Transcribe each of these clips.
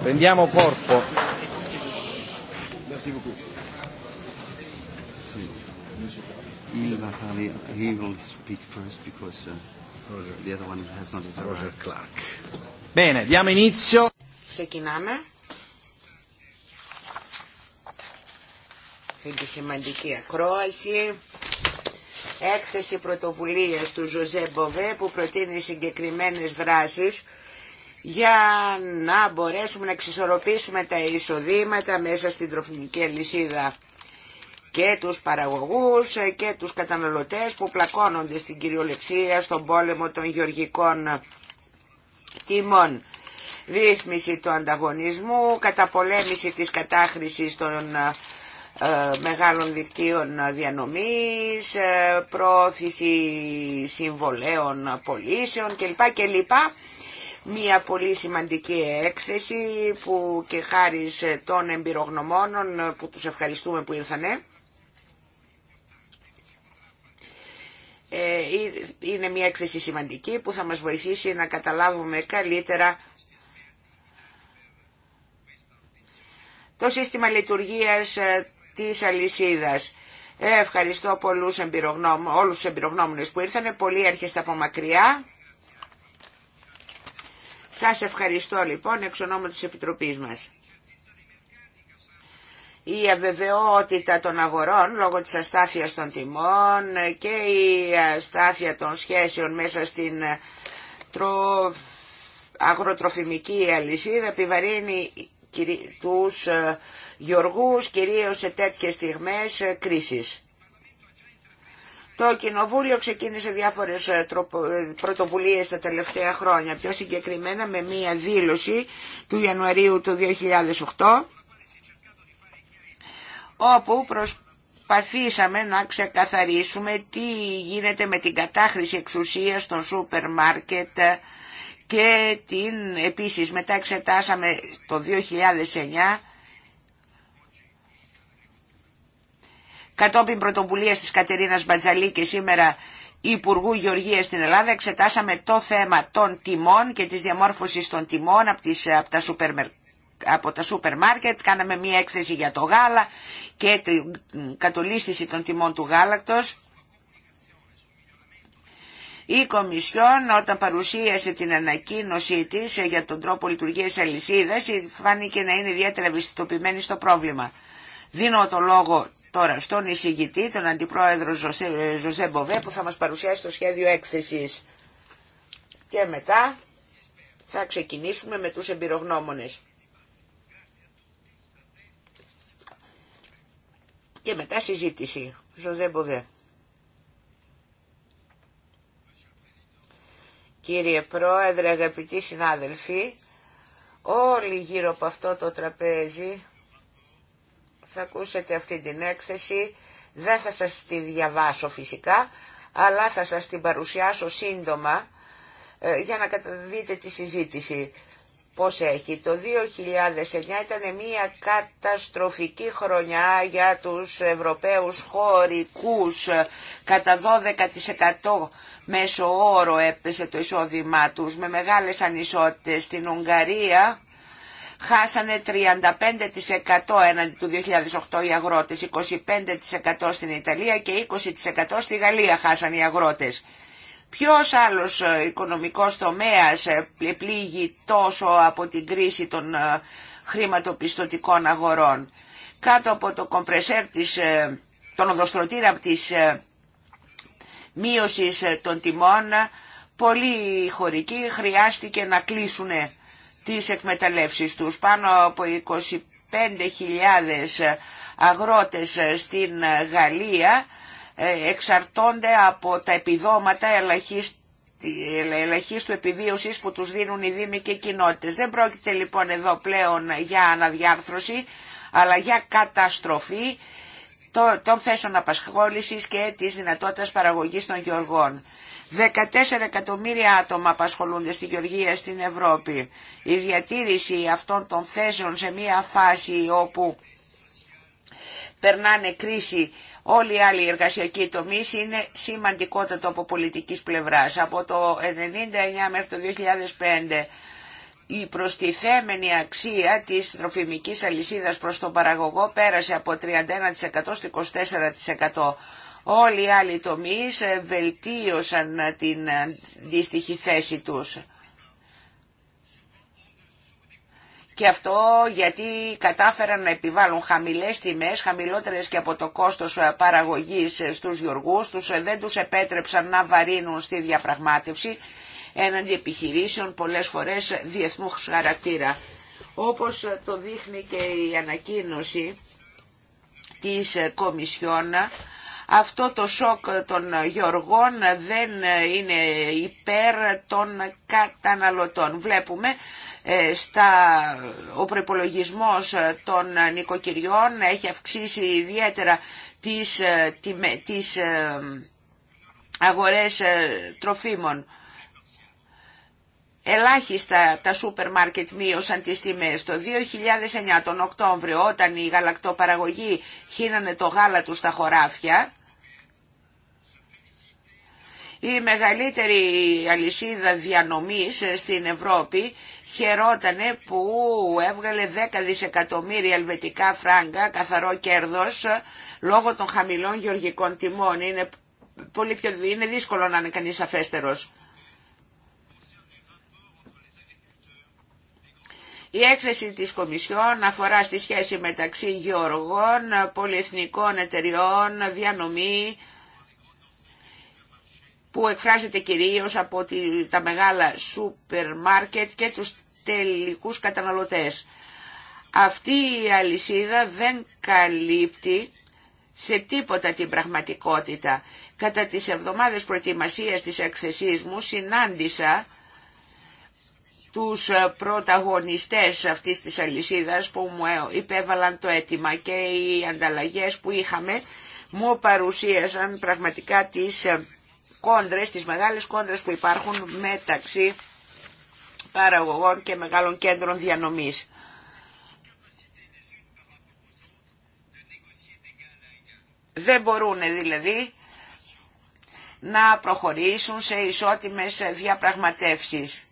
Prendiamo corpo. Bene, diamo inizio. Ξεκινάμε. Αυτή τη σημαντική ακρόαση. Έκθεση πρωτοβουλίας του Ζωζέ Μποβέ που προτείνει συγκεκριμένες δράσεις για να μπορέσουμε να εξισορροπήσουμε τα εισοδήματα μέσα στην τροφιμική αλυσίδα και τους παραγωγούς και τους καταναλωτές που πλακώνονται στην κυριολεξία στον πόλεμο των γεωργικών τιμών. Ρύθμιση του ανταγωνισμού, καταπολέμηση της κατάχρησης των ε, μεγάλων δικτύων διανομής, ε, πρόθεση συμβολέων πωλήσεων κλπ. κλπ Μία πολύ σημαντική έκθεση που και χάρη των εμπειρογνωμόνων που τους ευχαριστούμε που ήρθανε. Ε, είναι μια έκθεση σημαντική που θα μας βοηθήσει να καταλάβουμε καλύτερα το σύστημα λειτουργίας ε, της αλυσίδας. Ε, ευχαριστώ πολλούς εμπειρογνώμ, όλους τους εμπειρογνώμονες που ήρθανε, πολύ έρχεστε από μακριά. Σας ευχαριστώ λοιπόν εξ ονόμου της Επιτροπής μας. Η αβεβαιότητα των αγορών λόγω της αστάθειας των τιμών και η αστάθεια των σχέσεων μέσα στην αγροτροφιμική ε, αγροτροφημική αλυσίδα επιβαρύνει τους ε, γεωργούς κυρίως σε τέτοιες στιγμές ε, κρίσης. Το Κοινοβούλιο ξεκίνησε διάφορες ε, ε, πρωτοβουλίε τα τελευταία χρόνια, πιο συγκεκριμένα με μία δήλωση του Ιανουαρίου του 2008, όπου προσπαθήσαμε να ξεκαθαρίσουμε τι γίνεται με την κατάχρηση εξουσίας των σούπερ μάρκετ και την, επίσης μετά εξετάσαμε το 2009 Κατόπιν πρωτοβουλία τη Κατερίνα Μπατζαλή και σήμερα Υπουργού Γεωργία στην Ελλάδα εξετάσαμε το θέμα των τιμών και τη διαμόρφωση των τιμών από, τα σούπερ μάρκετ, κάναμε μία έκθεση για το γάλα και την κατολίσθηση των τιμών του γάλακτος. Η Κομισιόν όταν παρουσίασε την ανακοίνωσή της για τον τρόπο λειτουργίας αλυσίδας φάνηκε να είναι ιδιαίτερα ευαισθητοποιημένη στο πρόβλημα. Δίνω το λόγο τώρα στον εισηγητή, τον Αντιπρόεδρο Ζωσέ, ε, Μποβέ που θα μας παρουσιάσει το σχέδιο έκθεσης. Και μετά θα ξεκινήσουμε με τους εμπειρογνώμονες. Και μετά συζήτηση. Ζωζέ Μποβέ. Κύριε Πρόεδρε, αγαπητοί συνάδελφοι, όλοι γύρω από αυτό το τραπέζι θα ακούσετε αυτή την έκθεση. Δεν θα σας τη διαβάσω φυσικά, αλλά θα σας την παρουσιάσω σύντομα ε, για να καταδείτε τη συζήτηση πώς έχει. Το 2009 ήταν μια καταστροφική χρονιά για τους Ευρωπαίους χωρικούς. Κατά 12% μέσο όρο έπεσε το εισόδημά τους με μεγάλες ανισότητες στην Ουγγαρία χάσανε 35% έναντι του 2008 οι αγρότες, 25% στην Ιταλία και 20% στη Γαλλία χάσανε οι αγρότες. Ποιος άλλος ε, οικονομικός τομέας ε, πλήγει τόσο από την κρίση των ε, χρηματοπιστωτικών αγορών. Κάτω από το κομπρεσέρ της, τον οδοστρωτήρα της μείωσης των τιμών, πολλοί χωρικοί χρειάστηκε να κλείσουν τις εκμεταλλεύσεις τους. Πάνω από 25.000 αγρότες στην Γαλλία ε, εξαρτώνται από τα επιδόματα ε, ελαχίστου επιβίωσης που τους δίνουν οι δήμοι και οι κοινότητες. Δεν πρόκειται λοιπόν εδώ πλέον για αναδιάρθρωση, αλλά για καταστροφή των θέσεων απασχόλησης και της δυνατότητας παραγωγής των γεωργών. 14 εκατομμύρια άτομα απασχολούνται στη Γεωργία στην Ευρώπη. Η διατήρηση αυτών των θέσεων σε μια φάση όπου περνάνε κρίση όλοι οι άλλοι εργασιακοί τομεί είναι σημαντικότατο από πολιτικής πλευράς. Από το 1999 μέχρι το 2005 η προστιθέμενη αξία της τροφιμικής αλυσίδας προς τον παραγωγό πέρασε από 31% στο 24%. Όλοι οι άλλοι τομείς ε, βελτίωσαν ε, την ε, αντίστοιχη θέση τους. Και αυτό γιατί κατάφεραν να επιβάλλουν χαμηλές τιμές, χαμηλότερες και από το κόστος παραγωγής στους γιοργούς τους, δεν τους επέτρεψαν να βαρύνουν στη διαπραγμάτευση έναντι επιχειρήσεων πολλές φορές διεθνού χαρακτήρα. Όπως το δείχνει και η ανακοίνωση της Κομισιόνα, αυτό το σοκ των γεωργών δεν είναι υπέρ των καταναλωτών. Βλέπουμε ε, στα, ο προπολογισμό των νοικοκυριών έχει αυξήσει ιδιαίτερα τις, ε, τις ε, αγορές τροφίμων. Ελάχιστα τα σούπερ μάρκετ μείωσαν τις τιμές. Το 2009 τον Οκτώβριο όταν οι γαλακτοπαραγωγή χύνανε το γάλα του στα χωράφια, η μεγαλύτερη αλυσίδα διανομής στην Ευρώπη χαιρότανε που έβγαλε 10 δισεκατομμύρια ελβετικά φράγκα καθαρό κέρδος λόγω των χαμηλών γεωργικών τιμών. Είναι, πολύ πιο, είναι δύσκολο να είναι κανείς αφέστερος. Η έκθεση της Κομισιόν αφορά στη σχέση μεταξύ γεωργών, πολυεθνικών εταιριών, διανομή, που εκφράζεται κυρίως από τα μεγάλα σούπερ μάρκετ και τους τελικούς καταναλωτές. Αυτή η αλυσίδα δεν καλύπτει σε τίποτα την πραγματικότητα. Κατά τις εβδομάδες προετοιμασίας της εκθεσής μου συνάντησα τους πρωταγωνιστές αυτής της αλυσίδας που μου ε, υπέβαλαν το αίτημα και οι ανταλλαγές που είχαμε μου παρουσίασαν πραγματικά τις ε, κόντρες, τις μεγάλες κόντρες που υπάρχουν μεταξύ παραγωγών και μεγάλων κέντρων διανομής. Δεν μπορούν δηλαδή να προχωρήσουν σε ισότιμες διαπραγματεύσεις.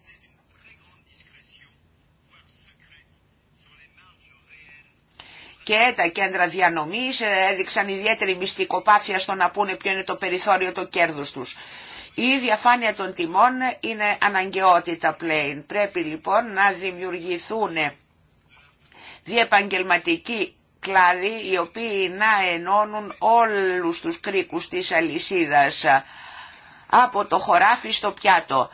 και τα κέντρα διανομής ε, έδειξαν ιδιαίτερη μυστικοπάθεια στο να πούνε ποιο είναι το περιθώριο το κέρδους τους. Η διαφάνεια των τιμών είναι αναγκαιότητα πλέον. Πρέπει λοιπόν να δημιουργηθούν διεπαγγελματικοί κλάδοι οι οποίοι να ενώνουν όλους τους κρίκους της αλυσίδας από το χωράφι στο πιάτο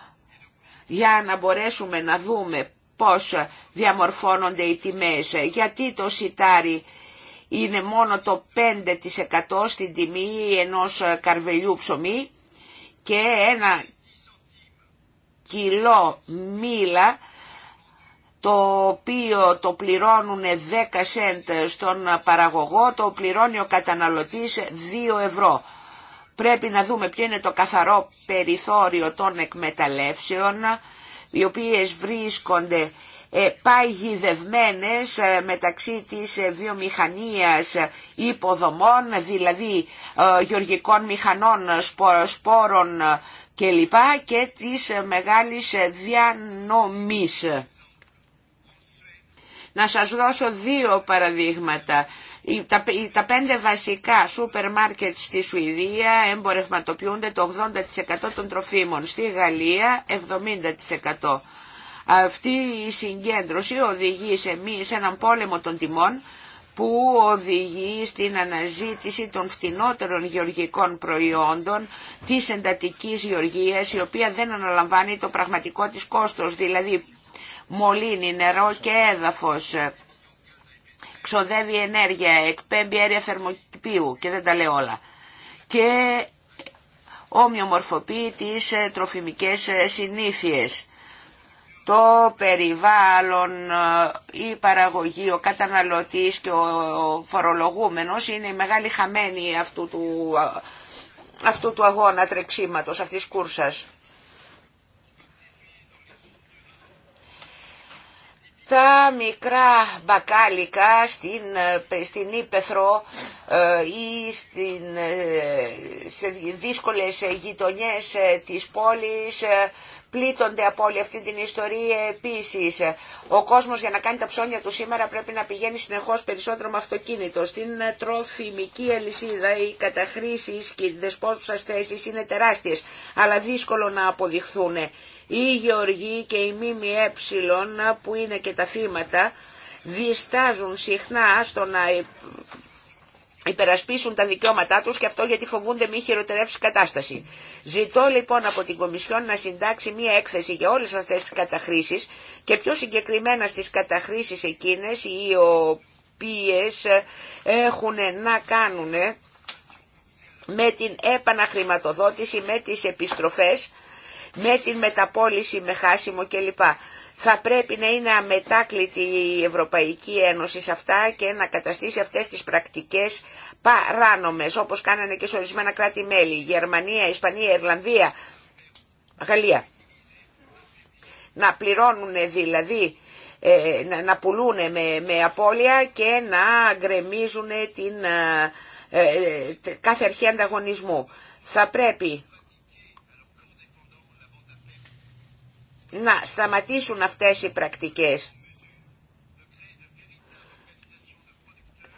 για να μπορέσουμε να δούμε πώς διαμορφώνονται οι τιμές. Γιατί το σιτάρι είναι μόνο το 5% στην τιμή ενός καρβελιού ψωμί και ένα κιλό μήλα το οποίο το πληρώνουν 10 σέντ στον παραγωγό, το πληρώνει ο καταναλωτής 2 ευρώ. Πρέπει να δούμε ποιο είναι το καθαρό περιθώριο των εκμεταλλεύσεων οι οποίες βρίσκονται ε, παγιδευμένες ε, μεταξύ της ε, βιομηχανίας υποδομών, δηλαδή γεωργικών μηχανών, σπόρων κλπ. και της μεγάλης διανομής. Να σας δώσω δύο παραδείγματα. Τα, τα πέντε βασικά σούπερ μάρκετ στη Σουηδία εμπορευματοποιούνται το 80% των τροφίμων, στη Γαλλία 70%. Αυτή η συγκέντρωση οδηγεί σε, σε έναν πόλεμο των τιμών που οδηγεί στην αναζήτηση των φτηνότερων γεωργικών προϊόντων της εντατικής γεωργίας η οποία δεν αναλαμβάνει το πραγματικό της κόστος, δηλαδή μολύνει νερό και έδαφος ξοδεύει ενέργεια, εκπέμπει αέρια θερμοκηπίου και δεν τα λέει όλα. Και ομοιομορφοποιεί τις ε, τροφιμικές ε, συνήθειες. Το περιβάλλον, ε, η παραγωγή, ο καταναλωτής και ο φορολογούμενος είναι οι μεγάλοι χαμένοι αυτού του, αυτού του αγώνα τρεξίματος, αυτής κούρσας. τα μικρά μπακάλικα στην, ε, στην Ήπεθρο ε, ή στην, ε, σε δύσκολες γειτονιές της πόλης πλήττονται από όλη αυτή την ιστορία επίσης. Ο κόσμος για να κάνει τα ψώνια του σήμερα πρέπει να πηγαίνει συνεχώς περισσότερο με αυτοκίνητο. Στην τροφιμική αλυσίδα οι καταχρήσεις και οι δεσπόσουσες θέσεις είναι τεράστιες, αλλά δύσκολο να αποδειχθούν. Οι γεωργοί και οι Ε που είναι και τα θύματα διστάζουν συχνά στο να υπερασπίσουν τα δικαιώματά τους και αυτό γιατί φοβούνται μη χειροτερεύσει κατάσταση. Ζητώ λοιπόν από την Κομισιόν να συντάξει μία έκθεση για όλες αυτές τις καταχρήσεις και πιο συγκεκριμένα στις καταχρήσεις εκείνες οι οποίες ε, έχουν να κάνουν με την επαναχρηματοδότηση, με τις επιστροφές με την μεταπόληση με χάσιμο κλπ. Θα πρέπει να είναι αμετάκλητη η Ευρωπαϊκή Ένωση σε αυτά και να καταστήσει αυτές τις πρακτικές παράνομες, όπως κάνανε και σε ορισμένα κράτη-μέλη, Γερμανία, Ισπανία, Ιρλανδία, Γαλλία. Να πληρώνουν δηλαδή, ε, να πουλούν με απώλεια και να γκρεμίζουν την ε, ε, κάθε αρχή ανταγωνισμού. Θα πρέπει να σταματήσουν αυτές οι πρακτικές.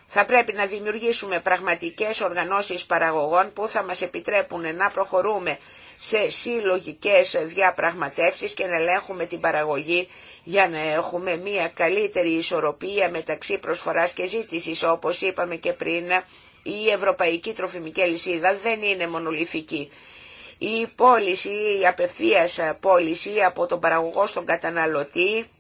Θα πρέπει να δημιουργήσουμε πραγματικές οργανώσεις παραγωγών που θα μας επιτρέπουν να προχωρούμε σε συλλογικές διαπραγματεύσεις και να ελέγχουμε την παραγωγή για να έχουμε μια καλύτερη ισορροπία μεταξύ προσφοράς και ζήτησης. Όπως είπαμε και πριν, η ευρωπαϊκή τροφιμική Λυσίδα δεν είναι μονολυθική. Η πώληση, η απευθείας πώληση από τον παραγωγό στον καταναλωτή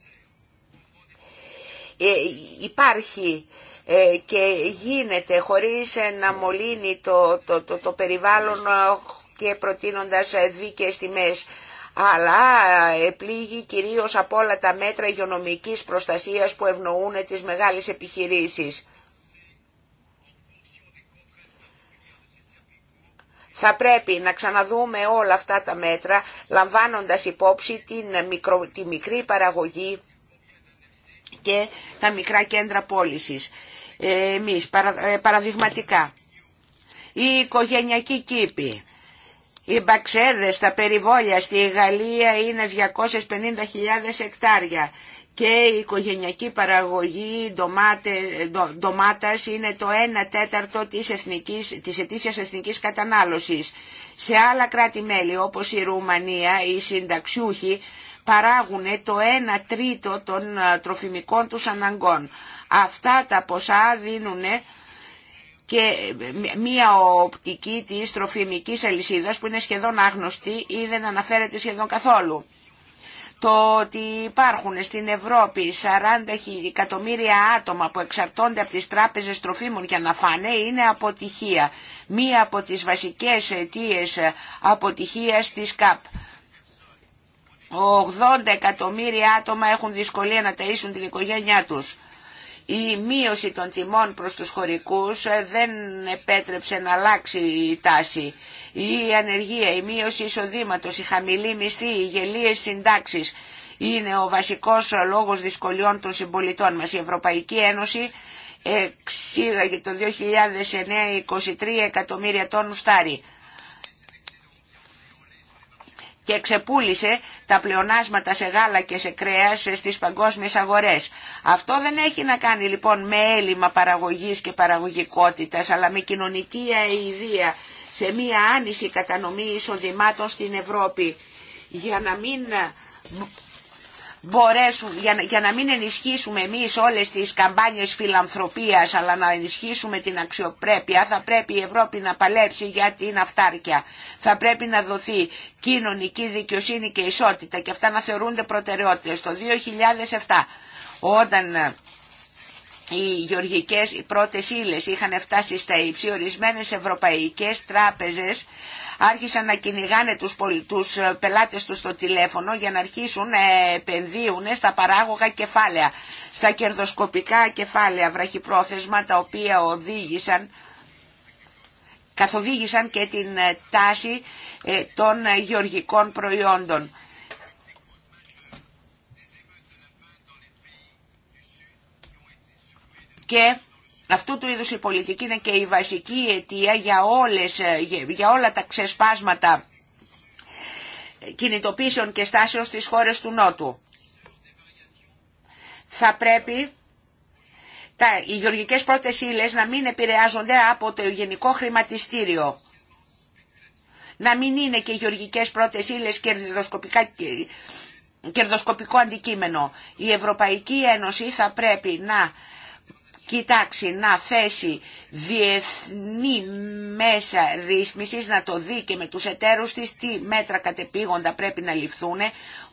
ε, υπάρχει ε, και γίνεται χωρίς να μολύνει το, το, το, περιβάλλον ε, και προτείνοντας δίκαιες τιμές αλλά επλήγει κυρίως από όλα τα μέτρα υγειονομικής προστασίας που ευνοούν τις μεγάλες επιχειρήσεις. Θα πρέπει να ξαναδούμε όλα αυτά τα μέτρα, λαμβάνοντας υπόψη την τη μικρή παραγωγή και τα μικρά κέντρα πώλησης. Ε, εμείς, ε, παραδειγματικά, η οικογενειακή κήπη, οι μπαξέδες, τα περιβόλια στη Γαλλία είναι 250.000 εκτάρια και η οικογενειακή παραγωγή ντομάτε, ντομάτας είναι το 1 τέταρτο της, εθνικής, της ετήσιας εθνικής κατανάλωσης. Σε άλλα κράτη-μέλη όπως η Ρουμανία, οι συνταξιούχοι παράγουν το 1 τρίτο των ε, τροφιμικών τους αναγκών. Αυτά τα ποσά δίνουν και μία οπτική της τροφιμικής αλυσίδας που είναι σχεδόν άγνωστη ή δεν αναφέρεται σχεδόν καθόλου το ότι υπάρχουν στην Ευρώπη 40 εκατομμύρια άτομα που εξαρτώνται από τις τράπεζες τροφίμων για να φάνε είναι αποτυχία. Μία από τις βασικές αιτίες αποτυχίας της ΚΑΠ. 80 εκατομμύρια άτομα έχουν δυσκολία να ταΐσουν την οικογένειά τους η μείωση των τιμών προς τους χωρικούς ε, δεν επέτρεψε να αλλάξει η τάση. Η ανεργία, η μείωση εισοδήματος, η χαμηλή μισθή, οι γελίες συντάξεις είναι ο βασικός λόγος δυσκολιών των συμπολιτών μας. Η Ευρωπαϊκή Ένωση εξήγαγε το 2009 23 εκατομμύρια τόνου στάρι και ξεπούλησε τα πλεονάσματα σε γάλα και σε κρέας στις παγκόσμιες αγορές. Αυτό δεν έχει να κάνει λοιπόν με έλλειμμα παραγωγής και παραγωγικότητας, αλλά με κοινωνική αηδία σε μία άνηση κατανομή εισοδημάτων στην Ευρώπη για να μην μπορέσουν, για, για να μην ενισχύσουμε εμείς όλες τις καμπάνιες φιλανθρωπίας αλλά να ενισχύσουμε την αξιοπρέπεια θα πρέπει η Ευρώπη να παλέψει για την αυτάρκεια. Θα πρέπει να δοθεί κοινωνική δικαιοσύνη και ισότητα και αυτά να θεωρούνται προτεραιότητες. Το 2007 όταν οι γεωργικές οι πρώτες ύλες είχαν φτάσει στα ύψη, ορισμένες ευρωπαϊκές τράπεζες άρχισαν να κυνηγάνε τους, τους ε, πελάτες τους στο τηλέφωνο για να αρχίσουν να επενδύουν στα παράγωγα κεφάλαια, στα κερδοσκοπικά κεφάλαια βραχυπρόθεσμα τα οποία οδήγησαν καθοδήγησαν και την ε, τάση ε, των γεωργικών προϊόντων. Και αυτού του είδους η πολιτική είναι και η βασική αιτία για, όλες, ε, για όλα τα ξεσπάσματα κινητοποίησεων και στάσεων στις χώρες του Νότου. Θα πρέπει τα, οι γεωργικές πρώτες ύλες να μην επηρεάζονται από το γενικό χρηματιστήριο. Να μην είναι και οι γεωργικές πρώτες ύλες κερδοσκοπικά ε, κερδοσκοπικό αντικείμενο. Η Ευρωπαϊκή Ένωση θα πρέπει να κοιτάξει να θέσει διεθνή μέσα ρύθμισης, να το δει και με τους εταίρους της τι μέτρα κατεπήγοντα πρέπει να ληφθούν,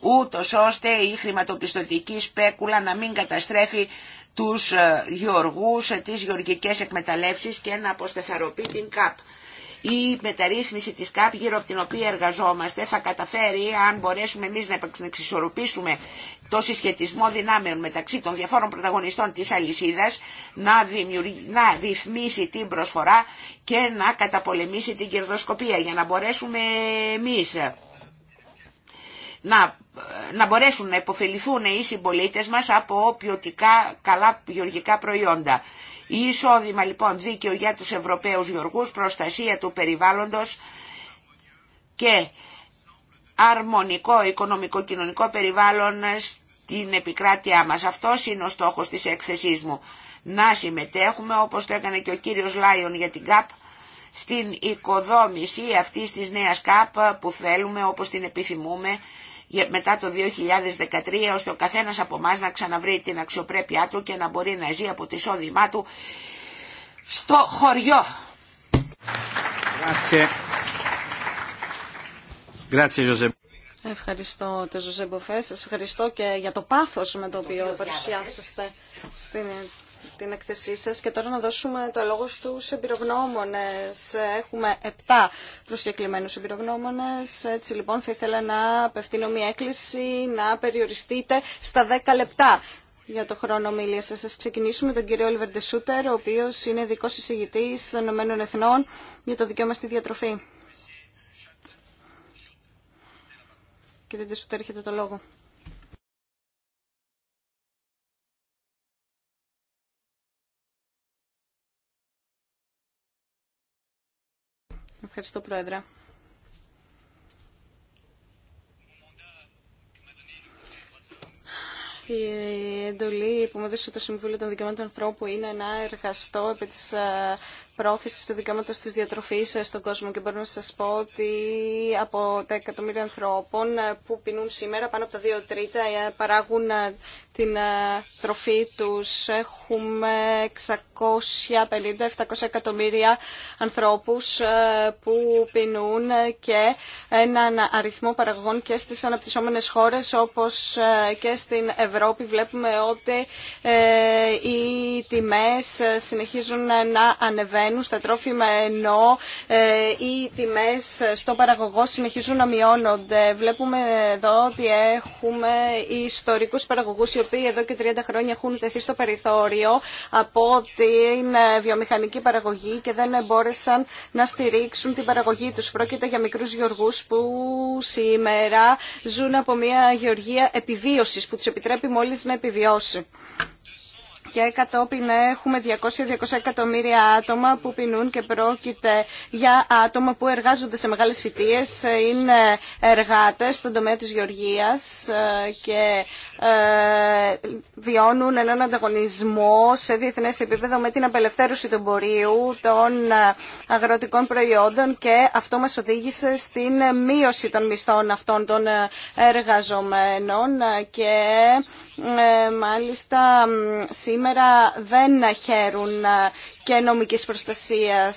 ούτω ώστε η χρηματοπιστωτική σπέκουλα να μην καταστρέφει τους ε, γεωργούς, ε, τις γεωργικές εκμεταλλεύσεις και να αποστεθαροποιεί την ΚΑΠ η μεταρρύθμιση της ΚΑΠ γύρω από την οποία εργαζόμαστε θα καταφέρει αν μπορέσουμε εμείς να εξισορροπήσουμε το συσχετισμό δυνάμεων μεταξύ των διαφόρων πρωταγωνιστών της αλυσίδας να, να ρυθμίσει την προσφορά και να καταπολεμήσει την κερδοσκοπία για να μπορέσουμε εμείς να, να μπορέσουν να υποφεληθούν οι συμπολίτε μας από ποιοτικά καλά γεωργικά προϊόντα. Εισόδημα λοιπόν δίκαιο για τους Ευρωπαίους Γιωργούς, προστασία του περιβάλλοντος και αρμονικό οικονομικό-κοινωνικό περιβάλλον στην επικράτειά μας. Αυτός είναι ο στόχος της έκθεσής μου. Να συμμετέχουμε όπως το έκανε και ο κύριος Λάιον για την ΚΑΠ στην οικοδόμηση αυτής της νέας ΚΑΠ που θέλουμε όπως την επιθυμούμε μετά το 2013 ώστε ο καθένας από εμά να ξαναβρει την αξιοπρέπειά του και να μπορεί να ζει από το εισόδημά του στο χωριό. Ευχαριστώ τον Ζωζέ Μποφέ. Σας ευχαριστώ και για το πάθος με το οποίο παρουσιάσαστε στην την εκθεσή σας και τώρα να δώσουμε το λόγο στους εμπειρογνώμονες. Έχουμε επτά προσκεκλημένους εμπειρογνώμονες, έτσι λοιπόν θα ήθελα να απευθύνω μια έκκληση να περιοριστείτε στα 10 λεπτά για το χρόνο ομίλια σας. Σας ξεκινήσουμε τον κύριο Όλιβερ Ντεσούτερ, ο οποίος είναι ειδικό εισηγητής των Ηνωμένων Εθνών για το δικαίωμα στη διατροφή. Κύριε Ντεσούτερ, έχετε το λόγο. Ευχαριστώ, Πρόεδρε. Η εντολή που μου έδωσε το Συμβούλιο των Δικαιωμάτων Ανθρώπου είναι να εργαστώ επί της ε, πρόθεση του δικαιώματο τη διατροφή ε, στον κόσμο και μπορώ να σας πω ότι από τα εκατομμύρια ανθρώπων ε, που πεινούν σήμερα πάνω από τα δύο τρίτα ε, παράγουν την τροφή τους. Έχουμε 650-700 εκατομμύρια ανθρώπους που πεινούν και έναν αριθμό παραγωγών και στις αναπτυσσόμενες χώρες όπως και στην Ευρώπη. Βλέπουμε ότι οι τιμέ συνεχίζουν να ανεβαίνουν ανεβαίνουν στα τρόφιμα ενώ ε, οι τιμέ στον παραγωγό συνεχίζουν να μειώνονται. Βλέπουμε εδώ ότι έχουμε ιστορικού παραγωγού οι οποίοι εδώ και 30 χρόνια έχουν τεθεί στο περιθώριο από την βιομηχανική παραγωγή και δεν μπόρεσαν να στηρίξουν την παραγωγή του. Πρόκειται για μικρού γεωργού που σήμερα ζουν από μια γεωργία επιβίωση, που του επιτρέπει μόλι να επιβιώσει και κατόπιν έχουμε 200-200 εκατομμύρια άτομα που πεινούν και πρόκειται για άτομα που εργάζονται σε μεγάλες φοιτίες, είναι εργάτες στον τομέα της γεωργίας ε, και ε, βιώνουν έναν ανταγωνισμό σε διεθνές επίπεδο με την απελευθέρωση του εμπορίου των ε, αγροτικών προϊόντων και αυτό μας οδήγησε στην μείωση των μισθών αυτών των εργαζομένων και μάλιστα σήμερα σήμερα δεν χαίρουν ε, και νομική προστασία.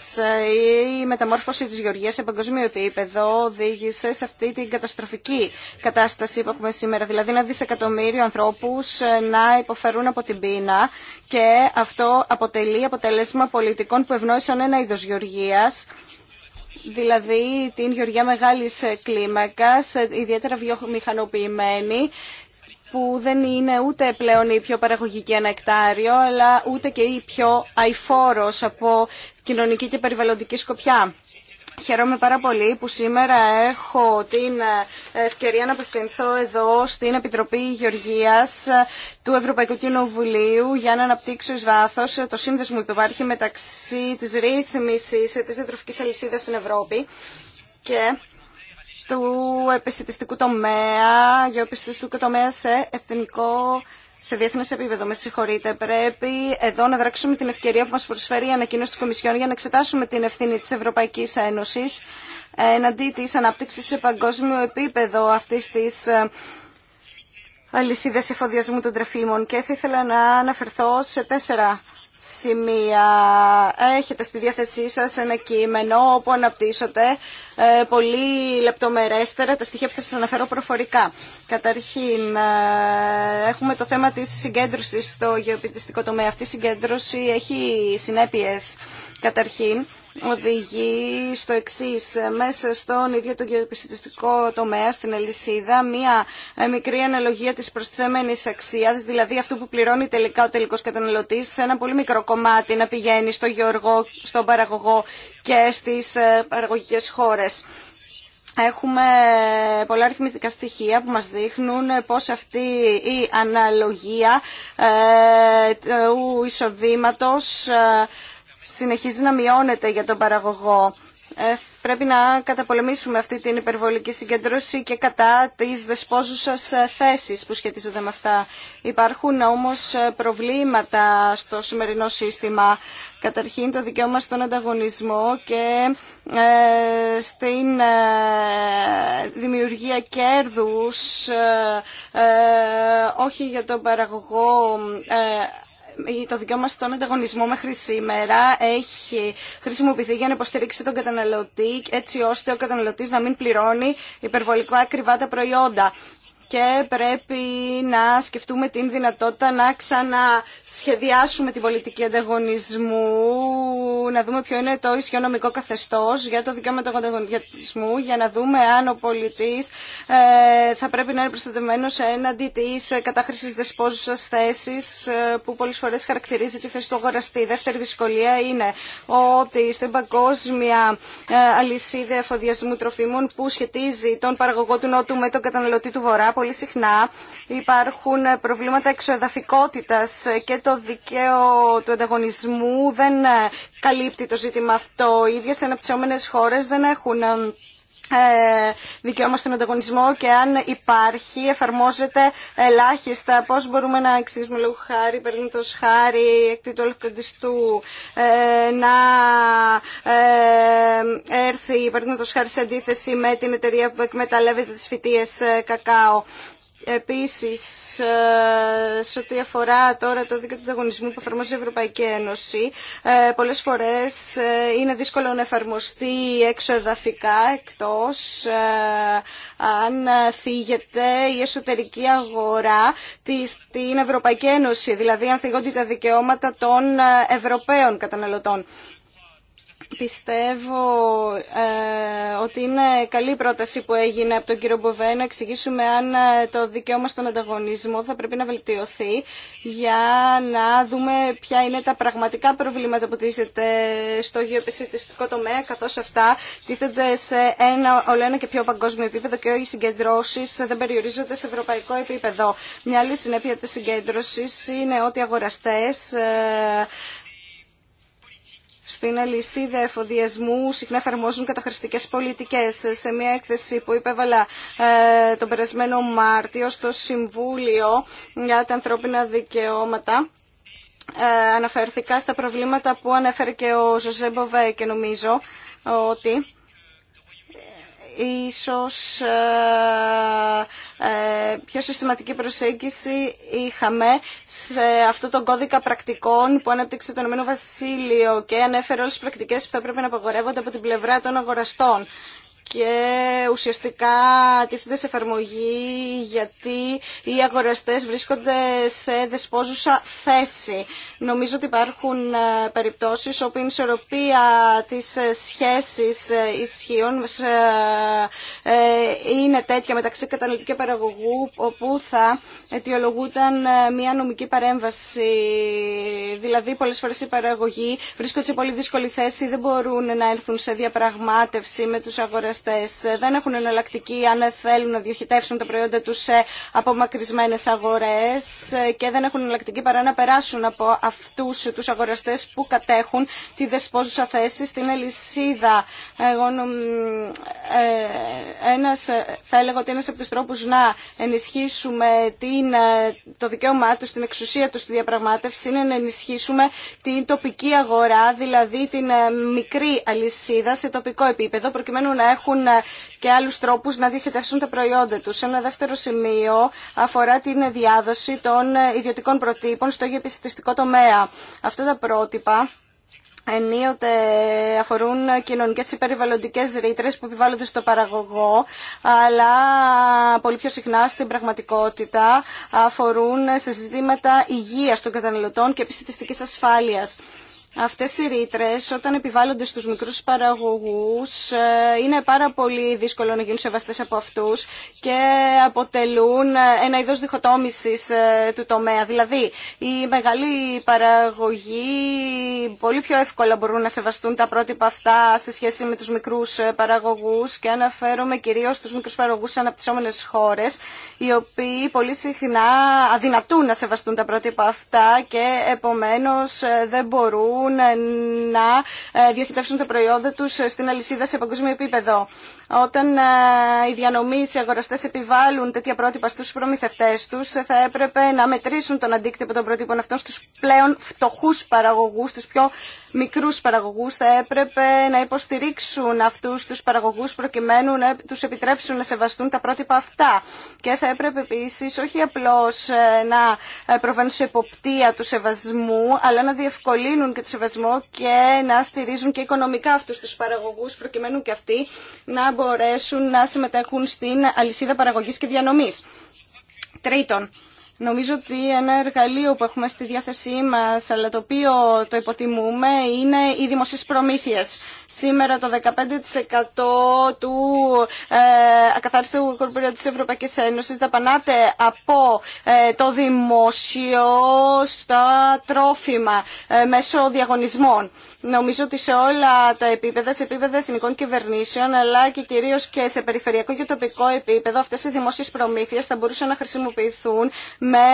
Η μεταμόρφωση τη Γεωργία σε παγκοσμίο επίπεδο οδήγησε σε αυτή την καταστροφική κατάσταση που έχουμε σήμερα. Δηλαδή ένα δισεκατομμύριο ανθρώπου ε, να υποφερούν από την πείνα και αυτό αποτελεί αποτέλεσμα πολιτικών που ευνόησαν ένα είδο Γεωργία δηλαδή την γεωργία μεγάλης κλίμακας, ε, ιδιαίτερα βιομηχανοποιημένη που δεν είναι ούτε πλέον η πιο παραγωγική ένα εκτάριο, αλλά ούτε και η πιο αηφόρος από κοινωνική και περιβαλλοντική σκοπιά. Χαίρομαι πάρα πολύ που σήμερα έχω την ευκαιρία να απευθυνθώ εδώ στην Επιτροπή Γεωργίας του Ευρωπαϊκού Κοινοβουλίου για να αναπτύξω εις βάθος το σύνδεσμο που υπάρχει μεταξύ της ρύθμισης της διατροφικής αλυσίδας στην Ευρώπη και του επιστημιστικού τομέα, γεωπιστημιστικού τομέα σε εθνικό σε διεθνέ επίπεδο, με συγχωρείτε. Πρέπει εδώ να δράξουμε την ευκαιρία που μα προσφέρει η ανακοίνωση τη Κομισιόν για να εξετάσουμε την ευθύνη τη Ευρωπαϊκή Ένωση ε, εναντί τη ανάπτυξη σε παγκόσμιο επίπεδο αυτή τη ε, αλυσίδα εφοδιασμού των τρεφίμων. Και θα ήθελα να αναφερθώ σε τέσσερα σημεία. Έχετε στη διάθεσή σας ένα κείμενο όπου αναπτύσσονται ε, πολύ λεπτομερέστερα τα στοιχεία που θα σας αναφέρω προφορικά. Καταρχήν, ε, έχουμε το θέμα της συγκέντρωσης στο γεωπιτιστικό τομέα. Αυτή η συγκέντρωση έχει συνέπειες καταρχήν οδηγεί στο εξή. Μέσα στον ίδιο τον γεωπιστικό τομέα, στην αλυσίδα, μία ε, μικρή αναλογία τη προστιθέμενη αξία, δηλαδή αυτό που πληρώνει τελικά ο τελικό καταναλωτή, σε ένα πολύ μικρό κομμάτι να πηγαίνει στο γεωργό, στον παραγωγό και στι ε, παραγωγικέ χώρε. Έχουμε πολλά αριθμητικά στοιχεία που μας δείχνουν πώς αυτή η αναλογία ε, του εισοδήματος συνεχίζει να μειώνεται για τον παραγωγό. Ε, πρέπει να καταπολεμήσουμε αυτή την υπερβολική συγκέντρωση και κατά τις δεσπόζουσες ε, θέσεις που σχετίζονται με αυτά. Υπάρχουν όμως ε, προβλήματα στο σημερινό σύστημα. Καταρχήν το δικαίωμα στον ανταγωνισμό και στην δημιουργία κέρδους, όχι για τον παραγωγό το δικαίωμα στον ανταγωνισμό μέχρι σήμερα έχει χρησιμοποιηθεί για να υποστηρίξει τον καταναλωτή έτσι ώστε ο καταναλωτής να μην πληρώνει υπερβολικά ακριβά τα προϊόντα και πρέπει να σκεφτούμε την δυνατότητα να ξανασχεδιάσουμε την πολιτική ανταγωνισμού, να δούμε ποιο είναι το ισχυρό νομικό καθεστώς για το δικαίωμα του ανταγωνισμού, για να δούμε αν ο πολιτής ε, θα πρέπει να είναι προστατευμένο έναντι της κατάχρησης δεσπόζουσας θέσης ε, που πολλέ φορέ χαρακτηρίζει τη θέση του αγοραστή. Η δεύτερη δυσκολία είναι ότι στην παγκόσμια ε, αλυσίδα εφοδιασμού τροφίμων που σχετίζει τον παραγωγό του Νότου με τον καταναλωτή του Βορρά, πολύ συχνά υπάρχουν προβλήματα εξοδαφικότητας και το δικαίω του ανταγωνισμού δεν καλύπτει το ζήτημα αυτό. Οι ίδιες αναπτυσσόμενες χώρες δεν έχουν ε, δικαίωμα στον ανταγωνισμό και αν υπάρχει, εφαρμόζεται ελάχιστα. Πώ μπορούμε να εξηγήσουμε λόγω χάρη, παραδείγματο χάρη, εκ του ε, να ε, έρθει, παραδείγματο χάρη, σε αντίθεση με την εταιρεία που εκμεταλλεύεται τι φοιτίε κακάο. Επίσης, ε, σε ό,τι αφορά τώρα το δίκαιο του ανταγωνισμού που εφαρμόζει η Ευρωπαϊκή Ένωση, ε, πολλές φορές ε, είναι δύσκολο να εφαρμοστεί εξωεδαφικά, εκτός αν θίγεται η εσωτερική αγορά στην Ευρωπαϊκή Ένωση, δηλαδή αν θίγονται τα δικαιώματα των Ευρωπαίων καταναλωτών. Πιστεύω ε, ότι είναι καλή η πρόταση που έγινε από τον κύριο Μποβέ να εξηγήσουμε αν ε, το δικαίωμα στον ανταγωνισμό θα πρέπει να βελτιωθεί για να δούμε ποια είναι τα πραγματικά προβλήματα που τίθεται στο γεωπιστικό τομέα καθώς αυτά τίθεται σε ένα όλο ένα και πιο παγκόσμιο επίπεδο και όχι συγκεντρώσεις δεν περιορίζονται σε ευρωπαϊκό επίπεδο. Μια άλλη συνέπεια της συγκέντρωσης είναι ότι αγοραστές ε, στην αλυσίδα εφοδιασμού συχνά εφαρμόζουν καταχρηστικέ πολιτικές. Σε μια έκθεση που υπέβαλα ε, τον περασμένο Μάρτιο στο Συμβούλιο για τα ανθρώπινα δικαιώματα, ε, αναφέρθηκα στα προβλήματα που ανέφερε και ο Ζωζέ και νομίζω ότι ίσως ε, ε, πιο συστηματική προσέγγιση είχαμε σε αυτό τον κώδικα πρακτικών που ανέπτυξε το Ηνωμένο Βασίλειο και ανέφερε όλες τις πρακτικές που θα πρέπει να απαγορεύονται από την πλευρά των αγοραστών και ουσιαστικά τίθεται σε εφαρμογή γιατί οι αγοραστές βρίσκονται σε δεσπόζουσα θέση. Νομίζω ότι υπάρχουν ε, περιπτώσεις όπου η ισορροπία της ε, σχέσης ε, ισχύων είναι τέτοια μεταξύ καταναλωτή και παραγωγού όπου θα αιτιολογούταν μια νομική παρέμβαση. Δηλαδή πολλές φορές οι παραγωγοί βρίσκονται σε πολύ δύσκολη θέση, δεν μπορούν να έρθουν σε διαπραγμάτευση με τους αγοραστές δεν έχουν εναλλακτική αν θέλουν να διοχετεύσουν τα προϊόντα τους σε απομακρυσμένες αγορές και δεν έχουν εναλλακτική παρά να περάσουν από αυτούς τους αγοραστές που κατέχουν τη δεσπόζουσα θέση στην ελισίδα. Εγώ, ε, ένας, θα έλεγα ότι ένας από τους τρόπους να ενισχύσουμε την, ε, το δικαίωμά τους, την εξουσία τους στη διαπραγμάτευση είναι να ενισχύσουμε την τοπική αγορά, δηλαδή την ε, μικρή αλυσίδα σε τοπικό επίπεδο, προκειμένου να έχουν Υπάρχουν ε, και άλλους τρόπους να διοχετεύσουν τα προϊόντα τους. Ένα δεύτερο σημείο αφορά την διάδοση των ε, ιδιωτικών προτύπων στο επιστημιστικό τομέα. Αυτά τα πρότυπα ενίοτε αφορούν κοινωνικές ή περιβαλλοντικές ρήτρες που επιβάλλονται στο παραγωγό, αλλά πολύ πιο συχνά στην πραγματικότητα αφορούν σε ζητήματα υγείας των καταναλωτών και επιστημιστικής ασφάλειας. Αυτές οι ρήτρε όταν επιβάλλονται στους μικρούς παραγωγούς ε, είναι πάρα πολύ δύσκολο να γίνουν σεβαστές από αυτούς και αποτελούν ε, ένα είδος διχοτόμησης ε, του τομέα. Δηλαδή, οι μεγάλοι παραγωγοί πολύ πιο εύκολα μπορούν να σεβαστούν τα πρότυπα αυτά σε σχέση με τους μικρούς παραγωγούς και αναφέρομαι κυρίως στους μικρούς παραγωγούς σε αναπτυσσόμενες χώρες, οι οποίοι πολύ συχνά αδυνατούν να σεβαστούν τα πρότυπα αυτά και επομένως δεν μπορούν μπορούν να ε, διοχετεύσουν τα προϊόντα τους ε, στην αλυσίδα σε παγκόσμιο επίπεδο. Όταν ε, οι διανομή οι αγοραστές επιβάλλουν τέτοια πρότυπα στους προμηθευτές τους, θα έπρεπε να μετρήσουν τον αντίκτυπο των πρότυπων αυτών στους πλέον φτωχούς παραγωγούς, στους πιο μικρούς παραγωγούς. Θα έπρεπε να υποστηρίξουν αυτούς τους παραγωγούς προκειμένου να τους επιτρέψουν να σεβαστούν τα πρότυπα αυτά. Και θα έπρεπε επίσης όχι απλώς ε, να ε, προβαίνουν σε εποπτεία του σεβασμού, αλλά να διευκολύνουν και το σεβασμό και να στηρίζουν και οικονομικά αυτού του παραγωγού προκειμένου και αυτοί να μπορέσουν να συμμετέχουν στην αλυσίδα παραγωγής και διανομής. Τρίτον, Νομίζω ότι ένα εργαλείο που έχουμε στη διάθεσή μας, αλλά το οποίο το υποτιμούμε, είναι οι δημοσίες προμήθειες. Σήμερα το 15% του ε, ακαθάριστου κορπορίου της Ευρωπαϊκής Ένωσης δαπανάται από ε, το δημόσιο στα τρόφιμα ε, μέσω διαγωνισμών. Νομίζω ότι σε όλα τα επίπεδα, σε επίπεδα εθνικών κυβερνήσεων, αλλά και κυρίως και σε περιφερειακό και τοπικό επίπεδο, αυτές οι δημόσιες προμήθειες θα μπορούσαν να χρησιμοποιηθούν με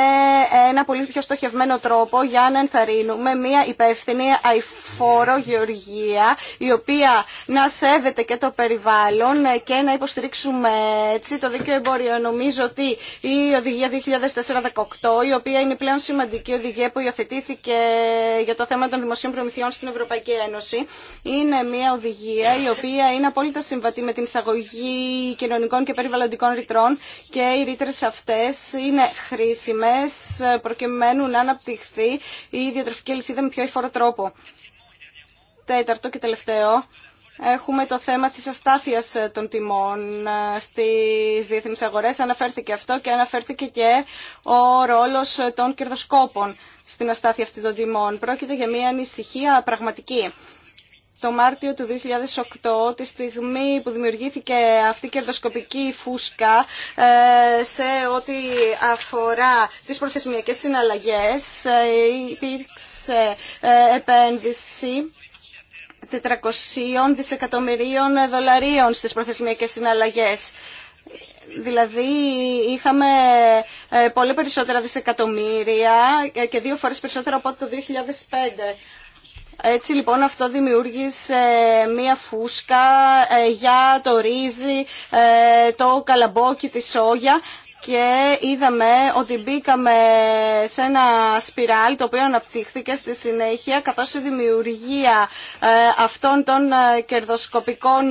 ένα πολύ πιο στοχευμένο τρόπο για να ενθαρρύνουμε μια υπεύθυνη αηφόρο γεωργία η οποία να σέβεται και το περιβάλλον και να υποστηρίξουμε έτσι το δίκαιο εμπόριο. Νομίζω ότι η οδηγια 2014 2004-18 η οποία είναι πλέον σημαντική οδηγία που υιοθετήθηκε για το θέμα των δημοσίων προμηθειών στην Ευρωπαϊκή Ένωση είναι μια οδηγία η οποία είναι απόλυτα συμβατή με την εισαγωγή κοινωνικών και περιβαλλοντικών ρητρών και οι ρήτρε αυτέ είναι χρήσιμε χρήσιμες ε, προκειμένου να αναπτυχθεί η διατροφική αλυσίδα με πιο εύφορο τρόπο. Τέταρτο και τελευταίο. Έχουμε το θέμα της αστάθειας ε, των τιμών ε, στις διεθνείς αγορές. Αναφέρθηκε αυτό και αναφέρθηκε και ο ρόλος των κερδοσκόπων στην αστάθεια αυτή των τιμών. Πρόκειται για μια ανησυχία πραγματική το Μάρτιο του 2008, τη στιγμή που δημιουργήθηκε αυτή η κερδοσκοπική φούσκα ε, σε ό,τι αφορά τις προθεσμιακές συναλλαγές, ε, υπήρξε ε, επένδυση 400 δισεκατομμυρίων δολαρίων στις προθεσμιακές συναλλαγές. Δηλαδή είχαμε πολύ περισσότερα δισεκατομμύρια και δύο φορές περισσότερα από το 2005. Έτσι λοιπόν αυτό δημιούργησε ε, μία φούσκα ε, για το ρύζι, ε, το καλαμπόκι, τη σόγια και είδαμε ότι μπήκαμε σε ένα σπιράλ το οποίο αναπτύχθηκε στη συνέχεια καθώς η δημιουργία αυτών των κερδοσκοπικών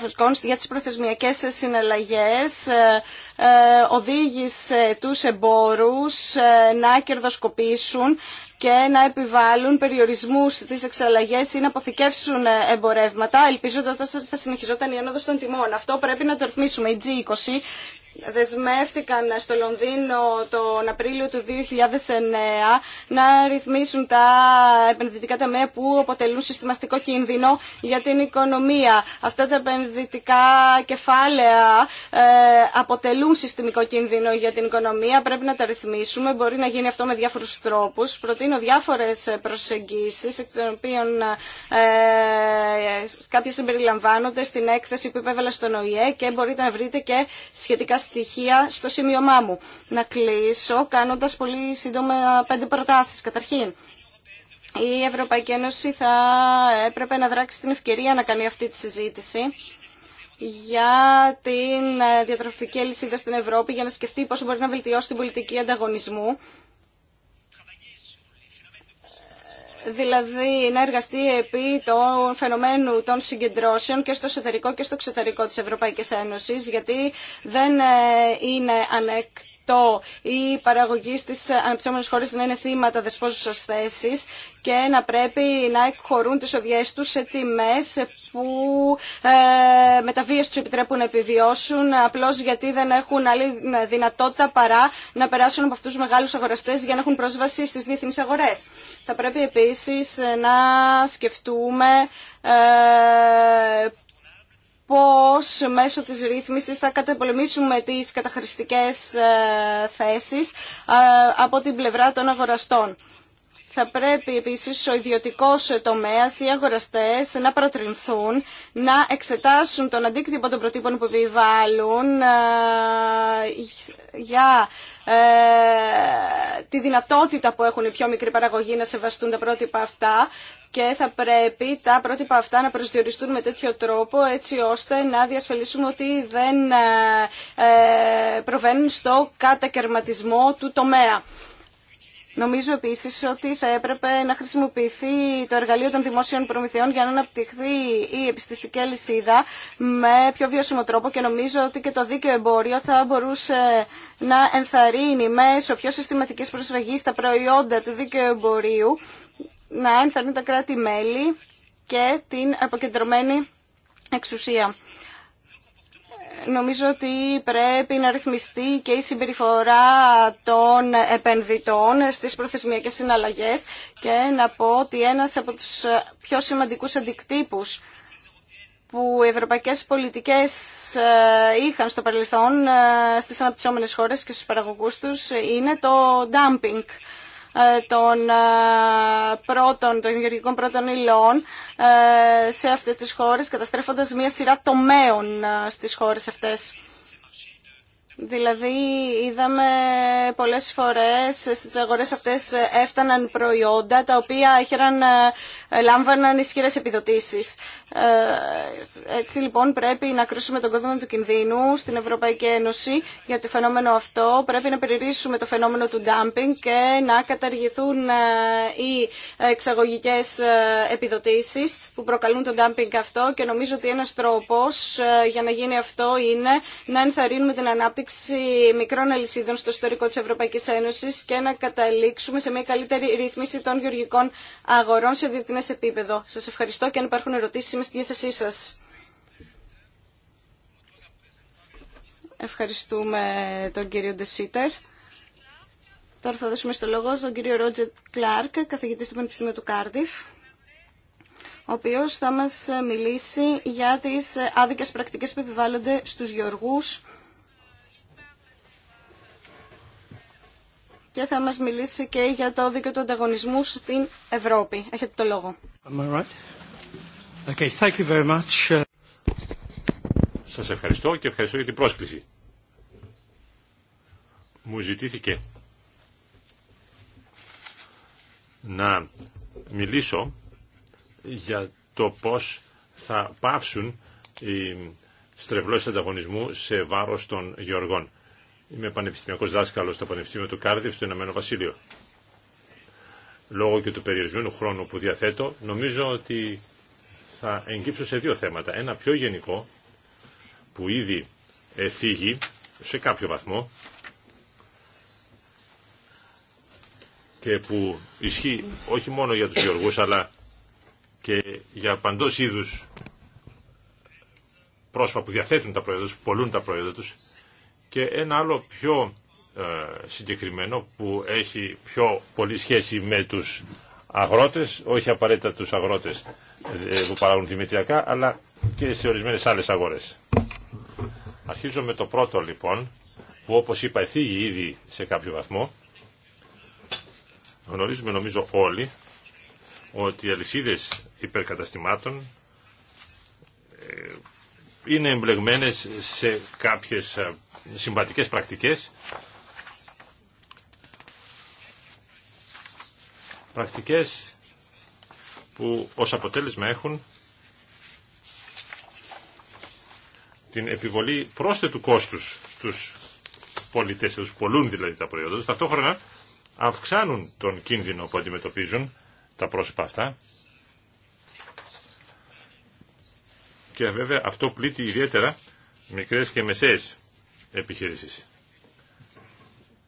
φουσκών για τις προθεσμιακές συναλλαγές οδήγησε τους εμπόρους να κερδοσκοπήσουν και να επιβάλλουν περιορισμού στι εξαλλαγέ ή να αποθηκεύσουν ε, εμπορεύματα, ελπίζοντα ότι θα συνεχιζόταν η να αποθηκευσουν εμπορευματα ελπιζοντα οτι θα συνεχιζοταν η ενοδο των τιμών. Αυτό πρέπει να το ρυθμίσουμε. Η G20 δεσμεύτηκαν στο Λονδίνο τον Απρίλιο του 2009 να ρυθμίσουν τα επενδυτικά ταμεία που αποτελούν συστηματικό κίνδυνο για την οικονομία. Αυτά τα επενδυτικά κεφάλαια ε, αποτελούν συστημικό κίνδυνο για την οικονομία. Πρέπει να τα ρυθμίσουμε. Μπορεί να γίνει αυτό με διάφορους τρόπους. Προτείνω διάφορες προσεγγίσεις, εκ των οποίων ε, κάποιες συμπεριλαμβάνονται στην έκθεση που υπέβαλα στον ΟΗΕ και μπορείτε να βρείτε και σχετικά στοιχεία στο σημείωμά μου. Να κλείσω κάνοντας πολύ σύντομα πέντε προτάσεις. Καταρχήν, η Ευρωπαϊκή Ένωση θα έπρεπε να δράξει την ευκαιρία να κάνει αυτή τη συζήτηση για την διατροφική αλυσίδα στην Ευρώπη για να σκεφτεί πώς μπορεί να βελτιώσει την πολιτική ανταγωνισμού δηλαδή να εργαστεί επί των φαινομένου των συγκεντρώσεων και στο εσωτερικό και στο εξωτερικό της Ευρωπαϊκής Ένωσης, γιατί δεν ε, είναι ανεκτό το η παραγωγή στις αναπτυσσόμενε χώρες να είναι θύματα δεσπόζουσας θέσης και να πρέπει να εκχωρούν τι οδιέ του σε τιμέ που ε, με τα του επιτρέπουν να επιβιώσουν απλώς γιατί δεν έχουν άλλη δυνατότητα παρά να περάσουν από αυτού του μεγάλους αγοραστές για να έχουν πρόσβαση στις διεθνεί αγορές. Θα πρέπει επίση να σκεφτούμε ε, πώς μέσω της ρύθμισης θα κατεπολεμήσουμε τις καταχρηστικές ε, θέσεις ε, από την πλευρά των αγοραστών. Θα πρέπει επίσης ο ιδιωτικός τομέας, οι αγοραστές να προτρινθούν να εξετάσουν τον αντίκτυπο των προτύπων που επιβάλλουν ε, για ε, τη δυνατότητα που έχουν οι πιο μικροί παραγωγοί να σεβαστούν τα πρότυπα αυτά και θα πρέπει τα πρότυπα αυτά να προσδιοριστούν με τέτοιο τρόπο έτσι ώστε να διασφαλίσουμε ότι δεν ε, προβαίνουν στο κατακαιρματισμό του τομέα. Νομίζω επίση ότι θα έπρεπε να χρησιμοποιηθεί το εργαλείο των δημόσιων προμηθειών για να αναπτυχθεί η επιστηστική αλυσίδα με πιο βιώσιμο τρόπο και νομίζω ότι και το δίκαιο εμπόριο θα μπορούσε να ενθαρρύνει μέσω πιο συστηματική προσφυγή τα προϊόντα του δίκαιου εμπορίου να ενθαρρύνει τα κράτη-μέλη και την αποκεντρωμένη εξουσία νομίζω ότι πρέπει να ρυθμιστεί και η συμπεριφορά των επενδυτών στις προθεσμιακές συναλλαγές και να πω ότι ένας από τους πιο σημαντικούς αντικτύπους που οι ευρωπαϊκές πολιτικές ε, είχαν στο παρελθόν ε, στις αναπτυσσόμενες χώρες και στους παραγωγούς τους είναι το dumping ε, των ε, πρώτων, των γεωργικών πρώτων υλών ε, σε αυτές τις χώρες, καταστρέφοντας μια σειρά τομέων στις χώρες αυτές. Δηλαδή είδαμε πολλές φορές στις αγορές αυτές έφταναν προϊόντα τα οποία λάμβαναν ισχυρές επιδοτήσεις. Ε, έτσι λοιπόν πρέπει να κρίσουμε τον κόδωνα του κινδύνου στην Ευρωπαϊκή Ένωση για το φαινόμενο αυτό. Πρέπει να περιορίσουμε το φαινόμενο του ντάμπινγκ και να καταργηθούν ε, οι εξαγωγικές ε, επιδοτήσεις που προκαλούν τον ντάμπινγκ αυτό και νομίζω ότι ένας τρόπος για να γίνει αυτό είναι να ενθαρρύνουμε την ανάπτυξη μικρών αλυσίδων στο ιστορικό της Ευρωπαϊκής Ένωσης και να καταλήξουμε σε μια καλύτερη ρύθμιση των γεωργικών αγορών σε διεθνές επίπεδο. Σας ευχαριστώ και αν υπάρχουν είμαι στη διάθεσή σας. Ευχαριστούμε τον κύριο Ντεσίτερ. Τώρα θα δώσουμε στο λόγο στον κύριο Ρότζετ Κλάρκ, καθηγητής του Πανεπιστημίου του Κάρδιφ, ο οποίος θα μας μιλήσει για τις άδικες πρακτικές που επιβάλλονται στους γεωργούς και θα μας μιλήσει και για το δίκαιο του ανταγωνισμού στην Ευρώπη. Έχετε το λόγο. Okay, Σας ευχαριστώ και ευχαριστώ για την πρόσκληση. Μου ζητήθηκε να μιλήσω για το πώς θα πάψουν οι στρεβλώσεις ανταγωνισμού σε βάρος των γεωργών. Είμαι πανεπιστημιακός δάσκαλος στο Πανεπιστήμιο του Κάρδιφ στο Ηνωμένο Βασίλειο. Λόγω και του περιορισμένου χρόνου που διαθέτω, νομίζω ότι θα εγκύψω σε δύο θέματα. Ένα πιο γενικό που ήδη εφήγει σε κάποιο βαθμό και που ισχύει όχι μόνο για τους γεωργούς αλλά και για παντός είδους πρόσωπα που διαθέτουν τα προϊόντα τους, πολλούν τα προϊόντα τους και ένα άλλο πιο ε, συγκεκριμένο που έχει πιο πολύ σχέση με τους αγρότες, όχι απαραίτητα τους αγρότες ε, που παράγουν δημητριακά, αλλά και σε ορισμένες άλλες αγορές. Αρχίζω με το πρώτο λοιπόν, που όπως είπα εφήγει ήδη σε κάποιο βαθμό. Γνωρίζουμε νομίζω όλοι ότι οι αλυσίδες υπερκαταστημάτων ε, είναι εμπλεγμένες σε κάποιες ε, συμβατικές πρακτικές πρακτικές που ως αποτέλεσμα έχουν την επιβολή πρόσθετου κόστους στους πολιτές, τους πολλούν δηλαδή τα προϊόντα τους, ταυτόχρονα αυξάνουν τον κίνδυνο που αντιμετωπίζουν τα πρόσωπα αυτά και βέβαια αυτό πλήττει ιδιαίτερα μικρές και μεσαίες επιχειρήσεις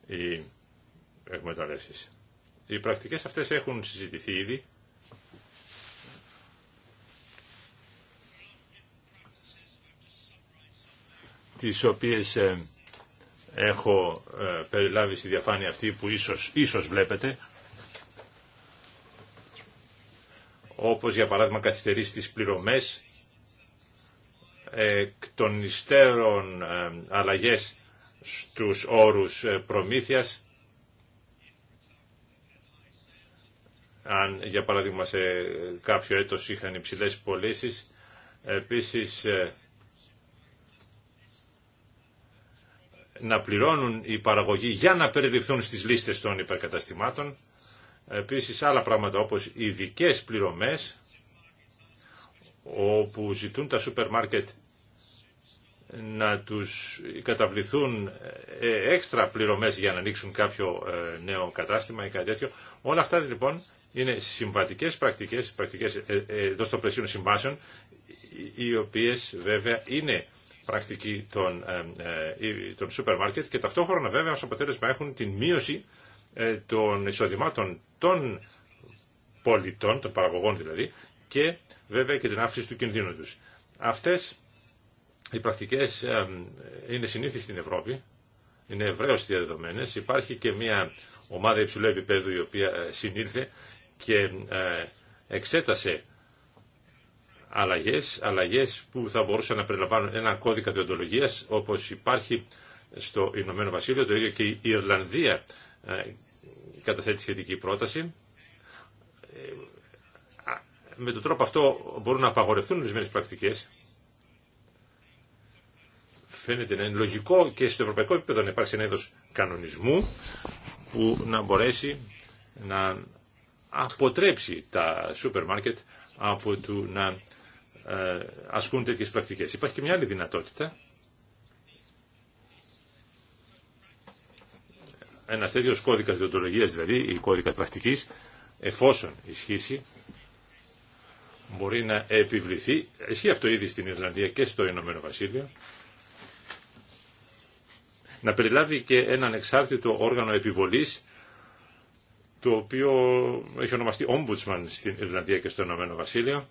οι εκμεταλλεύσεις. Οι πρακτικές αυτές έχουν συζητηθεί ήδη τις οποίες ε, έχω ε, περιλάβει στη διαφάνεια αυτή που ίσως, ίσως βλέπετε, όπως για παράδειγμα καθυστερήσει στις πληρωμές, εκ των υστέρων ε, αλλαγές στους όρους προμήθειας, αν για παράδειγμα σε κάποιο έτος είχαν υψηλές πωλήσει, επίσης να πληρώνουν οι παραγωγοί για να περιληφθούν στις λίστες των υπερκαταστημάτων. Επίσης άλλα πράγματα όπως ειδικέ πληρωμές όπου ζητούν τα σούπερ μάρκετ να τους καταβληθούν ε, έξτρα πληρωμές για να ανοίξουν κάποιο ε, νέο κατάστημα ή κάτι τέτοιο. Όλα αυτά λοιπόν είναι συμβατικές πρακτικές, πρακτικές ε, εδώ στο πλαίσιο συμβάσεων, οι οποίες βέβαια είναι πρακτική των, ε, ε, ε, των σούπερ μάρκετ και ταυτόχρονα βέβαια ως αποτέλεσμα έχουν την μείωση των εισοδημάτων των πολιτών, των παραγωγών δηλαδή, και βέβαια και την αύξηση του κινδύνου τους. Αυτές οι πρακτικές είναι συνήθεις στην Ευρώπη, είναι ευρέως διαδεδομένες. Υπάρχει και μια ομάδα υψηλού επίπεδου η οποία συνήλθε και εξέτασε αλλαγές, αλλαγές που θα μπορούσαν να περιλαμβάνουν ένα κώδικα διοντολογίας όπως υπάρχει στο Ηνωμένο Βασίλειο, το ίδιο και η Ιρλανδία ε, καταθέτει σχετική πρόταση. Ε, με τον τρόπο αυτό μπορούν να απαγορευτούν ορισμένε πρακτικές. Φαίνεται να είναι λογικό και στο ευρωπαϊκό επίπεδο να υπάρξει ένα είδος κανονισμού που να μπορέσει να αποτρέψει τα σούπερ μάρκετ από του να ε, ασκούν τέτοιες πρακτικές. Υπάρχει και μια άλλη δυνατότητα. Ένα τέτοιο κώδικα διοντολογία, δηλαδή η κώδικα πρακτική, εφόσον ισχύσει, μπορεί να επιβληθεί. Ισχύει αυτό ήδη στην Ιρλανδία και στο Ηνωμένο Βασίλειο. Να περιλάβει και έναν εξάρτητο όργανο επιβολής το οποίο έχει ονομαστεί Ombudsman στην Ιρλανδία και στο Ηνωμένο Βασίλειο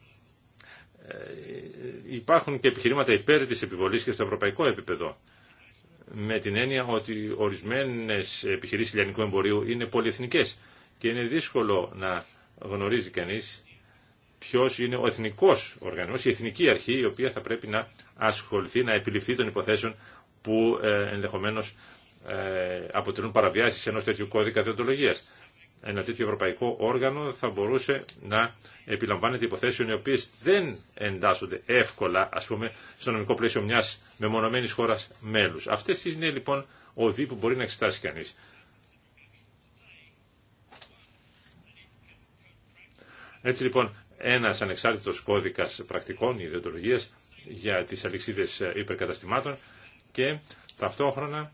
ε, ε, υπάρχουν και επιχειρήματα υπέρ της επιβολής και στο ευρωπαϊκό επίπεδο με την έννοια ότι ορισμένες επιχειρήσεις λιανικού εμπορίου είναι πολυεθνικές και είναι δύσκολο να γνωρίζει κανείς ποιος είναι ο εθνικός οργανισμός, η εθνική αρχή η οποία θα πρέπει να ασχοληθεί, να επιληφθεί των υποθέσεων που ε, ενδεχομένως αποτελούν παραβιάσεις ενός τέτοιου κώδικα διοντολογίας ένα τέτοιο ευρωπαϊκό όργανο θα μπορούσε να επιλαμβάνεται υποθέσεων οι οποίες δεν εντάσσονται εύκολα, ας πούμε, στο νομικό πλαίσιο μιας μεμονωμένης χώρας μέλους. Αυτές είναι λοιπόν οδοί που μπορεί να εξετάσει κανείς. Έτσι λοιπόν, ένας ανεξάρτητος κώδικας πρακτικών ιδεοτολογίας για τις αλεξίδες υπερκαταστημάτων και ταυτόχρονα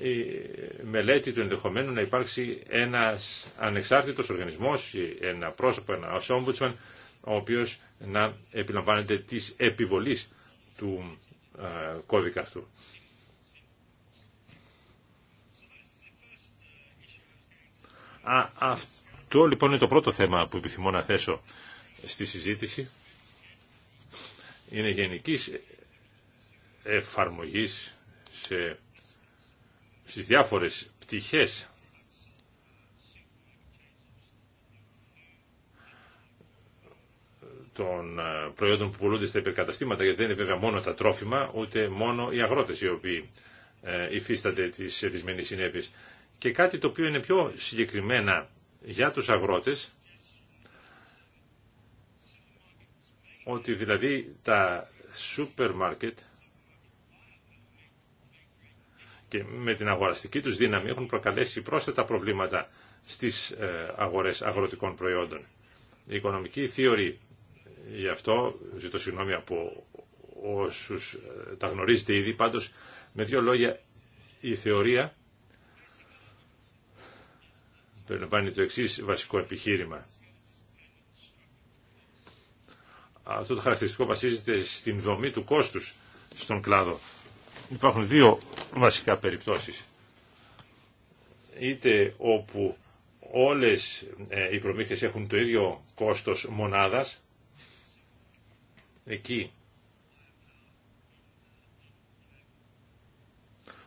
η μελέτη του ενδεχομένου να υπάρξει ένας ανεξάρτητος οργανισμός, ένα πρόσωπο, ένα ομπούτσμαν, ο οποίος να επιλαμβάνεται της επιβολής του ε, κώδικα αυτού. Α, αυτό λοιπόν είναι το πρώτο θέμα που επιθυμώ να θέσω στη συζήτηση. Είναι γενικής εφαρμογής σε στις διάφορες πτυχές των ε, προϊόντων που πουλούνται στα υπερκαταστήματα, γιατί δεν είναι βέβαια μόνο τα τρόφιμα, ούτε μόνο οι αγρότες οι οποίοι ε, υφίστανται τις ερισμένες συνέπειες. Και κάτι το οποίο είναι πιο συγκεκριμένα για τους αγρότες, ότι δηλαδή τα σούπερ μάρκετ και με την αγοραστική τους δύναμη έχουν προκαλέσει πρόσθετα προβλήματα στις ε, αγορές αγροτικών προϊόντων. Η οικονομική θεωρή ε, γι' αυτό, ζητώ συγγνώμη από όσους ε, τα γνωρίζετε ήδη, πάντως με δύο λόγια η θεωρία περιλαμβάνει το εξής βασικό επιχείρημα. Αυτό το χαρακτηριστικό βασίζεται στην δομή του κόστους στον κλάδο. Υπάρχουν δύο βασικά περιπτώσεις. Είτε όπου όλες ε, οι προμήθειες έχουν το ίδιο κόστος μονάδας, εκεί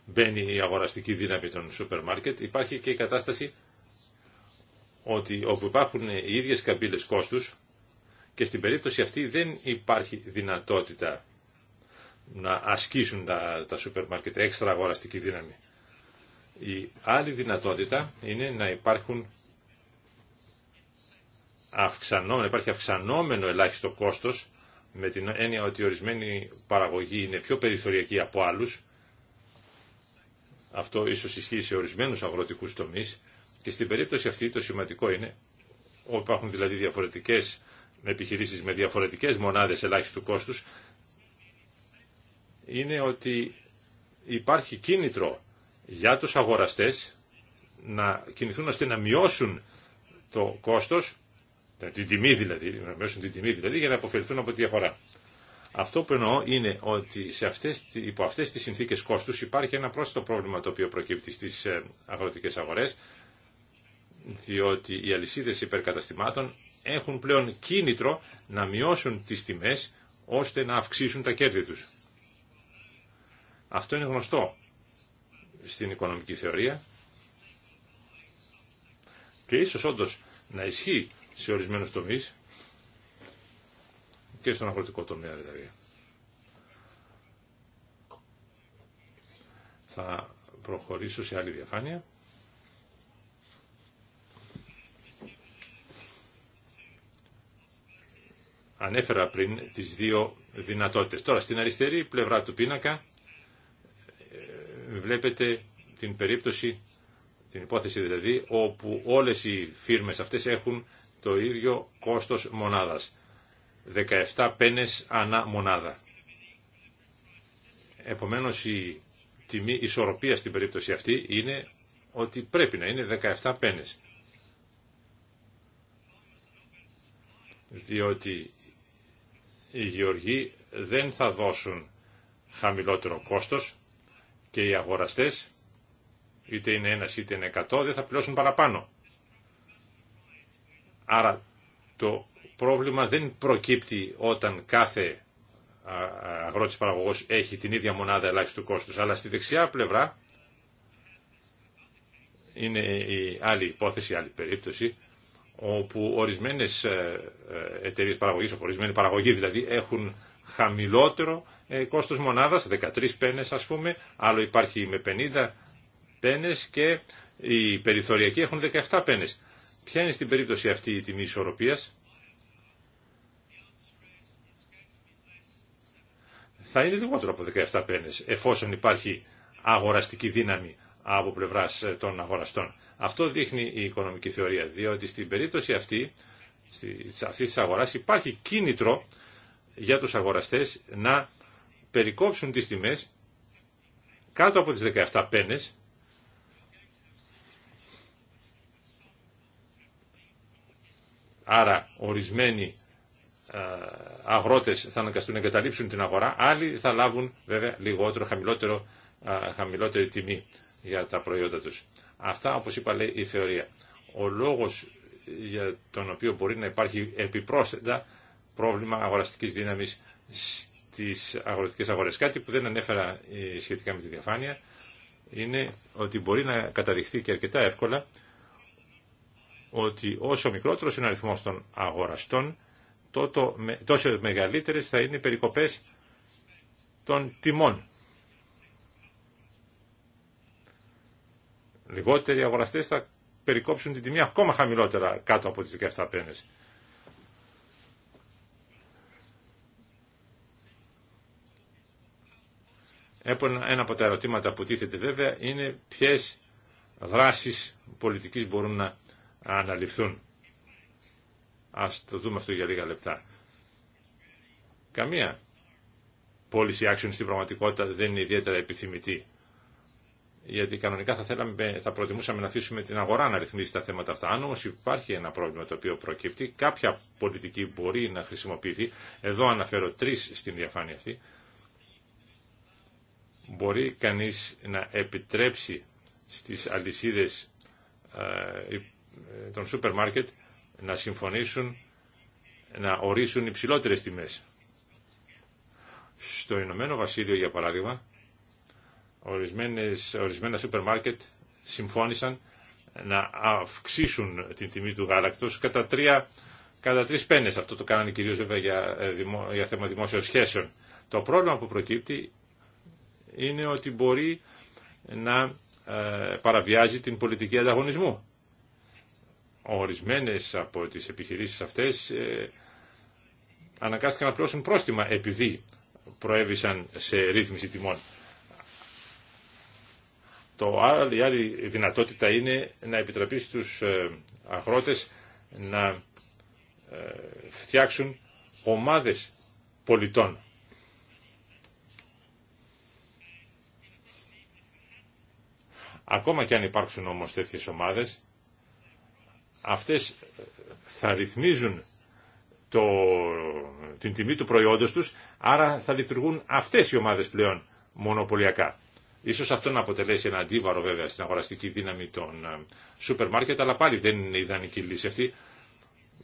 μπαίνει η αγοραστική δύναμη των σούπερ μάρκετ, υπάρχει και η κατάσταση ότι όπου υπάρχουν οι ίδιες καμπύλες κόστους και στην περίπτωση αυτή δεν υπάρχει δυνατότητα να ασκήσουν τα, τα σούπερ μάρκετ έξτρα αγοραστική δύναμη. Η άλλη δυνατότητα είναι να υπάρχουν αυξανόμενο, υπάρχει αυξανόμενο ελάχιστο κόστος με την έννοια ότι ορισμένη παραγωγή είναι πιο περιθωριακή από άλλους. Αυτό ίσως ισχύει σε ορισμένους αγροτικούς τομείς και στην περίπτωση αυτή το σημαντικό είναι όπου υπάρχουν δηλαδή διαφορετικές επιχειρήσεις με διαφορετικές μονάδες ελάχιστου κόστους είναι ότι υπάρχει κίνητρο για τους αγοραστές να κινηθούν ώστε να μειώσουν το κόστος, την τιμή δηλαδή, να μειώσουν την τιμή δηλαδή για να αποφελθούν από τη διαφορά. Αυτό που εννοώ είναι ότι σε αυτές, υπό αυτές τις συνθήκες κόστους υπάρχει ένα πρόσθετο πρόβλημα το οποίο προκύπτει στις ε, αγροτικές αγορές, διότι οι αλυσίδες υπερκαταστημάτων έχουν πλέον κίνητρο να μειώσουν τις τιμές ώστε να αυξήσουν τα κέρδη τους. Αυτό είναι γνωστό στην οικονομική θεωρία και ίσως όντως να ισχύει σε ορισμένους τομείς και στον αγροτικό τομέα δηλαδή. Θα προχωρήσω σε άλλη διαφάνεια. Ανέφερα πριν τις δύο δυνατότητες. Τώρα στην αριστερή πλευρά του πίνακα βλέπετε την περίπτωση, την υπόθεση δηλαδή, όπου όλες οι φίρμες αυτές έχουν το ίδιο κόστος μονάδας. 17 πένες ανά μονάδα. Επομένως η τιμή ισορροπίας στην περίπτωση αυτή είναι ότι πρέπει να είναι 17 πένες. Διότι οι γεωργοί δεν θα δώσουν χαμηλότερο κόστος και οι αγοραστές, είτε είναι ένας είτε είναι εκατό, δεν θα πληρώσουν παραπάνω. Άρα το πρόβλημα δεν προκύπτει όταν κάθε αγρότης παραγωγός έχει την ίδια μονάδα ελάχιστου κόστους, αλλά στη δεξιά πλευρά είναι η άλλη υπόθεση, η άλλη περίπτωση, όπου ορισμένες ε, ε, εταιρείες παραγωγής, ορισμένη παραγωγή δηλαδή, έχουν χαμηλότερο ε, κόστος μονάδας, 13 πένες ας πούμε, άλλο υπάρχει με 50 πένες και οι περιθωριακοί έχουν 17 πένες. Ποια είναι στην περίπτωση αυτή η τιμή ισορροπίας? Θα είναι λιγότερο από 17 πένες εφόσον υπάρχει αγοραστική δύναμη από πλευράς ε, των αγοραστών. Αυτό δείχνει η οικονομική θεωρία, διότι στην περίπτωση αυτή, αυτή της αγοράς υπάρχει κίνητρο για τους αγοραστές να περικόψουν τις τιμές κάτω από τις 17 πένες άρα ορισμένοι αγρότες θα αναγκαστούν να εγκαταλείψουν την αγορά άλλοι θα λάβουν βέβαια λιγότερο χαμηλότερο, χαμηλότερη τιμή για τα προϊόντα τους αυτά όπως είπα λέει η θεωρία ο λόγος για τον οποίο μπορεί να υπάρχει επιπρόσθετα πρόβλημα αγοραστικής δύναμης στις αγροτικές αγορές. Κάτι που δεν ανέφερα ε, σχετικά με τη διαφάνεια είναι ότι μπορεί να καταδειχθεί και αρκετά εύκολα ότι όσο μικρότερο είναι ο αριθμός των αγοραστών, τόσο μεγαλύτερες θα είναι οι περικοπές των τιμών. Λιγότεροι αγοραστές θα περικόψουν την τιμή ακόμα χαμηλότερα κάτω από τις 17 πένες. Ένα από τα ερωτήματα που τίθεται βέβαια είναι ποιες δράσεις πολιτικής μπορούν να αναλυφθούν. Ας το δούμε αυτό για λίγα λεπτά. Καμία πώληση άξιων στην πραγματικότητα δεν είναι ιδιαίτερα επιθυμητή. Γιατί κανονικά θα, θέλαμε, θα προτιμούσαμε να αφήσουμε την αγορά να ρυθμίζει τα θέματα αυτά. Αν όμω υπάρχει ένα πρόβλημα το οποίο προκύπτει, κάποια πολιτική μπορεί να χρησιμοποιηθεί. Εδώ αναφέρω τρει στην διαφάνεια αυτή. Μπορεί κανείς να επιτρέψει στις αλυσίδες ε, ε, των σούπερ μάρκετ να συμφωνήσουν να ορίσουν υψηλότερες τιμές. Στο Ηνωμένο Βασίλειο, για παράδειγμα, ορισμένες, ορισμένα σούπερ μάρκετ συμφώνησαν να αυξήσουν την τιμή του γάλακτος κατά τρία κατά τρεις πένες. Αυτό το κάνανε κυρίως για, ε, για θέμα δημόσιων σχέσεων. Το πρόβλημα που προκύπτει είναι ότι μπορεί να ε, παραβιάζει την πολιτική ανταγωνισμού. Ορισμένες από τις επιχειρήσεις αυτές ε, ανακάστηκαν να πληρώσουν πρόστιμα επειδή προέβησαν σε ρύθμιση τιμών. Το άλλη, η άλλη δυνατότητα είναι να επιτραπεί στους ε, αγρότες να φτιάξουν ομάδες πολιτών Ακόμα και αν υπάρξουν όμως τέτοιες ομάδες, αυτές θα ρυθμίζουν το, την τιμή του προϊόντος τους, άρα θα λειτουργούν αυτές οι ομάδες πλέον μονοπωλιακά. Ίσως αυτό να αποτελέσει ένα αντίβαρο βέβαια στην αγοραστική δύναμη των ε, σούπερ μάρκετ, αλλά πάλι δεν είναι ιδανική λύση αυτή.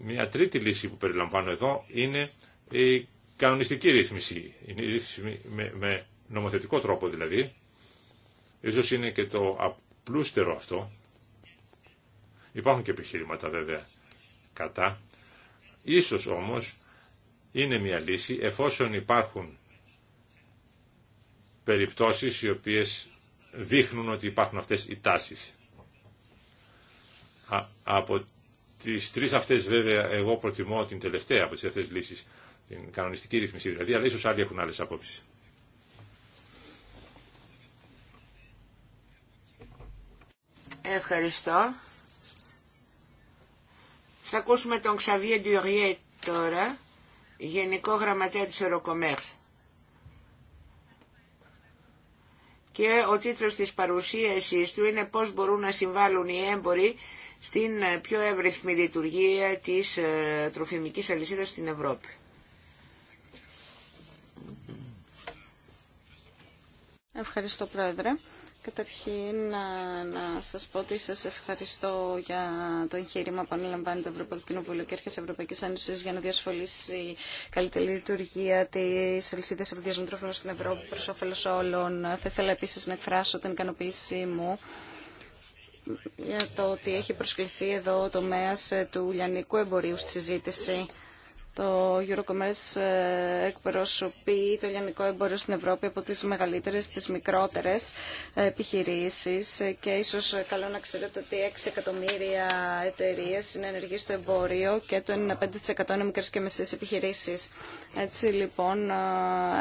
Μια τρίτη λύση που περιλαμβάνω εδώ είναι η κανονιστική ρύθμιση, η ρύθμιση με, με νομοθετικό τρόπο δηλαδή, Ίσως είναι και το απλούστερο αυτό. Υπάρχουν και επιχειρήματα βέβαια κατά. Ίσως όμως είναι μια λύση εφόσον υπάρχουν περιπτώσεις οι οποίες δείχνουν ότι υπάρχουν αυτές οι τάσεις. Α, από τις τρεις αυτές βέβαια εγώ προτιμώ την τελευταία από τις αυτές λύσεις, την κανονιστική ρυθμίση δηλαδή, αλλά ίσως άλλοι έχουν άλλες απόψεις. Ευχαριστώ. Θα ακούσουμε τον Ξαβιέ Ντουριέ τώρα, Γενικό Γραμματέα της Eurocommerce. Και ο τίτλος της παρουσίασης του είναι πώς μπορούν να συμβάλλουν οι έμποροι στην πιο εύρυθμη λειτουργία της ε, τροφιμικής αλυσίδας στην Ευρώπη. Ευχαριστώ Πρόεδρε. Καταρχήν να, να σας πω ότι σας ευχαριστώ για το εγχείρημα που αναλαμβάνει το Ευρωπαϊκό Κοινοβούλιο και έρχεσαι Ευρωπαϊκή Ένωση για να διασφαλίσει καλύτερη λειτουργία τη αλυσίδα ευρωδιασμού στην Ευρώπη προ όφελο όλων. Θα ήθελα επίση να εκφράσω την ικανοποίησή μου για το ότι έχει προσκληθεί εδώ ο τομέα του λιανικού εμπορίου στη συζήτηση. Το Eurocommerce ε, εκπροσωπεί το λιανικό εμπόριο στην Ευρώπη από τις μεγαλύτερες, τις μικρότερες ε, επιχειρήσεις ε, και ίσως καλό να ξέρετε ότι 6 εκατομμύρια εταιρείες είναι ενεργοί στο εμπόριο και το 95% είναι μικρές και μεσαίες επιχειρήσεις. Έτσι λοιπόν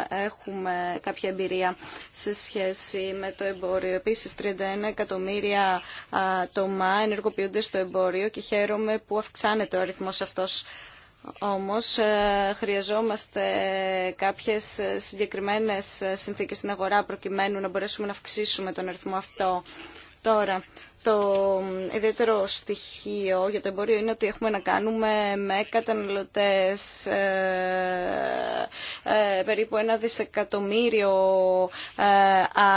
έχουμε κάποια εμπειρία σε σχέση με το εμπόριο. Επίσης 31 εκατομμύρια τομά ενεργοποιούνται στο εμπόριο και χαίρομαι που αυξάνεται ο αριθμός αυτός όμως ε, χρειαζόμαστε κάποιες συγκεκριμένες συνθήκες στην αγορά προκειμένου να μπορέσουμε να αυξήσουμε τον αριθμό αυτό. Τώρα, το ιδιαίτερο στοιχείο για το εμπόριο είναι ότι έχουμε να κάνουμε με καταναλωτές ε, ε, περίπου ένα δισεκατομμύριο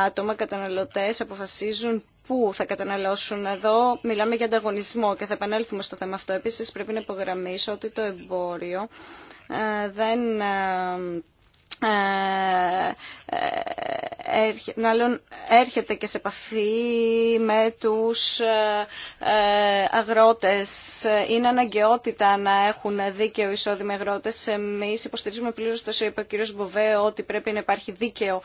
άτομα καταναλωτές αποφασίζουν που θα καταναλώσουν εδώ. Μιλάμε για ανταγωνισμό και θα επανέλθουμε στο θέμα αυτό. Επίσης πρέπει να υπογραμμίσω ότι το εμπόριο ε, δεν ε, ε, ε, μάλλον έρχεται και σε επαφή με τους ε, αγρότες. Είναι αναγκαιότητα να έχουν δίκαιο εισόδημα αγρότες. Εμείς υποστηρίζουμε πλήρως, το είπε ο κύριος Μποβέ, ότι πρέπει να υπάρχει δίκαιο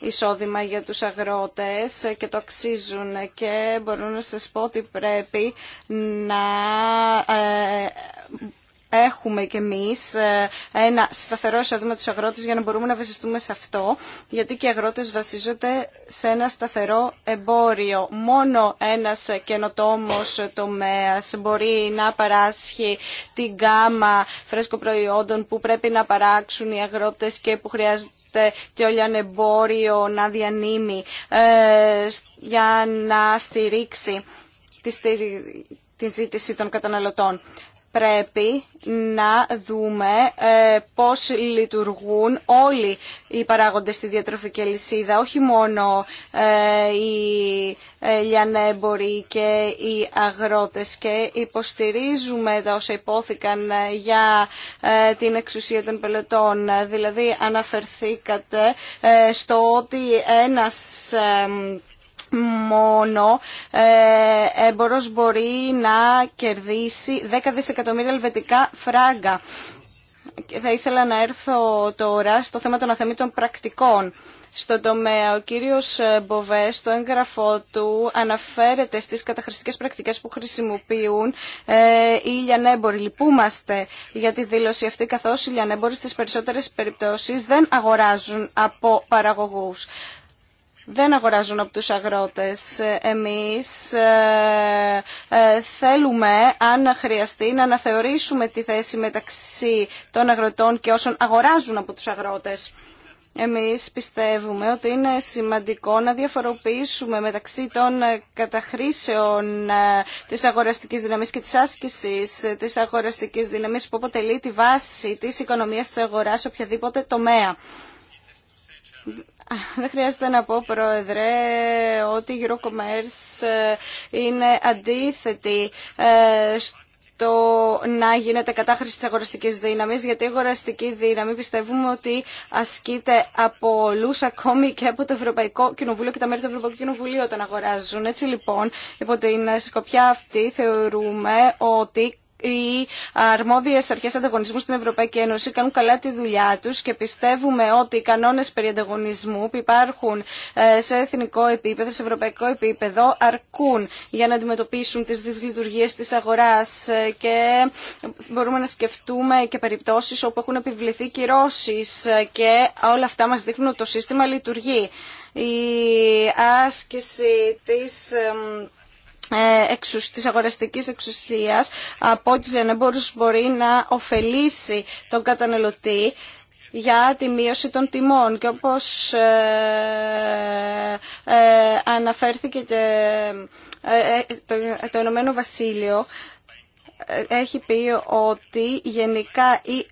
εισόδημα για τους αγρότες και το αξίζουν και μπορώ να σας πω ότι πρέπει να έχουμε κι εμείς ε, ένα σταθερό εισόδημα τους αγρότες για να μπορούμε να βασιστούμε σε αυτό, γιατί και οι αγρότες βασίζονται σε ένα σταθερό εμπόριο. Μόνο ένας καινοτόμος τομέας μπορεί να παράσχει την γάμα φρέσκο προϊόντων που πρέπει να παράξουν οι αγρότες και που χρειάζεται και όλο εμπόριο να διανύμει ε, για να στηρίξει τη, τη ζήτηση των καταναλωτών πρέπει να δούμε ε, πώς λειτουργούν όλοι οι παράγοντες στη διατροφική λυσίδα, όχι μόνο ε, οι ε, λιανέμποροι και οι αγρότες και υποστηρίζουμε τα όσα υπόθηκαν για την εξουσία των πελετών. Δηλαδή αναφερθήκατε στο ότι ένας μόνο ε, έμπορος μπορεί να κερδίσει 10 δισεκατομμύρια ελβετικά φράγκα. Θα ήθελα να έρθω τώρα στο θέμα των αθεμήτων πρακτικών. Στο τομέα, ο κύριος ε, Μποβέ στο έγγραφό του αναφέρεται στις καταχρηστικές πρακτικές που χρησιμοποιούν ε, οι λιανέμποροι. Λυπούμαστε για τη δήλωση αυτή, καθώς οι λιανέμποροι στις περισσότερες περιπτώσεις δεν αγοράζουν από παραγωγούς δεν αγοράζουν από τους αγρότες. Εμείς ε, ε, θέλουμε, αν χρειαστεί, να αναθεωρήσουμε τη θέση μεταξύ των αγροτών και όσων αγοράζουν από τους αγρότες. Εμείς πιστεύουμε ότι είναι σημαντικό να διαφοροποιήσουμε μεταξύ των ε, καταχρήσεων της αγοραστικής δύναμης και της άσκησης της αγοραστικής δύναμης που αποτελεί τη βάση της οικονομίας της αγοράς σε οποιαδήποτε τομέα. Δεν χρειάζεται να πω, Πρόεδρε, ότι η Eurocommerce ε, είναι αντίθετη ε, στο να γίνεται κατάχρηση της αγοραστικής δύναμης, γιατί η αγοραστική δύναμη πιστεύουμε ότι ασκείται από όλους, ακόμη και από το Ευρωπαϊκό Κοινοβούλιο και τα μέρη του Ευρωπαϊκού Κοινοβουλίου όταν αγοράζουν. Έτσι λοιπόν, υπό την σκοπιά αυτή θεωρούμε ότι οι αρμόδιες αρχέ ανταγωνισμού στην Ευρωπαϊκή Ένωση κάνουν καλά τη δουλειά τους και πιστεύουμε ότι οι κανόνες περί ανταγωνισμού που υπάρχουν ε, σε εθνικό επίπεδο, σε ευρωπαϊκό επίπεδο αρκούν για να αντιμετωπίσουν τις δυσλειτουργίε τη αγορά. Ε, και μπορούμε να σκεφτούμε και περιπτώσεις όπου έχουν επιβληθεί κυρώσεις ε, και όλα αυτά μα δείχνουν ότι το σύστημα λειτουργεί. Η άσκηση της Τη ε, της αγοραστικής εξουσίας από τους λιανεμπόρους μπορεί να ωφελήσει τον καταναλωτή για τη μείωση των τιμών και όπως ε, ε, αναφέρθηκε το, το Βασίλειο έχει πει ότι γενικά η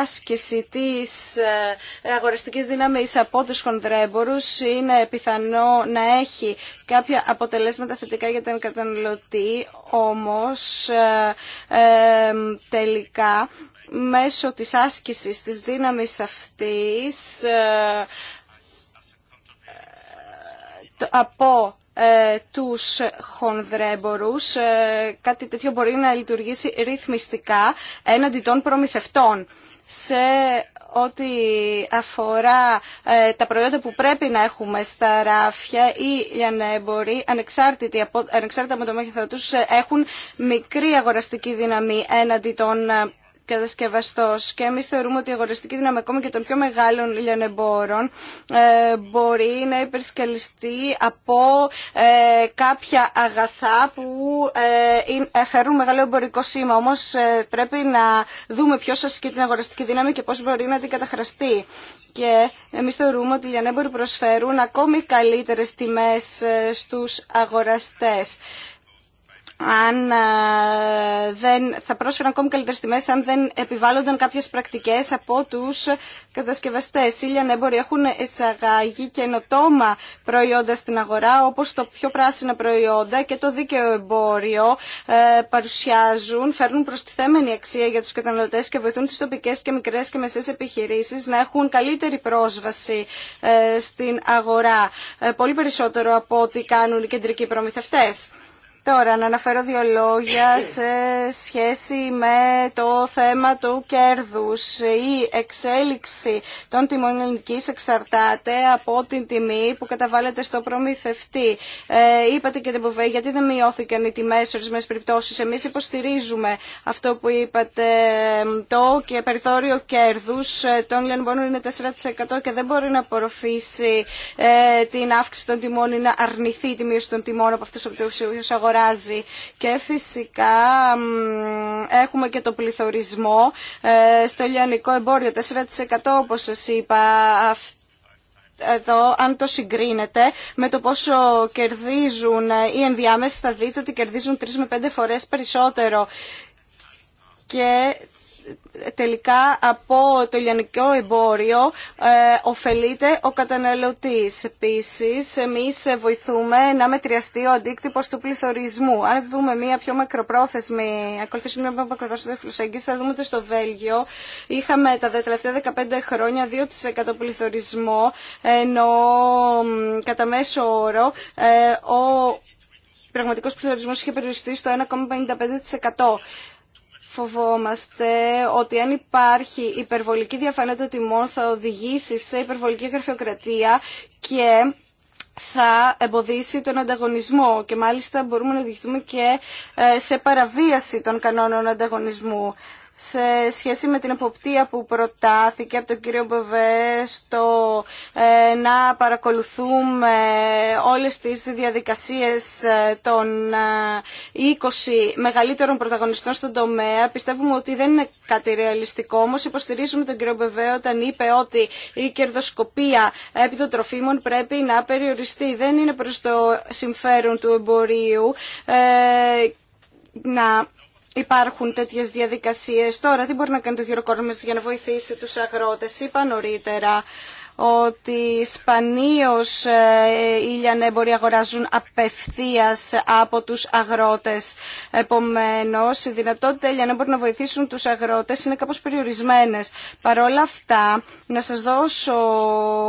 άσκηση της ε, αγοραστικής δύναμης από τους χονδρέμπορους είναι πιθανό να έχει κάποια αποτελέσματα θετικά για τον καταναλωτή, όμως ε, ε, τελικά μέσω της άσκησης της δύναμης αυτής ε, από ε, τους χονδρέμπορους. Ε, κάτι τέτοιο μπορεί να λειτουργήσει ρυθμιστικά έναντι των προμηθευτών. Σε ό,τι αφορά ε, τα προϊόντα που πρέπει να έχουμε στα ράφια ή για να από, ανεξάρτητα με το μέγεθο τους, έχουν μικρή αγοραστική δύναμη έναντι των κατασκευαστό. και εμεί θεωρούμε ότι η αγοραστική δύναμη ακόμα και των πιο μεγάλων λιανεμπόρων ε, μπορεί να υπερσκελιστεί από ε, κάποια αγαθά που ε, φέρουν μεγάλο εμπορικό σήμα. Όμως πρέπει να δούμε ποιο ασκεί την αγοραστική δύναμη και πώ μπορεί να την καταχραστεί. Και εμείς θεωρούμε ότι οι λιανέμποροι προσφέρουν ακόμη καλύτερε τιμές στους αγοραστές αν ε, δεν, θα πρόσφεραν ακόμη καλύτερε τιμέ αν δεν επιβάλλονταν κάποιε πρακτικέ από του κατασκευαστέ. Οι λιανέμποροι ναι, έχουν εισαγάγει καινοτόμα προϊόντα στην αγορά, όπω το πιο πράσινα προϊόντα και το δίκαιο εμπόριο ε, παρουσιάζουν, φέρνουν προστιθέμενη αξία για του καταναλωτέ και βοηθούν τι τοπικέ και μικρέ και μεσαίε επιχειρήσει να έχουν καλύτερη πρόσβαση ε, στην αγορά, πολύ περισσότερο από ό,τι κάνουν οι κεντρικοί προμηθευτέ. Τώρα, να αναφέρω δύο λόγια σε σχέση με το θέμα του κέρδους. Η εξέλιξη των τιμών ελληνικής εξαρτάται από την τιμή που καταβάλλεται στο προμηθευτή. Ε, είπατε την Μποβέ, γιατί δεν μειώθηκαν οι τιμές σε ορισμένες περιπτώσεις. Εμείς υποστηρίζουμε αυτό που είπατε. Το και περιθώριο κέρδους των λιανμπόνων είναι 4% και δεν μπορεί να απορροφήσει ε, την αύξηση των τιμών ή να αρνηθεί τη μείωση των τιμών από αυτούς τους αγορές και φυσικά έχουμε και το πληθωρισμό ε, στο λιανικό εμπόριο, 4% όπως σας είπα. Εδώ, αν το συγκρίνετε με το πόσο κερδίζουν ε, οι ενδιάμεσοι, θα δείτε ότι κερδίζουν 3 με 5 φορές περισσότερο. Και τελικά από το λιανικό εμπόριο ε, ωφελείται ο καταναλωτής. Επίσης, εμείς βοηθούμε να μετριαστεί ο αντίκτυπος του πληθωρισμού. Αν δούμε μια πιο μακροπρόθεσμη, ακολουθήσουμε μια μακροπρόθεσμη φλουσέγγιση, θα δούμε ότι στο Βέλγιο είχαμε τα τελευταία 15 χρόνια 2% πληθωρισμό, ενώ κατά μέσο όρο ε, ο πραγματικός πληθωρισμός είχε περιοριστεί στο 1,55%. Φοβόμαστε ότι αν υπάρχει υπερβολική διαφάνεια των τιμών θα οδηγήσει σε υπερβολική γραφειοκρατία και θα εμποδίσει τον ανταγωνισμό και μάλιστα μπορούμε να οδηγηθούμε και ε, σε παραβίαση των κανόνων ανταγωνισμού σε σχέση με την εποπτεία που προτάθηκε από τον κύριο Μπεβέ στο ε, να παρακολουθούμε όλες τις διαδικασίες ε, των 20 ε, μεγαλύτερων πρωταγωνιστών στον τομέα. Πιστεύουμε ότι δεν είναι κάτι ρεαλιστικό, όμως υποστηρίζουμε τον κύριο Μπεβέ όταν είπε ότι η κερδοσκοπία επί των τροφίμων πρέπει να περιοριστεί. Δεν είναι προς το συμφέρον του εμπορίου να υπάρχουν τέτοιες διαδικασίες. Τώρα τι μπορεί να κάνει το γύρο για να βοηθήσει τους αγρότες. Είπα νωρίτερα ότι σπανίως οι ε, ναι, αγοράζουν απευθείας από τους αγρότες. Επομένως, η δυνατότητα για ναι να βοηθήσουν τους αγρότες είναι κάπως περιορισμένες. Παρ' όλα αυτά, να σας δώσω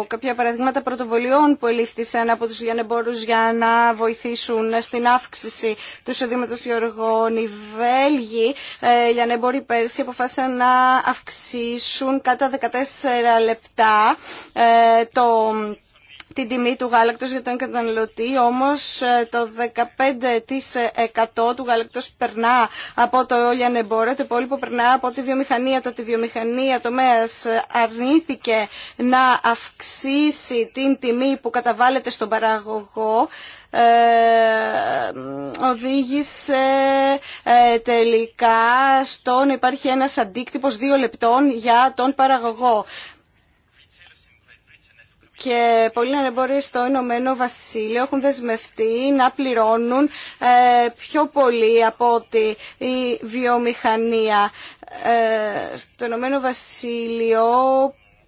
κάποια παραδείγματα πρωτοβολιών που ελήφθησαν από τους Λιανέμπορους για να βοηθήσουν στην αύξηση του εισοδήματος γεωργών. Οι Βέλγοι ε, Λιανέμποροι πέρσι αποφάσισαν να αυξήσουν κατά 14 λεπτά ε, ε, το την τιμή του γάλακτος για τον καταναλωτή, όμως ε, το 15% του γάλακτος περνά από το λιανεμπόρο, το υπόλοιπο περνά από τη βιομηχανία. Το ότι η βιομηχανία τομέας αρνήθηκε να αυξήσει την τιμή που καταβάλλεται στον παραγωγό, ε, οδήγησε τελικά στο να υπάρχει ένας αντίκτυπος δύο λεπτών για τον παραγωγό και πολλοί ανεμπόροι στο Ηνωμένο Βασίλειο έχουν δεσμευτεί να πληρώνουν ε, πιο πολύ από ότι η βιομηχανία. Ε, στο Ηνωμένο Βασίλειο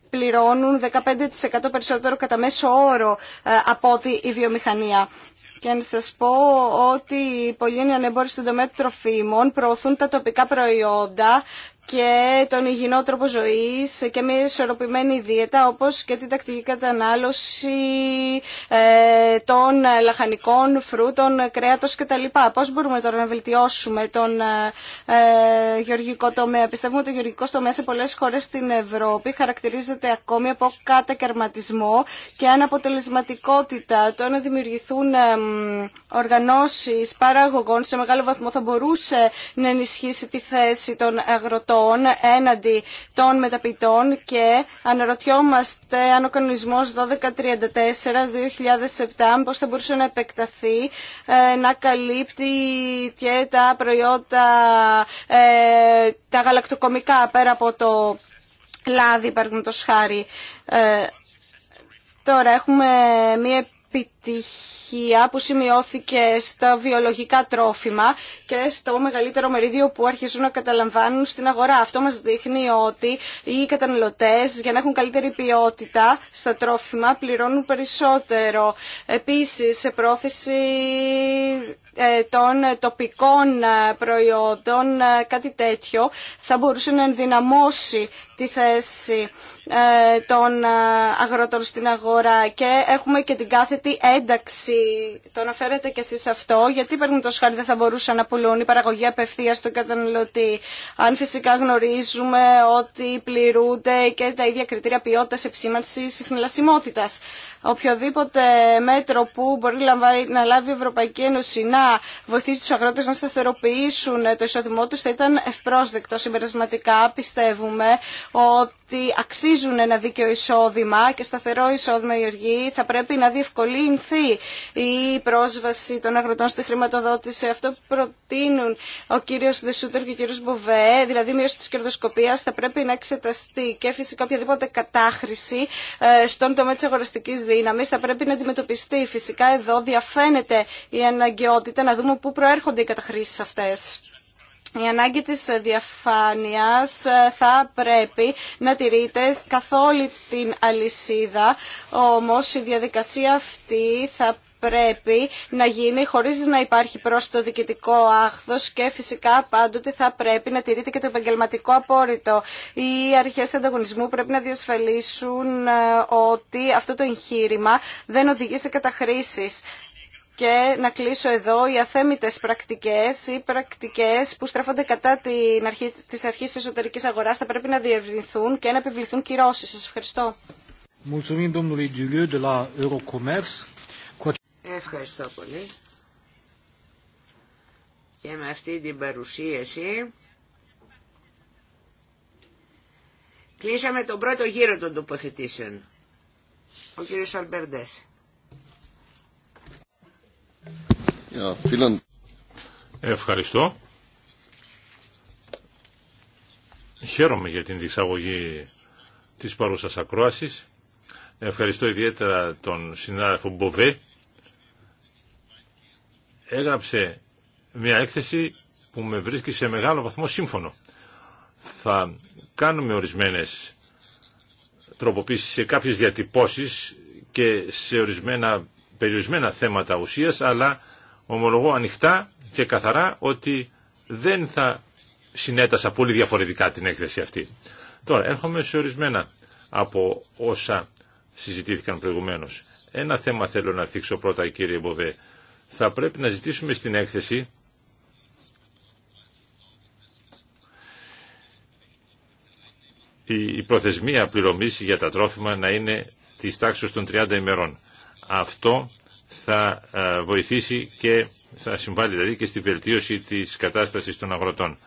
πληρώνουν 15% περισσότερο κατά μέσο όρο ε, από ότι η βιομηχανία. Και να σας πω ότι πολλοί ανεμπόροι στον τομέα των τροφίμων, προωθούν τα τοπικά προϊόντα και τον υγιεινό τρόπο ζωής και μια ισορροπημένη δίαιτα όπως και την τακτική κατανάλωση ε, των λαχανικών, φρούτων, κρέατος κτλ. Πώς μπορούμε τώρα να βελτιώσουμε τον ε, ε, γεωργικό τομέα. Πιστεύουμε ότι ο γεωργικός τομέας σε πολλές χώρες στην Ευρώπη χαρακτηρίζεται ακόμη από κατακαιρματισμό και αναποτελεσματικότητα. Το να δημιουργηθούν οργανώσεις παραγωγών σε μεγάλο βαθμό θα μπορούσε να ενισχύσει τη θέση των αγροτών έναντι των μεταπητών και αναρωτιόμαστε αν ο κανονισμό 1234 1234-2007 πώς θα μπορούσε να επεκταθεί ε, να καλύπτει και τα προϊόντα ε, τα γαλακτοκομικά πέρα από το λάδι, παραδείγματο χάρη. Ε, τώρα έχουμε μία επιτυχία που σημειώθηκε στα βιολογικά τρόφιμα και στο μεγαλύτερο μερίδιο που αρχίζουν να καταλαμβάνουν στην αγορά. Αυτό μας δείχνει ότι οι καταναλωτές για να έχουν καλύτερη ποιότητα στα τρόφιμα πληρώνουν περισσότερο. Επίσης, σε πρόθεση ε, των τοπικών ε, προϊόντων, ε, κάτι τέτοιο, θα μπορούσε να ενδυναμώσει τη θέση των αγρότων στην αγορά και έχουμε και την κάθετη ένταξη. Το αναφέρετε και εσείς αυτό, γιατί παίρνουν το σχάρι δεν θα μπορούσαν να πουλούν η παραγωγή απευθείας στον καταναλωτή. Αν φυσικά γνωρίζουμε ότι πληρούνται και τα ίδια κριτήρια ποιότητας ευσήμανσης συχνηλασιμότητας. Οποιοδήποτε μέτρο που μπορεί να λάβει η Ευρωπαϊκή Ένωση βοηθήσει του αγρότε να σταθεροποιήσουν ε, το εισόδημό του. θα ήταν ευπρόσδεκτο συμπερασματικά. Πιστεύουμε ότι αξίζουν ένα δίκαιο εισόδημα και σταθερό εισόδημα οι οργοί. Θα πρέπει να διευκολυνθεί η πρόσβαση των αγροτών στη χρηματοδότηση. Αυτό που προτείνουν ο κύριος Δεσούτερ και ο κύριο Μποβέ, δηλαδή μείωση τη κερδοσκοπία θα πρέπει να εξεταστεί και φυσικά οποιαδήποτε κατάχρηση ε, στον τομέα τη αγοραστική δύναμη. θα πρέπει να αντιμετωπιστεί. Φυσικά εδώ διαφαίνεται η αναγκαιότητα τα να δούμε πού προέρχονται οι καταχρήσεις αυτές. Η ανάγκη της διαφάνειας ε, θα πρέπει να τηρείται καθ' όλη την αλυσίδα, όμως η διαδικασία αυτή θα πρέπει να γίνει χωρίς να υπάρχει προς το διοικητικό άχθος και φυσικά πάντοτε θα πρέπει να τηρείται και το επαγγελματικό απόρριτο. Οι αρχές ανταγωνισμού πρέπει να διασφαλίσουν ε, ότι αυτό το εγχείρημα δεν οδηγεί σε καταχρήσεις και να κλείσω εδώ οι αθέμητες πρακτικές ή πρακτικές που στρέφονται κατά την αρχή, της αρχής της εσωτερικής αγοράς θα πρέπει να διευρυνθούν και να επιβληθούν κυρώσεις. Σας ευχαριστώ. Ευχαριστώ πολύ. Και με αυτή την παρουσίαση κλείσαμε τον πρώτο γύρο των τοποθετήσεων. Ο κύριος Αλμπερντές. Ευχαριστώ. Χαίρομαι για την διεξαγωγή της παρούσας ακρόασης. Ευχαριστώ ιδιαίτερα τον συνάδελφο Μποβέ. Έγραψε μια έκθεση που με βρίσκει σε μεγάλο βαθμό σύμφωνο. Θα κάνουμε ορισμένες τροποποίησεις σε κάποιες διατυπώσεις και σε ορισμένα περιορισμένα θέματα ουσίας, αλλά ομολογώ ανοιχτά και καθαρά ότι δεν θα συνέτασα πολύ διαφορετικά την έκθεση αυτή. Τώρα, έρχομαι σε ορισμένα από όσα συζητήθηκαν προηγουμένως. Ένα θέμα θέλω να θίξω πρώτα, κύριε Μποβέ. Θα πρέπει να ζητήσουμε στην έκθεση η προθεσμία πληρωμής για τα τρόφιμα να είναι της τάξης των 30 ημερών. Αυτό θα ε, βοηθήσει και θα συμβάλλει δηλαδή και στη βελτίωση της κατάστασης των αγροτών.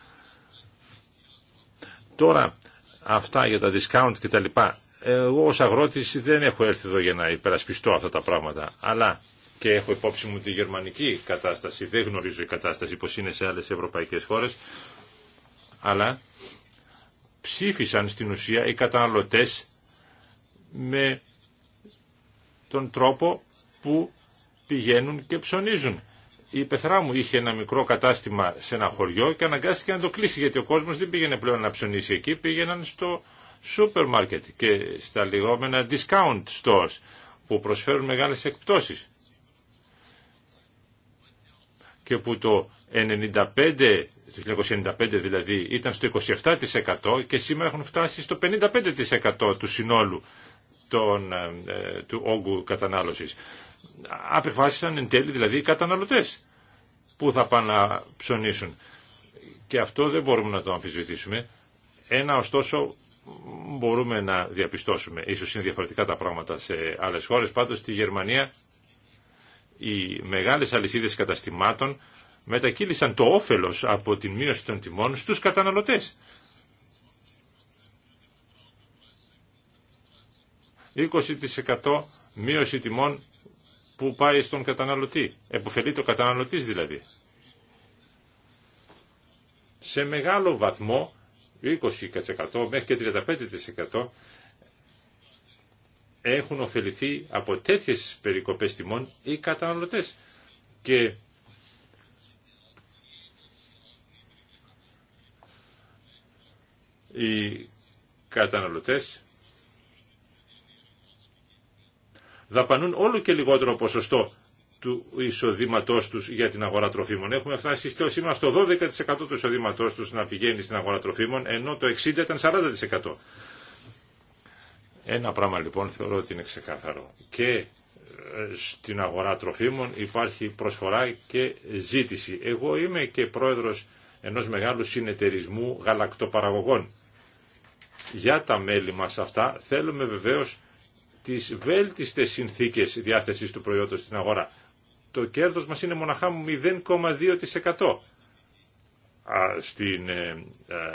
Τώρα, αυτά για τα discount και τα λοιπά, εγώ ως αγρότης δεν έχω έρθει εδώ για να υπερασπιστώ αυτά τα πράγματα, αλλά και έχω υπόψη μου τη γερμανική κατάσταση, δεν γνωρίζω η κατάσταση πως είναι σε άλλες ευρωπαϊκές χώρες, αλλά ψήφισαν στην ουσία οι καταναλωτές με τον τρόπο που πηγαίνουν και ψωνίζουν. Η πεθρά μου είχε ένα μικρό κατάστημα σε ένα χωριό και αναγκάστηκε να το κλείσει γιατί ο κόσμος δεν πήγαινε πλέον να ψωνίσει εκεί, πήγαιναν στο σούπερ μάρκετ και στα λιγόμενα discount stores που προσφέρουν μεγάλες εκπτώσεις και που το 95, το 1995 δηλαδή ήταν στο 27% και σήμερα έχουν φτάσει στο 55% του συνόλου ε, του όγκου κατανάλωσης απεφάσισαν εν τέλει δηλαδή οι καταναλωτές που θα πάνε να ψωνίσουν. Και αυτό δεν μπορούμε να το αμφισβητήσουμε. Ένα ωστόσο μπορούμε να διαπιστώσουμε. Ίσως είναι διαφορετικά τα πράγματα σε άλλες χώρες. Πάντως στη Γερμανία οι μεγάλες αλυσίδες καταστημάτων μετακύλησαν το όφελος από την μείωση των τιμών στους καταναλωτές. 20% μείωση τιμών που πάει στον καταναλωτή. Εποφελεί το καταναλωτής δηλαδή. Σε μεγάλο βαθμό, 20% μέχρι και 35% έχουν ωφεληθεί από τέτοιες περικοπές τιμών οι καταναλωτές. Και οι καταναλωτές δαπανούν όλο και λιγότερο ποσοστό του εισοδήματό του για την αγορά τροφίμων. Έχουμε φτάσει στο σήμερα στο 12% του εισοδήματό του να πηγαίνει στην αγορά τροφίμων, ενώ το 60% ήταν 40%. Ένα πράγμα λοιπόν θεωρώ ότι είναι ξεκάθαρο. Και ε, στην αγορά τροφίμων υπάρχει προσφορά και ζήτηση. Εγώ είμαι και πρόεδρος ενός μεγάλου συνεταιρισμού γαλακτοπαραγωγών. Για τα μέλη μας αυτά θέλουμε βεβαίως τις βέλτιστες συνθήκες διάθεσης του προϊόντος στην αγορά. Το κέρδος μας είναι μοναχά 0,2% στην, ε,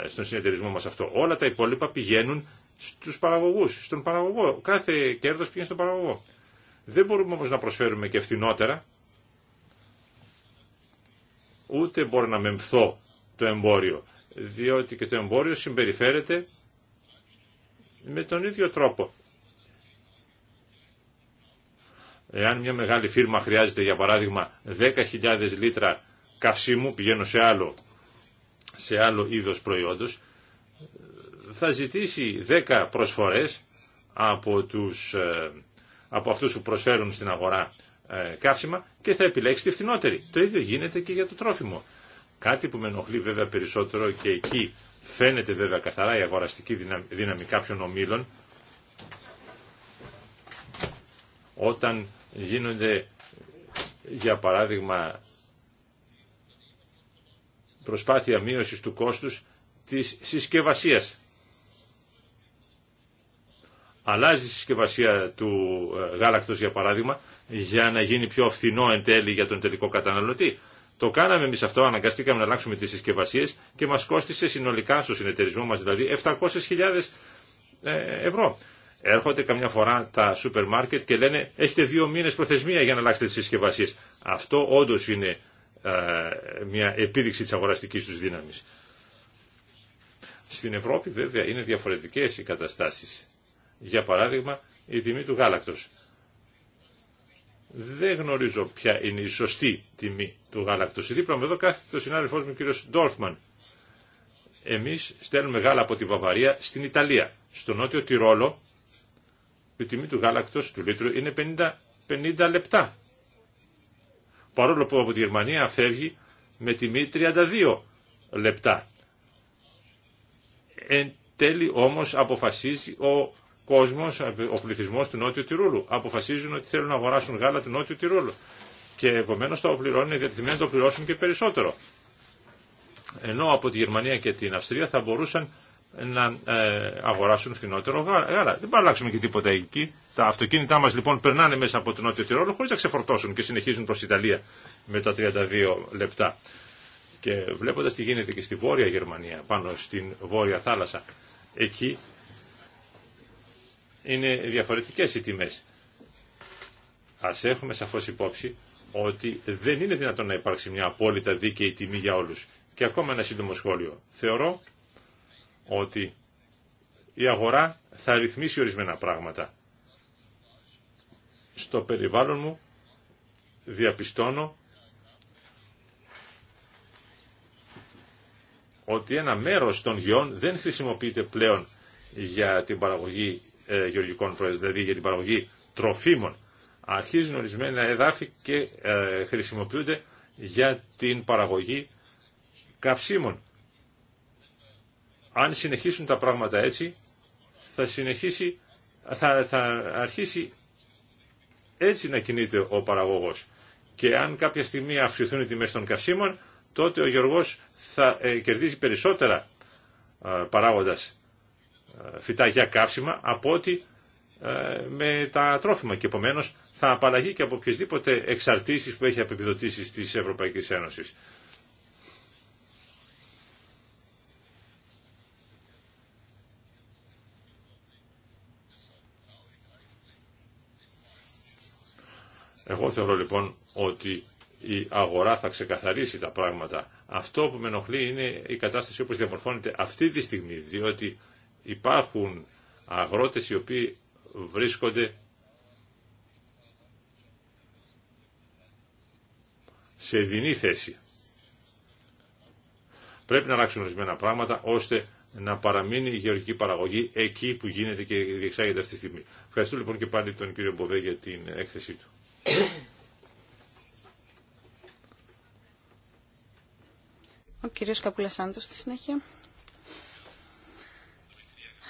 στον συνεταιρισμό μας αυτό. Όλα τα υπόλοιπα πηγαίνουν στους παραγωγούς, στον παραγωγό. Κάθε κέρδος πηγαίνει στον παραγωγό. Δεν μπορούμε όμως να προσφέρουμε και φθηνότερα. Ούτε μπορώ να μεμφθώ το εμπόριο, διότι και το εμπόριο συμπεριφέρεται με τον ίδιο τρόπο. Εάν μια μεγάλη φίρμα χρειάζεται για παράδειγμα 10.000 λίτρα καυσίμου, πηγαίνω σε άλλο, σε άλλο είδος προϊόντος, θα ζητήσει 10 προσφορές από, τους, ε, από αυτούς που προσφέρουν στην αγορά ε, καύσιμα και θα επιλέξει τη φθηνότερη. Το ίδιο γίνεται και για το τρόφιμο. Κάτι που με ενοχλεί βέβαια περισσότερο και εκεί φαίνεται βέβαια καθαρά η αγοραστική δύναμη κάποιων ομήλων όταν γίνονται για παράδειγμα προσπάθεια μείωσης του κόστους της συσκευασίας. Αλλάζει η συσκευασία του ε, γάλακτος για παράδειγμα για να γίνει πιο φθηνό εν τέλει για τον τελικό καταναλωτή. Το κάναμε εμεί αυτό, αναγκαστήκαμε να αλλάξουμε τι συσκευασίε και μα κόστησε συνολικά στο συνεταιρισμό μα δηλαδή 700.000 ε, ευρώ. Έρχονται καμιά φορά τα σούπερ μάρκετ και λένε έχετε δύο μήνες προθεσμία για να αλλάξετε τις συσκευασίε. Αυτό όντως είναι ε, μια επίδειξη της αγοραστικής τους δύναμης. Στην Ευρώπη βέβαια είναι διαφορετικές οι καταστάσεις. Για παράδειγμα η τιμή του γάλακτος. Δεν γνωρίζω ποια είναι η σωστή τιμή του γάλακτος. Δίπλα μου εδώ κάθεται ο συνάδελφός μου κύριος Ντόρφμαν. Εμείς στέλνουμε γάλα από τη Βαβαρία στην Ιταλία. Στο νότιο Τυρόλο η τιμή του γάλακτος του λίτρου είναι 50, 50 λεπτά. Παρόλο που από τη Γερμανία φεύγει με τιμή 32 λεπτά. Εν τέλει όμως αποφασίζει ο κόσμος, ο πληθυσμός του Νότιου Τυρούλου. Αποφασίζουν ότι θέλουν να αγοράσουν γάλα του Νότιου Τυρούλου. Και επομένως το πληρώνουν, είναι να το πληρώσουν και περισσότερο. Ενώ από τη Γερμανία και την Αυστρία θα μπορούσαν να ε, αγοράσουν φθηνότερο γάλα. Δεν αλλάξουμε και τίποτα εκεί. Τα αυτοκίνητά μας λοιπόν περνάνε μέσα από τον Νότιο Τυρόλο χωρίς να ξεφορτώσουν και συνεχίζουν προς Ιταλία με τα 32 λεπτά. Και βλέποντας τι γίνεται και στη Βόρεια Γερμανία, πάνω στην Βόρεια Θάλασσα, εκεί είναι διαφορετικές οι τιμέ Α έχουμε σαφώ υπόψη ότι δεν είναι δυνατόν να υπάρξει μια απόλυτα δίκαιη τιμή για όλου. Και ακόμα ένα σύντομο σχόλιο. Θεωρώ ότι η αγορά θα ρυθμίσει ορισμένα πράγματα. Στο περιβάλλον μου διαπιστώνω ότι ένα μέρος των γεών δεν χρησιμοποιείται πλέον για την παραγωγή ε, γεωργικών προϊόντων, δηλαδή για την παραγωγή τροφίμων. Αρχίζουν ορισμένα εδάφη και ε, χρησιμοποιούνται για την παραγωγή καυσίμων αν συνεχίσουν τα πράγματα έτσι, θα, συνεχίσει, θα, θα αρχίσει έτσι να κινείται ο παραγωγός. Και αν κάποια στιγμή αυξηθούν οι τιμές των καυσίμων, τότε ο Γιώργος θα ε, κερδίζει περισσότερα ε, παράγοντας ε, φυτά για καύσιμα από ότι ε, με τα τρόφιμα και επομένως θα απαλλαγεί και από οποιασδήποτε εξαρτήσεις που έχει από επιδοτήσεις της Ευρωπαϊκής Εγώ θεωρώ λοιπόν ότι η αγορά θα ξεκαθαρίσει τα πράγματα. Αυτό που με ενοχλεί είναι η κατάσταση όπως διαμορφώνεται αυτή τη στιγμή, διότι υπάρχουν αγρότες οι οποίοι βρίσκονται σε δινή θέση. Πρέπει να αλλάξουν ορισμένα πράγματα ώστε να παραμείνει η γεωργική παραγωγή εκεί που γίνεται και διεξάγεται αυτή τη στιγμή. Ευχαριστώ λοιπόν και πάλι τον κύριο Μποβέ για την έκθεσή του. Ο κύριος Καπουλασάντος στη συνέχεια.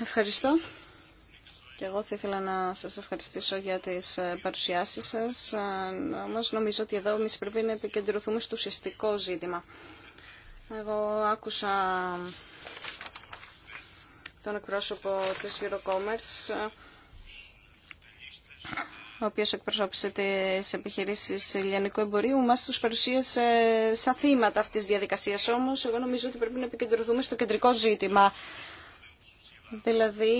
Ευχαριστώ. Και εγώ θα ήθελα να σας ευχαριστήσω για τις ε, παρουσιάσεις σας. Όμως νομίζω ότι εδώ εμείς πρέπει να επικεντρωθούμε στο ουσιαστικό ζήτημα. Εγώ άκουσα τον εκπρόσωπο της Eurocommerce ο οποίος εκπροσώπησε τις επιχειρήσεις λιανικού εμπορίου, μας τους παρουσίασε σαν θύματα αυτής της διαδικασίας. Όμως, εγώ νομίζω ότι πρέπει να επικεντρωθούμε στο κεντρικό ζήτημα. Δηλαδή,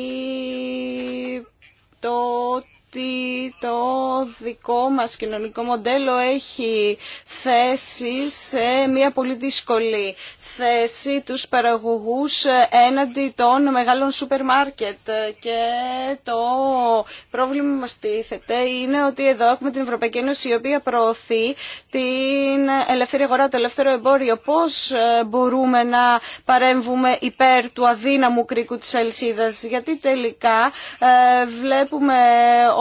το το δικό μας κοινωνικό μοντέλο έχει θέσει σε μια πολύ δύσκολη θέση τους παραγωγούς έναντι των μεγάλων σούπερ μάρκετ και το πρόβλημα που μας τίθεται είναι ότι εδώ έχουμε την Ευρωπαϊκή Ένωση η οποία προωθεί την ελεύθερη αγορά, το ελεύθερο εμπόριο. Πώς ε, μπορούμε να παρέμβουμε υπέρ του αδύναμου κρίκου της αλυσίδας γιατί τελικά ε, βλέπουμε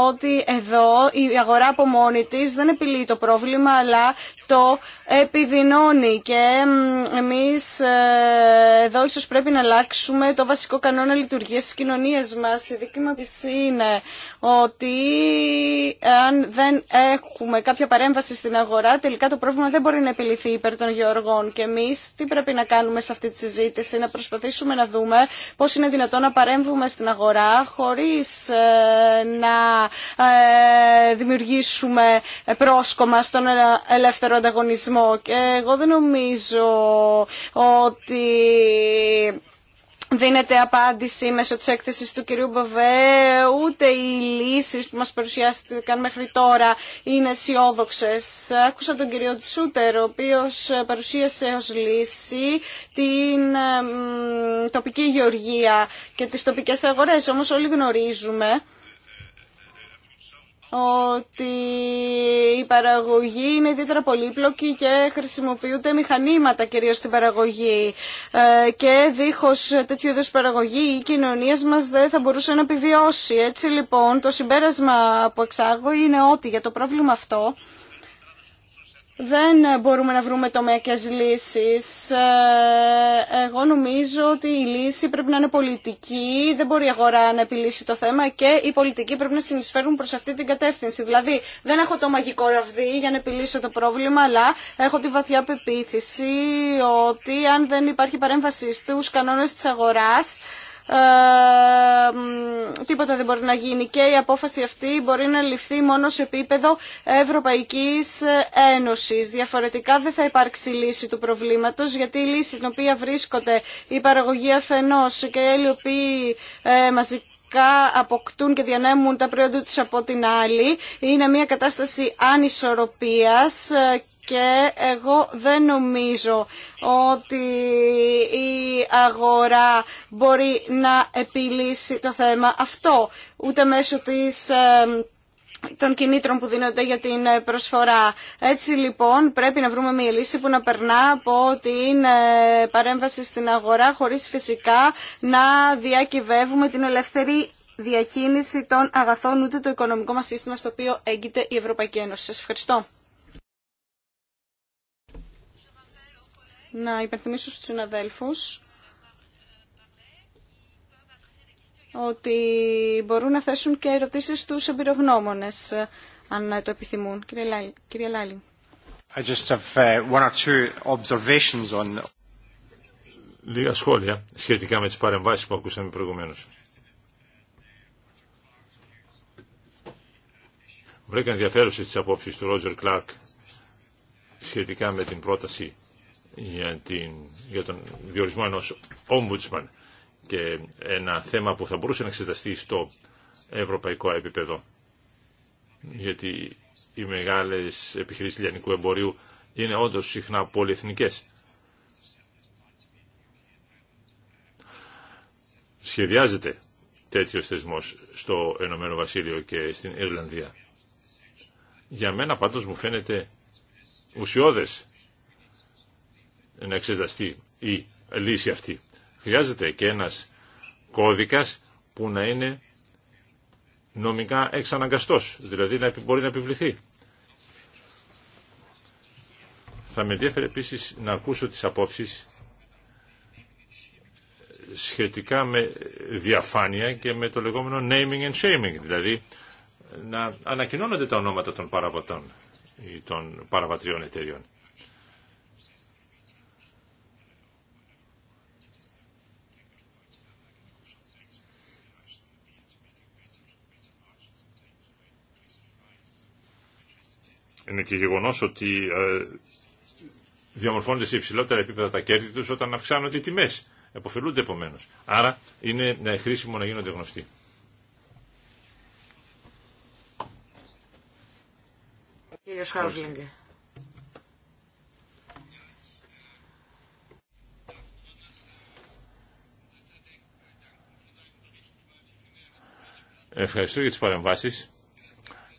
ότι εδώ η αγορά από μόνη τη δεν επιλύει το πρόβλημα, αλλά αυτό επιδεινώνει και εμείς ε, εδώ ίσως πρέπει να αλλάξουμε το βασικό κανόνα λειτουργίας της κοινωνίας μας. Η δική μας είναι ότι αν δεν έχουμε κάποια παρέμβαση στην αγορά τελικά το πρόβλημα δεν μπορεί να επιληθεί υπέρ των γεωργών και εμείς τι πρέπει να κάνουμε σε αυτή τη συζήτηση, να προσπαθήσουμε να δούμε πώς είναι δυνατόν να παρέμβουμε στην αγορά χωρίς ε, να ε, δημιουργήσουμε πρόσκομα στον ελεύθερο ανταγωνισμό και εγώ δεν νομίζω ότι δίνεται απάντηση μέσω της έκθεσης του κυρίου Μπαβέ, ούτε οι λύσεις που μας παρουσιάστηκαν μέχρι τώρα είναι αισιόδοξε. Άκουσα τον κύριο Τσούτερ, ο οποίος παρουσίασε ως λύση την τοπική γεωργία και τις τοπικές αγορές, όμως όλοι γνωρίζουμε ότι η παραγωγή είναι ιδιαίτερα πολύπλοκη και χρησιμοποιούνται μηχανήματα κυρίως στην παραγωγή ε, και δίχως τέτοιου είδους παραγωγή η κοινωνία μας δεν θα μπορούσε να επιβιώσει. Έτσι λοιπόν το συμπέρασμα που εξάγω είναι ότι για το πρόβλημα αυτό δεν μπορούμε να βρούμε τομέακες λύσεις. Ε, εγώ νομίζω ότι η λύση πρέπει να είναι πολιτική, δεν μπορεί η αγορά να επιλύσει το θέμα και οι πολιτικοί πρέπει να συνεισφέρουν προς αυτή την κατεύθυνση. Δηλαδή δεν έχω το μαγικό ραβδί για να επιλύσω το πρόβλημα, αλλά έχω τη βαθιά πεποίθηση ότι αν δεν υπάρχει παρέμβαση στους κανόνες της αγοράς, ε, τίποτα δεν μπορεί να γίνει και η απόφαση αυτή μπορεί να ληφθεί μόνο σε επίπεδο Ευρωπαϊκής Ένωσης. Διαφορετικά δεν θα υπάρξει λύση του προβλήματος γιατί η λύση στην οποία βρίσκονται η παραγωγή αφενός και οι οποίοι ε, μαζικά αποκτούν και διανέμουν τα προϊόντα τους από την άλλη. Είναι μια κατάσταση ανισορροπίας ε, και εγώ δεν νομίζω ότι η αγορά μπορεί να επιλύσει το θέμα αυτό, ούτε μέσω της των κινήτρων που δίνονται για την ε, προσφορά. Έτσι λοιπόν πρέπει να βρούμε μια λύση που να περνά από την ε, παρέμβαση στην αγορά χωρίς φυσικά να διακυβεύουμε την ελεύθερη διακίνηση των αγαθών ούτε το οικονομικό μας σύστημα στο οποίο έγκυται η Ευρωπαϊκή Ένωση. Σας ευχαριστώ. να υπενθυμίσω στους συναδέλφους ότι μπορούν να θέσουν και ερωτήσεις στους εμπειρογνώμονες, αν το επιθυμούν. Κύριε Λάλη. Uh, Λίγα σχόλια σχετικά με τις παρεμβάσεις που ακούσαμε προηγουμένως. Βρήκα ενδιαφέρουσες τις απόψεις του Ρότζερ Κλάρκ σχετικά με την πρόταση για, την, για τον διορισμό ενός ombudsman και ένα θέμα που θα μπορούσε να εξεταστεί στο ευρωπαϊκό επίπεδο. Γιατί οι μεγάλες επιχειρήσεις λιανικού εμπορίου είναι όντως συχνά πολυεθνικές. Σχεδιάζεται τέτοιος θεσμός στο Ενωμένο Βασίλειο και στην Ιρλανδία. Για μένα πάντως μου φαίνεται ουσιώδες να εξεταστεί η λύση αυτή. Χρειάζεται και ένας κώδικας που να είναι νομικά εξαναγκαστός, δηλαδή να μπορεί να επιβληθεί. Θα με ενδιαφέρει επίσης να ακούσω τις απόψεις σχετικά με διαφάνεια και με το λεγόμενο naming and shaming, δηλαδή να ανακοινώνονται τα ονόματα των παραβατών ή των παραβατριών εταιριών. είναι και γεγονό ότι ε, διαμορφώνονται σε υψηλότερα επίπεδα τα κέρδη του όταν αυξάνονται οι τιμές. Εποφελούνται επομένω. Άρα είναι ε, χρήσιμο να γίνονται γνωστοί. Κύριος Ευχαριστώ για τις παρεμβάσεις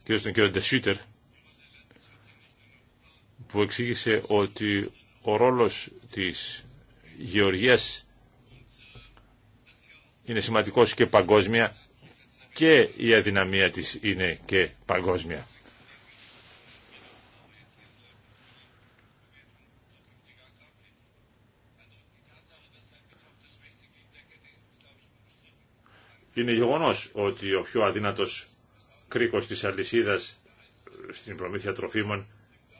και στον κύριο Ντεσούτερ που εξήγησε ότι ο ρόλος της γεωργίας είναι σημαντικός και παγκόσμια και η αδυναμία της είναι και παγκόσμια. Είναι γεγονός ότι ο πιο αδύνατος κρίκος της αλυσίδας στην προμήθεια τροφίμων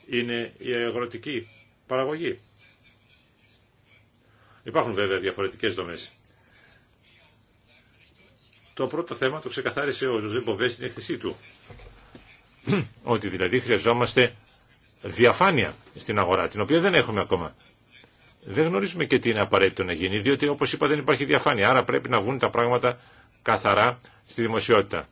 είναι η αγροτική παραγωγή. Υπάρχουν βέβαια διαφορετικές δομές. Το πρώτο θέμα το ξεκαθάρισε ο Ζωζέ Μποβέ στην εκθεσή του. Ότι δηλαδή χρειαζόμαστε διαφάνεια στην αγορά, την οποία δεν έχουμε ακόμα. Δεν γνωρίζουμε και τι είναι απαραίτητο να γίνει, διότι όπως είπα δεν υπάρχει διαφάνεια. Άρα πρέπει να βγουν τα πράγματα καθαρά στη δημοσιότητα.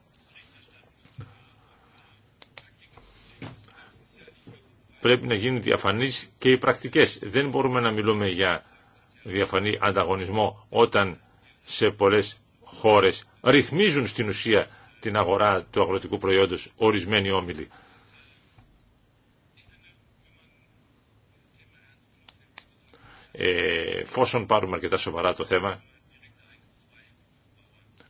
πρέπει να γίνουν διαφανείς και οι πρακτικές. Δεν μπορούμε να μιλούμε για διαφανή ανταγωνισμό όταν σε πολλές χώρες ρυθμίζουν στην ουσία την αγορά του αγροτικού προϊόντος ορισμένοι όμιλοι. Ε, πάρουμε αρκετά σοβαρά το θέμα,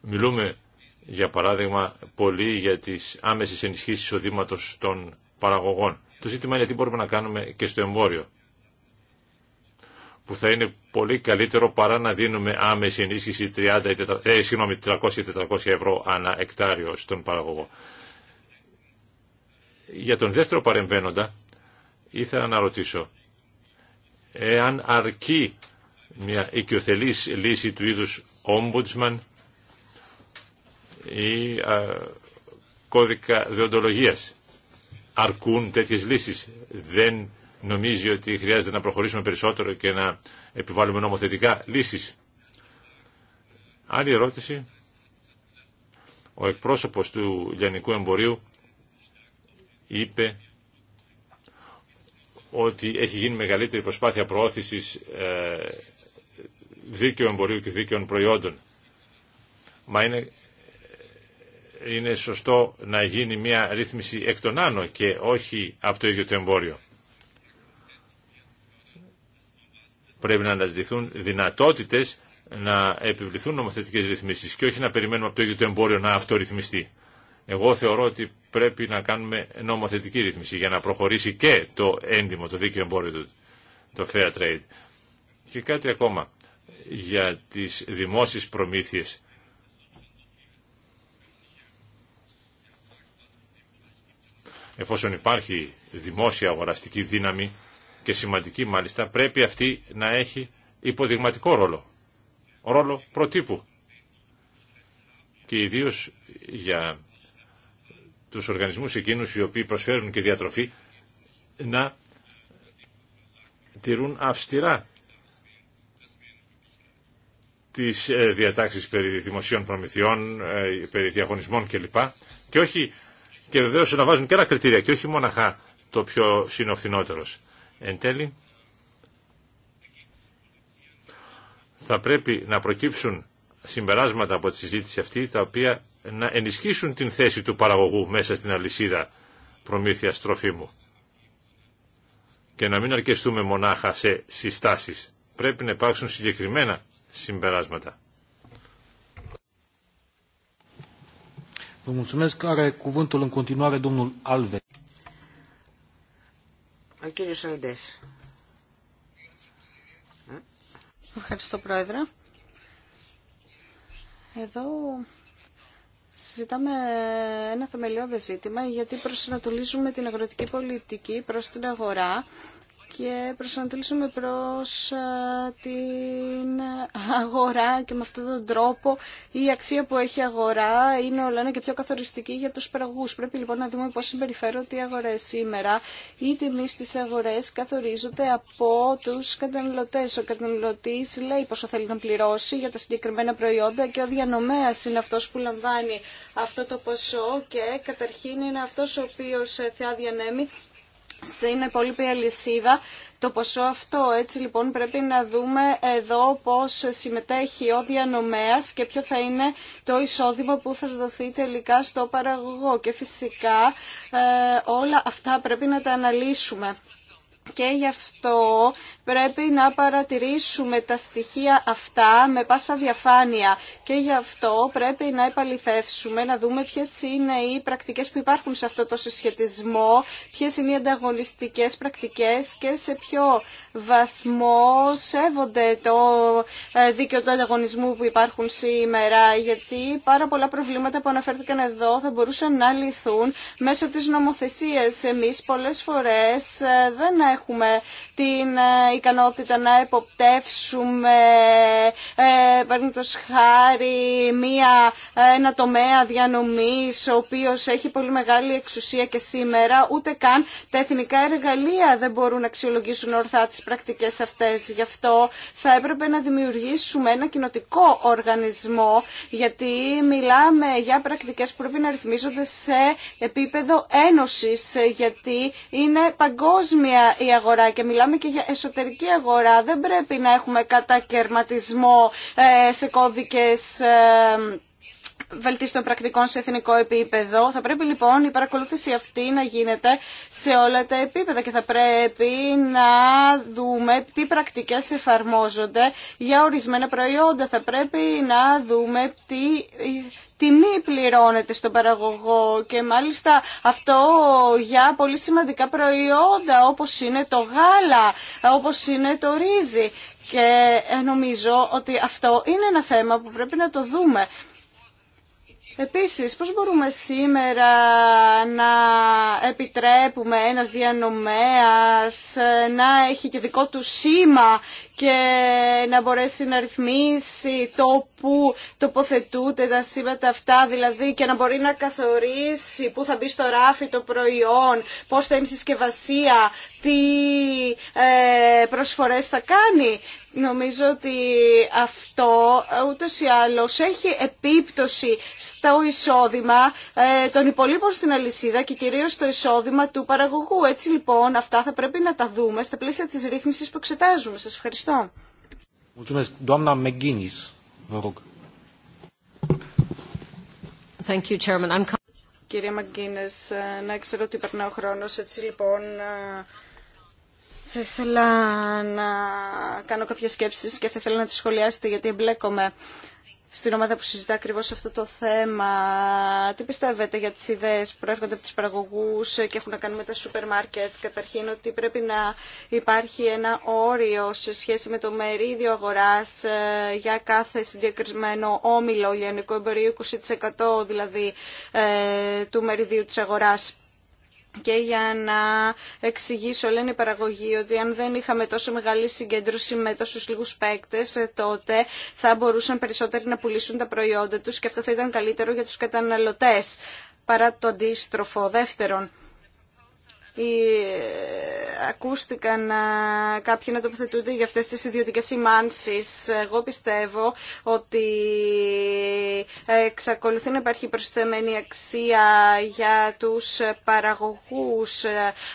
μιλούμε για παράδειγμα πολύ για τις άμεσες ενισχύσεις οδήματος των παραγωγών. Το ζήτημα είναι τι μπορούμε να κάνουμε και στο εμπόριο που θα είναι πολύ καλύτερο παρά να δίνουμε άμεση ενίσχυση 30, 300 400 ευρώ ανά εκτάριο στον παραγωγό. Για τον δεύτερο παρεμβαίνοντα ήθελα να ρωτήσω εάν αρκεί μια οικειοθελής λύση του είδους ombudsman ή κώδικα διοντολογίας αρκούν τέτοιες λύσεις. Δεν νομίζει ότι χρειάζεται να προχωρήσουμε περισσότερο και να επιβάλλουμε νομοθετικά λύσεις. Άλλη ερώτηση. Ο εκπρόσωπος του λιανικού εμπορίου είπε ότι έχει γίνει μεγαλύτερη προσπάθεια προώθησης ε, δίκαιου εμπορίου και δίκαιων προϊόντων. Μα είναι είναι σωστό να γίνει μια ρύθμιση εκ των άνω και όχι από το ίδιο το εμπόριο. Πρέπει να αναζητηθούν δυνατότητες να επιβληθούν νομοθετικές ρυθμίσεις και όχι να περιμένουμε από το ίδιο το εμπόριο να αυτορυθμιστεί. Εγώ θεωρώ ότι πρέπει να κάνουμε νομοθετική ρύθμιση για να προχωρήσει και το έντιμο, το δίκαιο εμπόριο, το fair trade. Και κάτι ακόμα για τις δημόσιες προμήθειες εφόσον υπάρχει δημόσια αγοραστική δύναμη και σημαντική μάλιστα, πρέπει αυτή να έχει υποδειγματικό ρόλο, ρόλο προτύπου. Και ιδίω για τους οργανισμούς εκείνους οι οποίοι προσφέρουν και διατροφή να τηρούν αυστηρά τις ε, διατάξεις περί δημοσίων προμηθειών, ε, περί διαγωνισμών κλπ. Και όχι και βεβαίω να βάζουν και άλλα κριτήρια και όχι μόναχα το πιο συνοφθηνότερος. Εν τέλει, θα πρέπει να προκύψουν συμπεράσματα από τη συζήτηση αυτή, τα οποία να ενισχύσουν την θέση του παραγωγού μέσα στην αλυσίδα προμήθειας τροφίμου. Και να μην αρκεστούμε μονάχα σε συστάσεις. Πρέπει να υπάρξουν συγκεκριμένα συμπεράσματα. Vă mulțumesc. Are cuvântul în continuare domnul Alve. Ο κύριος Αλντές. Ευχαριστώ, Πρόεδρε. Εδώ συζητάμε ένα θεμελιώδες ζήτημα γιατί προσανατολίζουμε την αγροτική πολιτική προς την αγορά και προσανατολίσουμε προς ε, την αγορά και με αυτόν τον τρόπο η αξία που έχει αγορά είναι όλα ένα και πιο καθοριστική για τους παραγωγούς. Πρέπει λοιπόν να δούμε πώς συμπεριφέρονται οι αγορές σήμερα. Οι τιμή στις αγορές καθορίζονται από τους καταναλωτές. Ο καταναλωτής λέει πόσο θέλει να πληρώσει για τα συγκεκριμένα προϊόντα και ο διανομέας είναι αυτός που λαμβάνει αυτό το ποσό και καταρχήν είναι αυτός ο οποίος ε, θα διανέμει στην υπόλοιπη αλυσίδα το ποσό αυτό. Έτσι λοιπόν πρέπει να δούμε εδώ πώς συμμετέχει ο διανομέας και ποιο θα είναι το εισόδημα που θα δοθεί τελικά στο παραγωγό. Και φυσικά ε, όλα αυτά πρέπει να τα αναλύσουμε. Και γι' αυτό πρέπει να παρατηρήσουμε τα στοιχεία αυτά με πάσα διαφάνεια και γι' αυτό πρέπει να επαληθεύσουμε, να δούμε ποιες είναι οι πρακτικές που υπάρχουν σε αυτό το συσχετισμό, ποιες είναι οι ανταγωνιστικές πρακτικές και σε ποιο βαθμό σέβονται το ε, δίκαιο του ανταγωνισμού που υπάρχουν σήμερα, γιατί πάρα πολλά προβλήματα που αναφέρθηκαν εδώ θα μπορούσαν να λυθούν μέσω της νομοθεσίας. Εμείς πολλές φορές ε, δεν έχουμε την ε, ικανότητα να εποπτεύσουμε, ε, παίρνοντα χάρη, μία, ένα τομέα διανομής, ο οποίος έχει πολύ μεγάλη εξουσία και σήμερα, ούτε καν τα εθνικά εργαλεία δεν μπορούν να αξιολογήσουν ορθά τις πρακτικές αυτές. Γι' αυτό θα έπρεπε να δημιουργήσουμε ένα κοινοτικό οργανισμό, γιατί μιλάμε για πρακτικές που πρέπει να ρυθμίζονται σε επίπεδο ένωσης, γιατί είναι παγκόσμια η αγορά και μιλάμε και για εσωτερική εσωτερική αγορά δεν πρέπει να έχουμε κατακαιρματισμό ε, σε κώδικες ε, βελτίστων πρακτικών σε εθνικό επίπεδο. Θα πρέπει λοιπόν η παρακολούθηση αυτή να γίνεται σε όλα τα επίπεδα και θα πρέπει να δούμε τι πρακτικές εφαρμόζονται για ορισμένα προϊόντα. Θα πρέπει να δούμε τι τιμή πληρώνεται στον παραγωγό και μάλιστα αυτό για πολύ σημαντικά προϊόντα όπως είναι το γάλα, όπως είναι το ρύζι. Και ε, νομίζω ότι αυτό είναι ένα θέμα που πρέπει να το δούμε. Επίσης, πώς μπορούμε σήμερα να επιτρέπουμε ένας διανομέας να έχει και δικό του σήμα και να μπορέσει να ρυθμίσει το που τοποθετούνται τα σήματα αυτά, δηλαδή και να μπορεί να καθορίσει πού θα μπει στο ράφι το προϊόν, πώς θα είναι η συσκευασία, τι ε, προσφορές θα κάνει. Νομίζω ότι αυτό ούτως ή άλλως έχει επίπτωση στο εισόδημα ε, των υπολείπων στην αλυσίδα και κυρίως στο εισόδημα του παραγωγού. Έτσι λοιπόν αυτά θα πρέπει να τα δούμε στα πλαίσια της ρύθμισης που εξετάζουμε. Σας ευχαριστώ. Thank you, Chairman. Κυρία Μαγκίνες, να ξέρω ότι περνά ο χρόνος. Έτσι λοιπόν ε, θα ήθελα να κάνω κάποιες σκέψεις και θα ήθελα να τις σχολιάσετε γιατί εμπλέκομαι στην ομάδα που συζητά ακριβώ αυτό το θέμα. Τι πιστεύετε για τις ιδέες που προέρχονται από τους παραγωγούς και έχουν να κάνουν με τα σούπερ μάρκετ. Καταρχήν, ότι πρέπει να υπάρχει ένα όριο σε σχέση με το μερίδιο αγοράς ε, για κάθε συγκεκριμένο όμιλο γενικό εμπόριο 20% δηλαδή ε, του μεριδίου της αγοράς και για να εξηγήσω, λένε η παραγωγή, ότι αν δεν είχαμε τόσο μεγάλη συγκέντρωση με τόσους λίγους παίκτες, ε, τότε θα μπορούσαν περισσότεροι να πουλήσουν τα προϊόντα τους και αυτό θα ήταν καλύτερο για τους καταναλωτές, παρά το αντίστροφο. Δεύτερον, ε, ακούστηκαν ε, κάποιοι να τοποθετούνται για αυτές τις ιδιωτικές σημάνσεις. Εγώ πιστεύω ότι ε, εξακολουθεί να υπάρχει προσθεμένη αξία για τους παραγωγούς.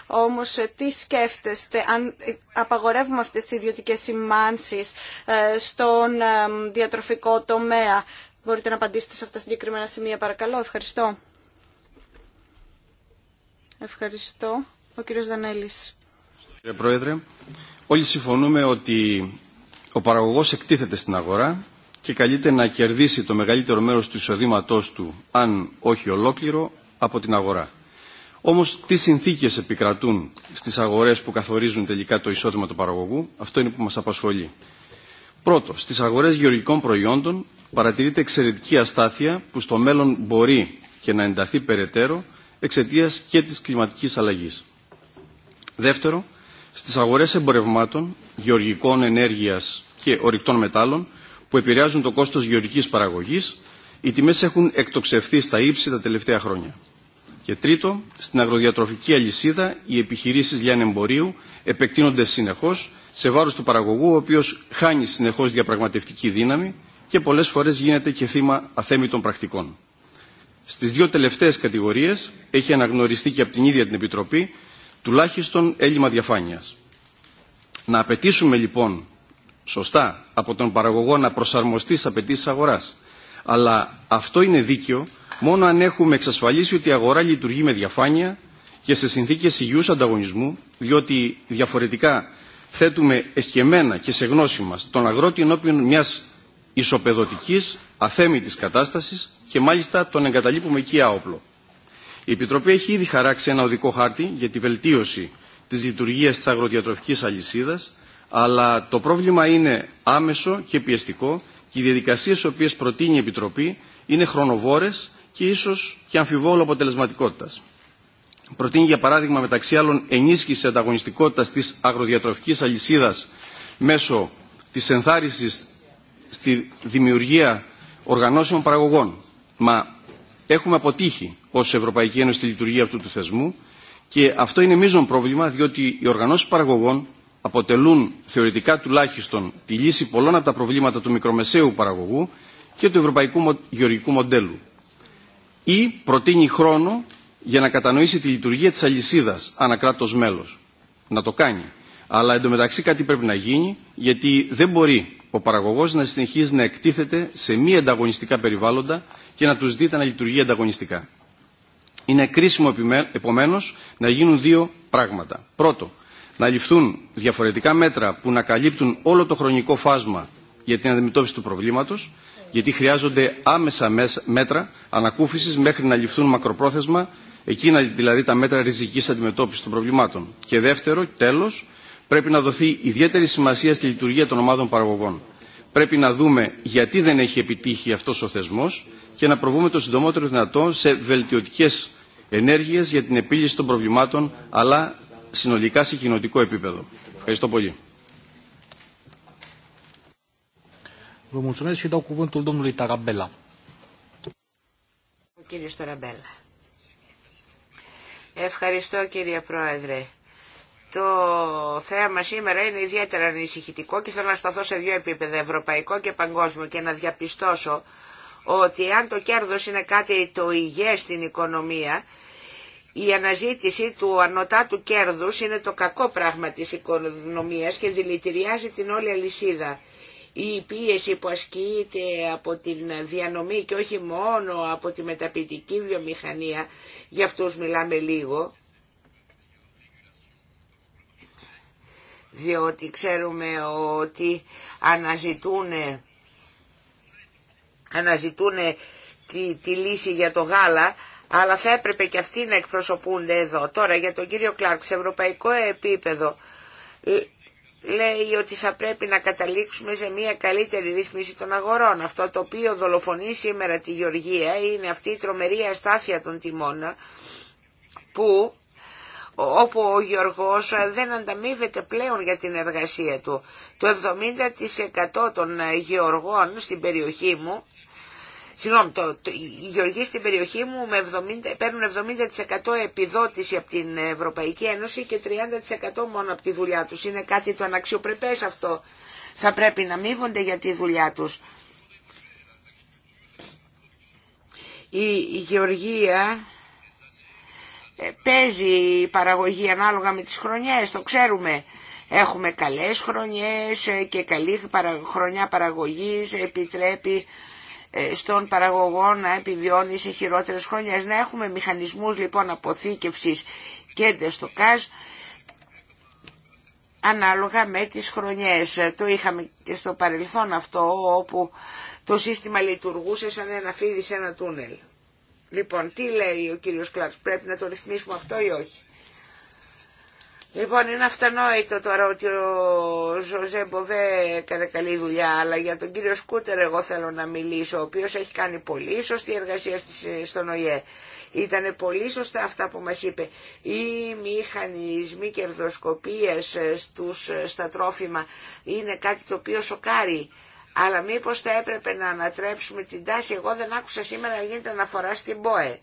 Όμως τι σκέφτεστε αν απαγορεύουμε αυτές τις ιδιωτικές σημάνσεις στον διατροφικό τομέα. Μπορείτε να απαντήσετε σε αυτά τα συγκεκριμένα σημεία παρακαλώ. Ευχαριστώ. Ευχαριστώ. Ο κύριος Δανέλης. Κύριε Πρόεδρε, όλοι συμφωνούμε ότι ο παραγωγός εκτίθεται στην αγορά και καλείται να κερδίσει το μεγαλύτερο μέρος του εισοδήματό του, αν όχι ολόκληρο, από την αγορά. Όμως τι συνθήκες επικρατούν στις αγορές που καθορίζουν τελικά το εισόδημα του παραγωγού, αυτό είναι που μας απασχολεί. Πρώτο, στις αγορές γεωργικών προϊόντων παρατηρείται εξαιρετική αστάθεια που στο μέλλον μπορεί και να ενταθεί περαιτέρω εξαιτίας και της κλιματικής αλλαγής. Δεύτερο, στις αγορές εμπορευμάτων, γεωργικών ενέργειας και ορυκτών μετάλλων που επηρεάζουν το κόστος γεωργικής παραγωγής, οι τιμές έχουν εκτοξευθεί στα ύψη τα τελευταία χρόνια. Και τρίτο, στην αγροδιατροφική αλυσίδα οι επιχειρήσει λιανεμπορίου επεκτείνονται συνεχώς σε βάρος του παραγωγού, ο οποίος χάνει συνεχώς διαπραγματευτική δύναμη και πολλές φορές γίνεται και θύμα αθέμητων πρακτικών. Στις δύο τελευταίες κατηγορίες έχει αναγνωριστεί και από την ίδια την Επιτροπή τουλάχιστον έλλειμμα διαφάνειας. Να απαιτήσουμε λοιπόν σωστά από τον παραγωγό να προσαρμοστεί στις απαιτήσει αγοράς. Αλλά αυτό είναι δίκαιο μόνο αν έχουμε εξασφαλίσει ότι η αγορά λειτουργεί με διαφάνεια και σε συνθήκες υγιούς ανταγωνισμού, διότι διαφορετικά θέτουμε εσκεμένα και σε γνώση μας τον αγρότη ενώπιον μιας ισοπεδωτικής, αθέμητης κατάστασης και μάλιστα τον εγκαταλείπουμε εκεί άοπλο. Η Επιτροπή έχει ήδη χαράξει ένα οδικό χάρτη για τη βελτίωση της λειτουργίας της αγροδιατροφικής αλυσίδας, αλλά το πρόβλημα είναι άμεσο και πιεστικό και οι διαδικασίες οι οποίες προτείνει η Επιτροπή είναι χρονοβόρες και ίσως και αμφιβόλου αποτελεσματικότητας. Προτείνει για παράδειγμα μεταξύ άλλων ενίσχυση ανταγωνιστικότητας της αγροδιατροφικής αλυσίδας μέσω της ενθάρρυνσης στη δημιουργία οργανώσεων παραγωγών Μα έχουμε αποτύχει ως Ευρωπαϊκή Ένωση τη λειτουργία αυτού του θεσμού και αυτό είναι μείζον πρόβλημα διότι οι οργανώσεις παραγωγών αποτελούν θεωρητικά τουλάχιστον τη λύση πολλών από τα προβλήματα του μικρομεσαίου παραγωγού και του ευρωπαϊκού γεωργικού μοντέλου. Ή προτείνει χρόνο για να κατανοήσει τη λειτουργία της αλυσίδας ανακράτος μέλος. Να το κάνει. Αλλά εντωμεταξύ κάτι πρέπει να γίνει γιατί δεν μπορεί ο παραγωγός να συνεχίζει να εκτίθεται σε μη ανταγωνιστικά περιβάλλοντα και να τους δείτε να λειτουργεί ανταγωνιστικά. Είναι κρίσιμο επομένως να γίνουν δύο πράγματα. Πρώτο, να ληφθούν διαφορετικά μέτρα που να καλύπτουν όλο το χρονικό φάσμα για την αντιμετώπιση του προβλήματος, γιατί χρειάζονται άμεσα μέτρα ανακούφισης μέχρι να ληφθούν μακροπρόθεσμα, εκείνα δηλαδή τα μέτρα ριζικής αντιμετώπιση των προβλημάτων. Και δεύτερο, τέλος, πρέπει να δοθεί ιδιαίτερη σημασία στη λειτουργία των ομάδων παραγωγών. Πρέπει να δούμε γιατί δεν έχει επιτύχει αυτός ο θεσμός και να προβούμε το συντομότερο δυνατό σε βελτιωτικές ενέργειες για την επίλυση των προβλημάτων, αλλά συνολικά σε κοινοτικό επίπεδο. Ευχαριστώ πολύ. Ευχαριστώ κύριε Πρόεδρε. Το θέμα σήμερα είναι ιδιαίτερα ανησυχητικό και θέλω να σταθώ σε δύο επίπεδα, ευρωπαϊκό και παγκόσμιο, και να διαπιστώσω ότι αν το κέρδος είναι κάτι το υγιές στην οικονομία, η αναζήτηση του ανωτάτου κέρδους είναι το κακό πράγμα της οικονομίας και δηλητηριάζει την όλη αλυσίδα. Η πίεση που ασκείται από την διανομή και όχι μόνο από τη μεταπητική βιομηχανία, για αυτούς μιλάμε λίγο, διότι ξέρουμε ότι αναζητούν αναζητούν τη, λύση για το γάλα, αλλά θα έπρεπε και αυτοί να εκπροσωπούνται εδώ. Τώρα για τον κύριο Κλάρκ, σε ευρωπαϊκό επίπεδο λέει ότι θα πρέπει να καταλήξουμε σε μια καλύτερη ρύθμιση των αγορών. Αυτό το οποίο δολοφονεί σήμερα τη Γεωργία είναι αυτή η τρομερή αστάθεια των τιμών που όπου ο Γιωργός δεν ανταμείβεται πλέον για την εργασία του. Το 70% των γεωργών στην περιοχή μου Συγγνώμη, το, το, οι γεωργοί στην περιοχή μου με 70, παίρνουν 70% επιδότηση από την Ευρωπαϊκή Ένωση και 30% μόνο από τη δουλειά τους. Είναι κάτι το αναξιοπρεπές αυτό. Θα πρέπει να μείβονται για τη δουλειά τους. Η, η γεωργία ε, παίζει η παραγωγή ανάλογα με τις χρονιές, το ξέρουμε. Έχουμε καλές χρονιές ε, και καλή χρονιά παραγωγής επιτρέπει ε, στον παραγωγό να επιβιώνει σε χειρότερες χρόνιες. Να έχουμε μηχανισμούς λοιπόν αποθήκευσης και ντεστοκάζ ανάλογα με τις χρονιές. Το είχαμε και στο παρελθόν αυτό όπου το σύστημα λειτουργούσε σαν ένα φίδι σε ένα τούνελ. Λοιπόν, τι λέει ο κύριος Κλάρκ, πρέπει να το ρυθμίσουμε αυτό ή όχι. Λοιπόν, είναι αυτανόητο τώρα ότι ο Ζωζέ Μποβέ έκανε καλή δουλειά, αλλά για τον κύριο Σκούτερ εγώ θέλω να μιλήσω, ο οποίος έχει κάνει πολύ σωστή εργασία στον ΟΗΕ. Ήταν πολύ σωστά αυτά που μας είπε. Οι μηχανισμοί κερδοσκοπίες ε, στους, ε, στα τρόφιμα είναι κάτι το οποίο σοκάρει. Αλλά μήπως θα έπρεπε να ανατρέψουμε την τάση. Εγώ δεν άκουσα σήμερα να γίνεται αναφορά στην ΠΟΕ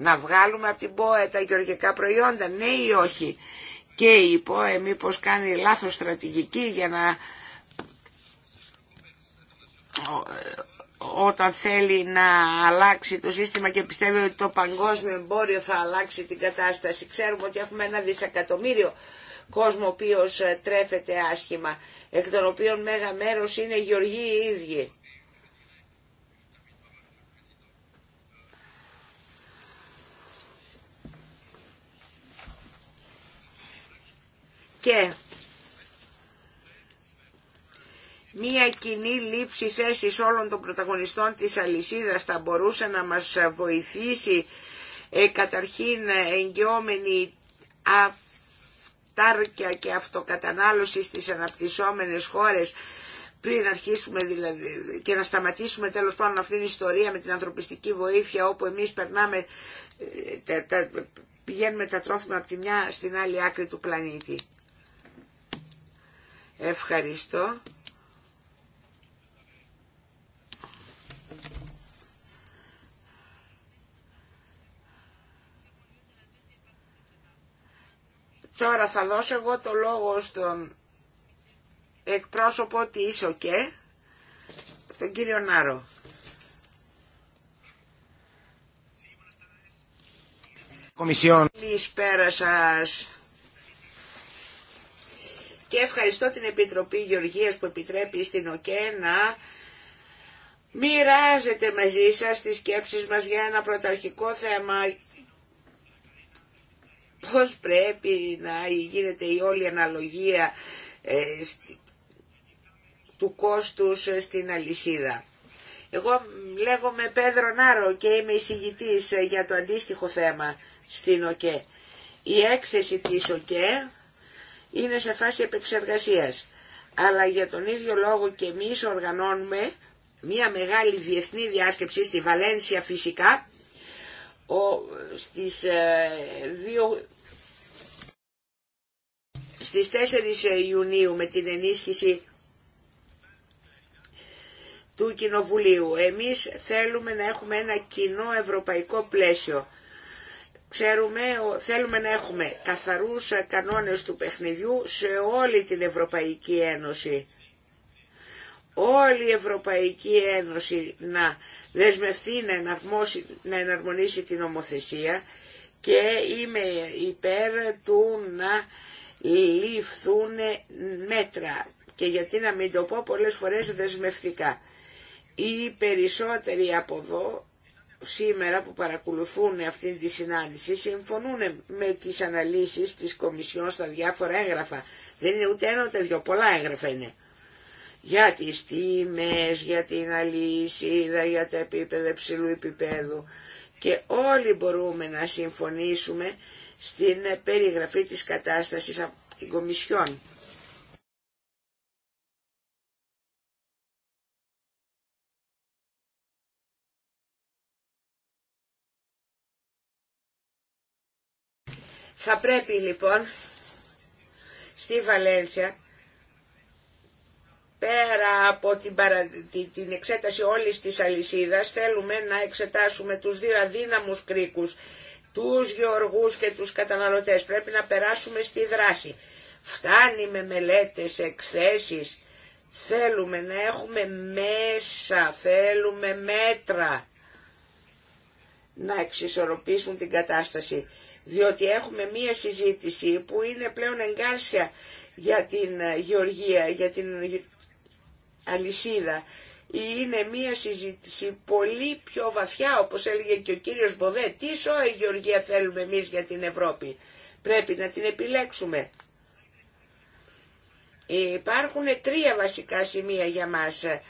να βγάλουμε από την ΠΟΕ τα γεωργικά προϊόντα, ναι ή όχι. Και η ΠΟΕ μήπως κάνει λάθος στρατηγική για να όταν θέλει να αλλάξει το σύστημα και πιστεύει ότι το παγκόσμιο εμπόριο θα αλλάξει την κατάσταση. Ξέρουμε ότι έχουμε ένα δισεκατομμύριο κόσμο ο οποίος ε, τρέφεται άσχημα, εκ των οποίων μέγα μέρος είναι γεωργοί οι ίδιοι. και Μία κοινή λήψη θέσης όλων των πρωταγωνιστών της αλυσίδας θα μπορούσε να μας βοηθήσει ε, καταρχήν ε, εγγυόμενη αυτάρκεια και αυτοκατανάλωση στις αναπτυσσόμενες χώρες πριν αρχίσουμε δηλαδή και να σταματήσουμε τέλος πάντων αυτήν την ιστορία με την ανθρωπιστική βοήθεια όπου εμείς περνάμε, ε, πηγαίνουμε τα τρόφιμα από τη μια στην άλλη άκρη του πλανήτη. Ευχαριστώ. Τώρα θα δώσω εγώ το λόγο στον εκπρόσωπο της ΟΚΕ, τον κύριο Νάρο. Καλησπέρα σας και ευχαριστώ την Επιτροπή Γεωργίας που επιτρέπει στην ΟΚΕ να μοιράζεται μαζί σας τις σκέψεις μας για ένα πρωταρχικό θέμα πώς πρέπει να γίνεται η όλη αναλογία ε, του κόστους ε, στην αλυσίδα. Εγώ λέγομαι Πέδρο Νάρο και είμαι εισηγητής ε, για το αντίστοιχο θέμα στην ΟΚΕ. Η έκθεση της ΟΚΕ είναι σε φάση επεξεργασίας. Αλλά για τον ίδιο λόγο και εμείς οργανώνουμε μια μεγάλη διεθνή διάσκεψη στη Βαλένσια φυσικά ο, στις, ε, δύο, στις 4 ε, Ιουνίου με την ενίσχυση του Κοινοβουλίου. Εμείς θέλουμε να έχουμε ένα κοινό ευρωπαϊκό πλαίσιο Ξέρουμε, θέλουμε να έχουμε καθαρούς ε, κανόνες του παιχνιδιού σε όλη την Ευρωπαϊκή Ένωση. Όλη η Ευρωπαϊκή Ένωση να δεσμευτεί να, εναρμόσει, εναρμονίσει την ομοθεσία και είμαι υπέρ του να ληφθούν μέτρα και γιατί να μην το πω πολλές φορές δεσμευτικά. Οι περισσότεροι από εδώ σήμερα που παρακολουθούν αυτή τη συνάντηση συμφωνούν με τις αναλύσεις της Κομισιόν στα διάφορα έγγραφα. Δεν είναι ούτε ένα ούτε δυο, πολλά έγγραφα είναι. Για τις τιμές, για την αλυσίδα, για τα επίπεδα υψηλού επίπεδου. Και όλοι μπορούμε να συμφωνήσουμε στην περιγραφή της κατάστασης από την Κομισιόν. Θα πρέπει λοιπόν στη Βαλένσια πέρα από την, την εξέταση όλης της αλυσίδας θέλουμε να εξετάσουμε τους δύο αδύναμους κρίκους, τους γεωργούς και τους καταναλωτές. Πρέπει να περάσουμε στη δράση. Φτάνει με μελέτες, εκθέσεις, θέλουμε να έχουμε μέσα, θέλουμε μέτρα να εξισορροπήσουν την κατάσταση διότι έχουμε μία συζήτηση που είναι πλέον εγκάρσια για την ε, γεωργία, για την ε, αλυσίδα. Είναι μία συζήτηση πολύ πιο βαθιά, όπως έλεγε και ο κύριος Μποβέ, τι η γεωργία θέλουμε εμείς για την Ευρώπη. Πρέπει να την επιλέξουμε. Υπάρχουν τρία βασικά σημεία για μας ε,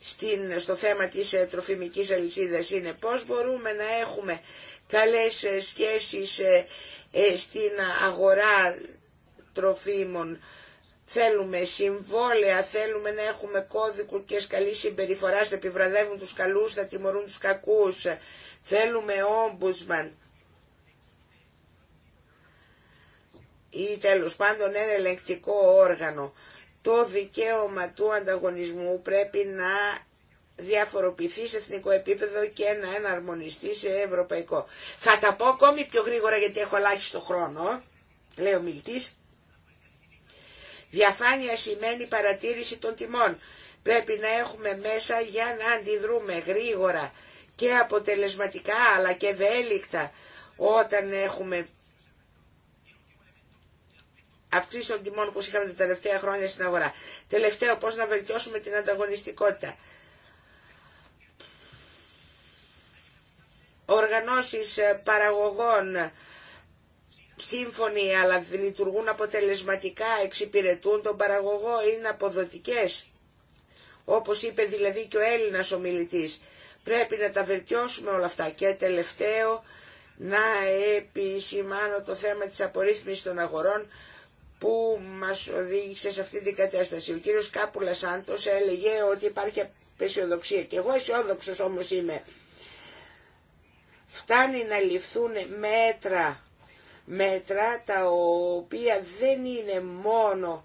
στην, στο θέμα της τροφιμικής αλυσίδας. Είναι πώς μπορούμε να έχουμε καλές ε, σχέσεις ε, ε, στην αγορά τροφίμων. Θέλουμε συμβόλαια, θέλουμε να έχουμε κώδικου και καλή συμπεριφορά, θα επιβραδεύουν τους καλούς, θα τιμωρούν τους κακούς. Θέλουμε όμπουσμαν. Ή τέλος πάντων ένα ελεγκτικό όργανο. Το δικαίωμα του ανταγωνισμού πρέπει να διαφοροποιηθεί σε εθνικό επίπεδο και να εναρμονιστεί σε ευρωπαϊκό. Θα τα πω ακόμη πιο γρήγορα γιατί έχω ελάχιστο χρόνο, λέει ο μιλτής Διαφάνεια σημαίνει παρατήρηση των τιμών. Πρέπει να έχουμε μέσα για να αντιδρούμε γρήγορα και αποτελεσματικά αλλά και ευέλικτα όταν έχουμε αυξήσει των τιμών που είχαμε τα τελευταία χρόνια στην αγορά. Τελευταίο, πώς να βελτιώσουμε την ανταγωνιστικότητα. οργανώσεις ε, παραγωγών σύμφωνοι αλλά λειτουργούν αποτελεσματικά, εξυπηρετούν τον παραγωγό, είναι αποδοτικές. Όπως είπε δηλαδή και ο Έλληνας ομιλητής, πρέπει να τα βελτιώσουμε όλα αυτά. Και τελευταίο, να επισημάνω το θέμα της απορρίθμισης των αγορών που μας οδήγησε σε αυτή την κατάσταση. Ο κύριος Κάπουλα Σάντος έλεγε ότι υπάρχει απεσιοδοξία και εγώ αισιόδοξο όμως είμαι Φτάνει να ληφθούν μέτρα, μέτρα τα οποία δεν είναι μόνο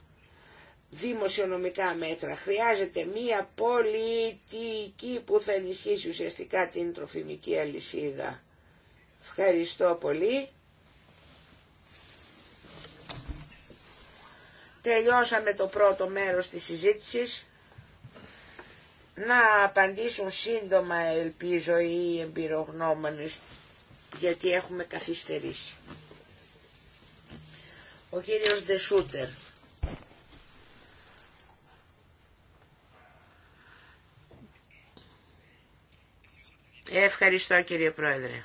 δημοσιονομικά μέτρα. Χρειάζεται μία πολιτική που θα ενισχύσει ουσιαστικά την τροφιμική αλυσίδα. Ευχαριστώ πολύ. Τελειώσαμε το πρώτο μέρος της συζήτησης να απαντήσουν σύντομα ελπίζω οι εμπειρογνώμονες γιατί έχουμε καθυστερήσει. Ο κύριος Ντεσούτερ. Ευχαριστώ κύριε Πρόεδρε.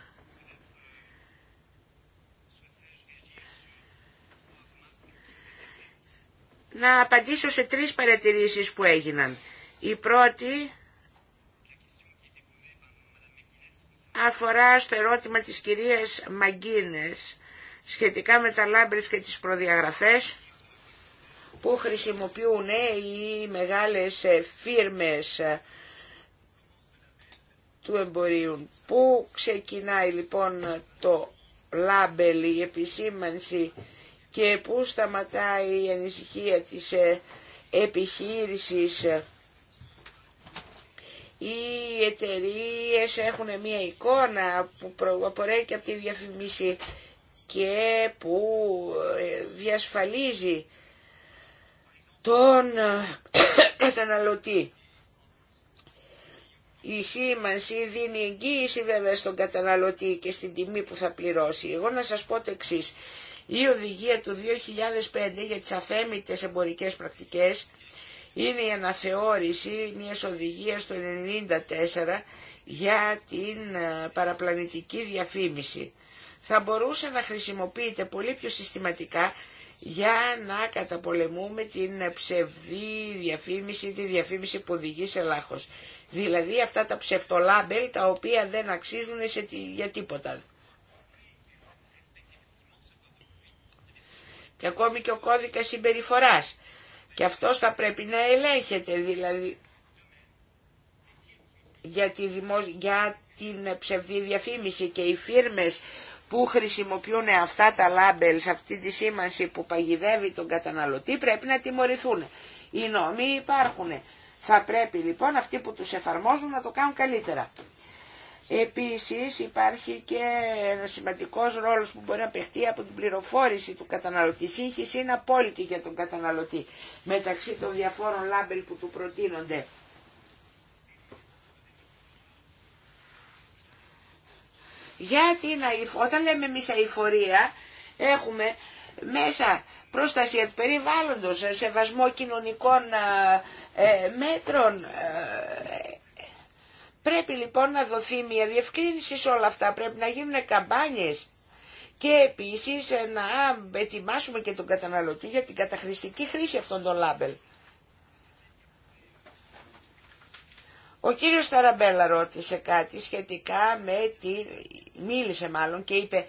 Να απαντήσω σε τρεις παρατηρήσεις που έγιναν. Η πρώτη αφορά στο ερώτημα της κυρίας Μαγκίνες σχετικά με τα λάμπρες και τις προδιαγραφές που χρησιμοποιούν ε, οι μεγάλες ε, φίρμες ε, του εμπορίου. Πού ξεκινάει λοιπόν το λάμπελ, η επισήμανση και πού σταματάει η ανησυχία της επιχείρησης οι εταιρείε έχουν μία εικόνα που απορρέει και από τη διαφημίση και που ε, διασφαλίζει τον ε, καταναλωτή. Η σήμανση δίνει εγγύηση βέβαια στον καταναλωτή και στην τιμή που θα πληρώσει. Εγώ να σας πω το εξή. Η οδηγία του 2005 για τις αφέμητες εμπορικές πρακτικές είναι η αναθεώρηση μιας οδηγίας του 1994 για την ε, παραπλανητική διαφήμιση. Θα μπορούσε να χρησιμοποιείται πολύ πιο συστηματικά για να καταπολεμούμε την ε, ψευδή διαφήμιση, τη διαφήμιση που οδηγεί σε λάχος. Δηλαδή αυτά τα ψευτολάμπελ τα οποία δεν αξίζουν για τίποτα. Και ακόμη και ο κώδικας συμπεριφοράς και αυτός θα πρέπει να ελέγχεται δηλαδή για, τη για την ψευδή διαφήμιση και οι φίρμες που χρησιμοποιούν αυτά τα labels, αυτή τη σήμανση που παγιδεύει τον καταναλωτή πρέπει να τιμωρηθούν. Οι νόμοι υπάρχουν. Θα πρέπει λοιπόν αυτοί που τους εφαρμόζουν να το κάνουν καλύτερα. Επίσης υπάρχει και ένα σημαντικός ρόλος που μπορεί να παιχτεί από την πληροφόρηση του καταναλωτή. Η σύγχυση είναι απόλυτη για τον καταναλωτή μεταξύ των διαφόρων λάμπελ που του προτείνονται. Γιατί Να Όταν λέμε εμείς αηφορία έχουμε μέσα προστασία του περιβάλλοντος, σεβασμό κοινωνικών ε, ε, μέτρων, ε, Πρέπει λοιπόν να δοθεί μια διευκρίνηση σε όλα αυτά, πρέπει να γίνουν καμπάνιες και επίσης να ετοιμάσουμε και τον καταναλωτή για την καταχρηστική χρήση αυτών των λάμπελ. Ο κύριος Ταραμπέλα ρώτησε κάτι σχετικά με τη... μίλησε μάλλον και είπε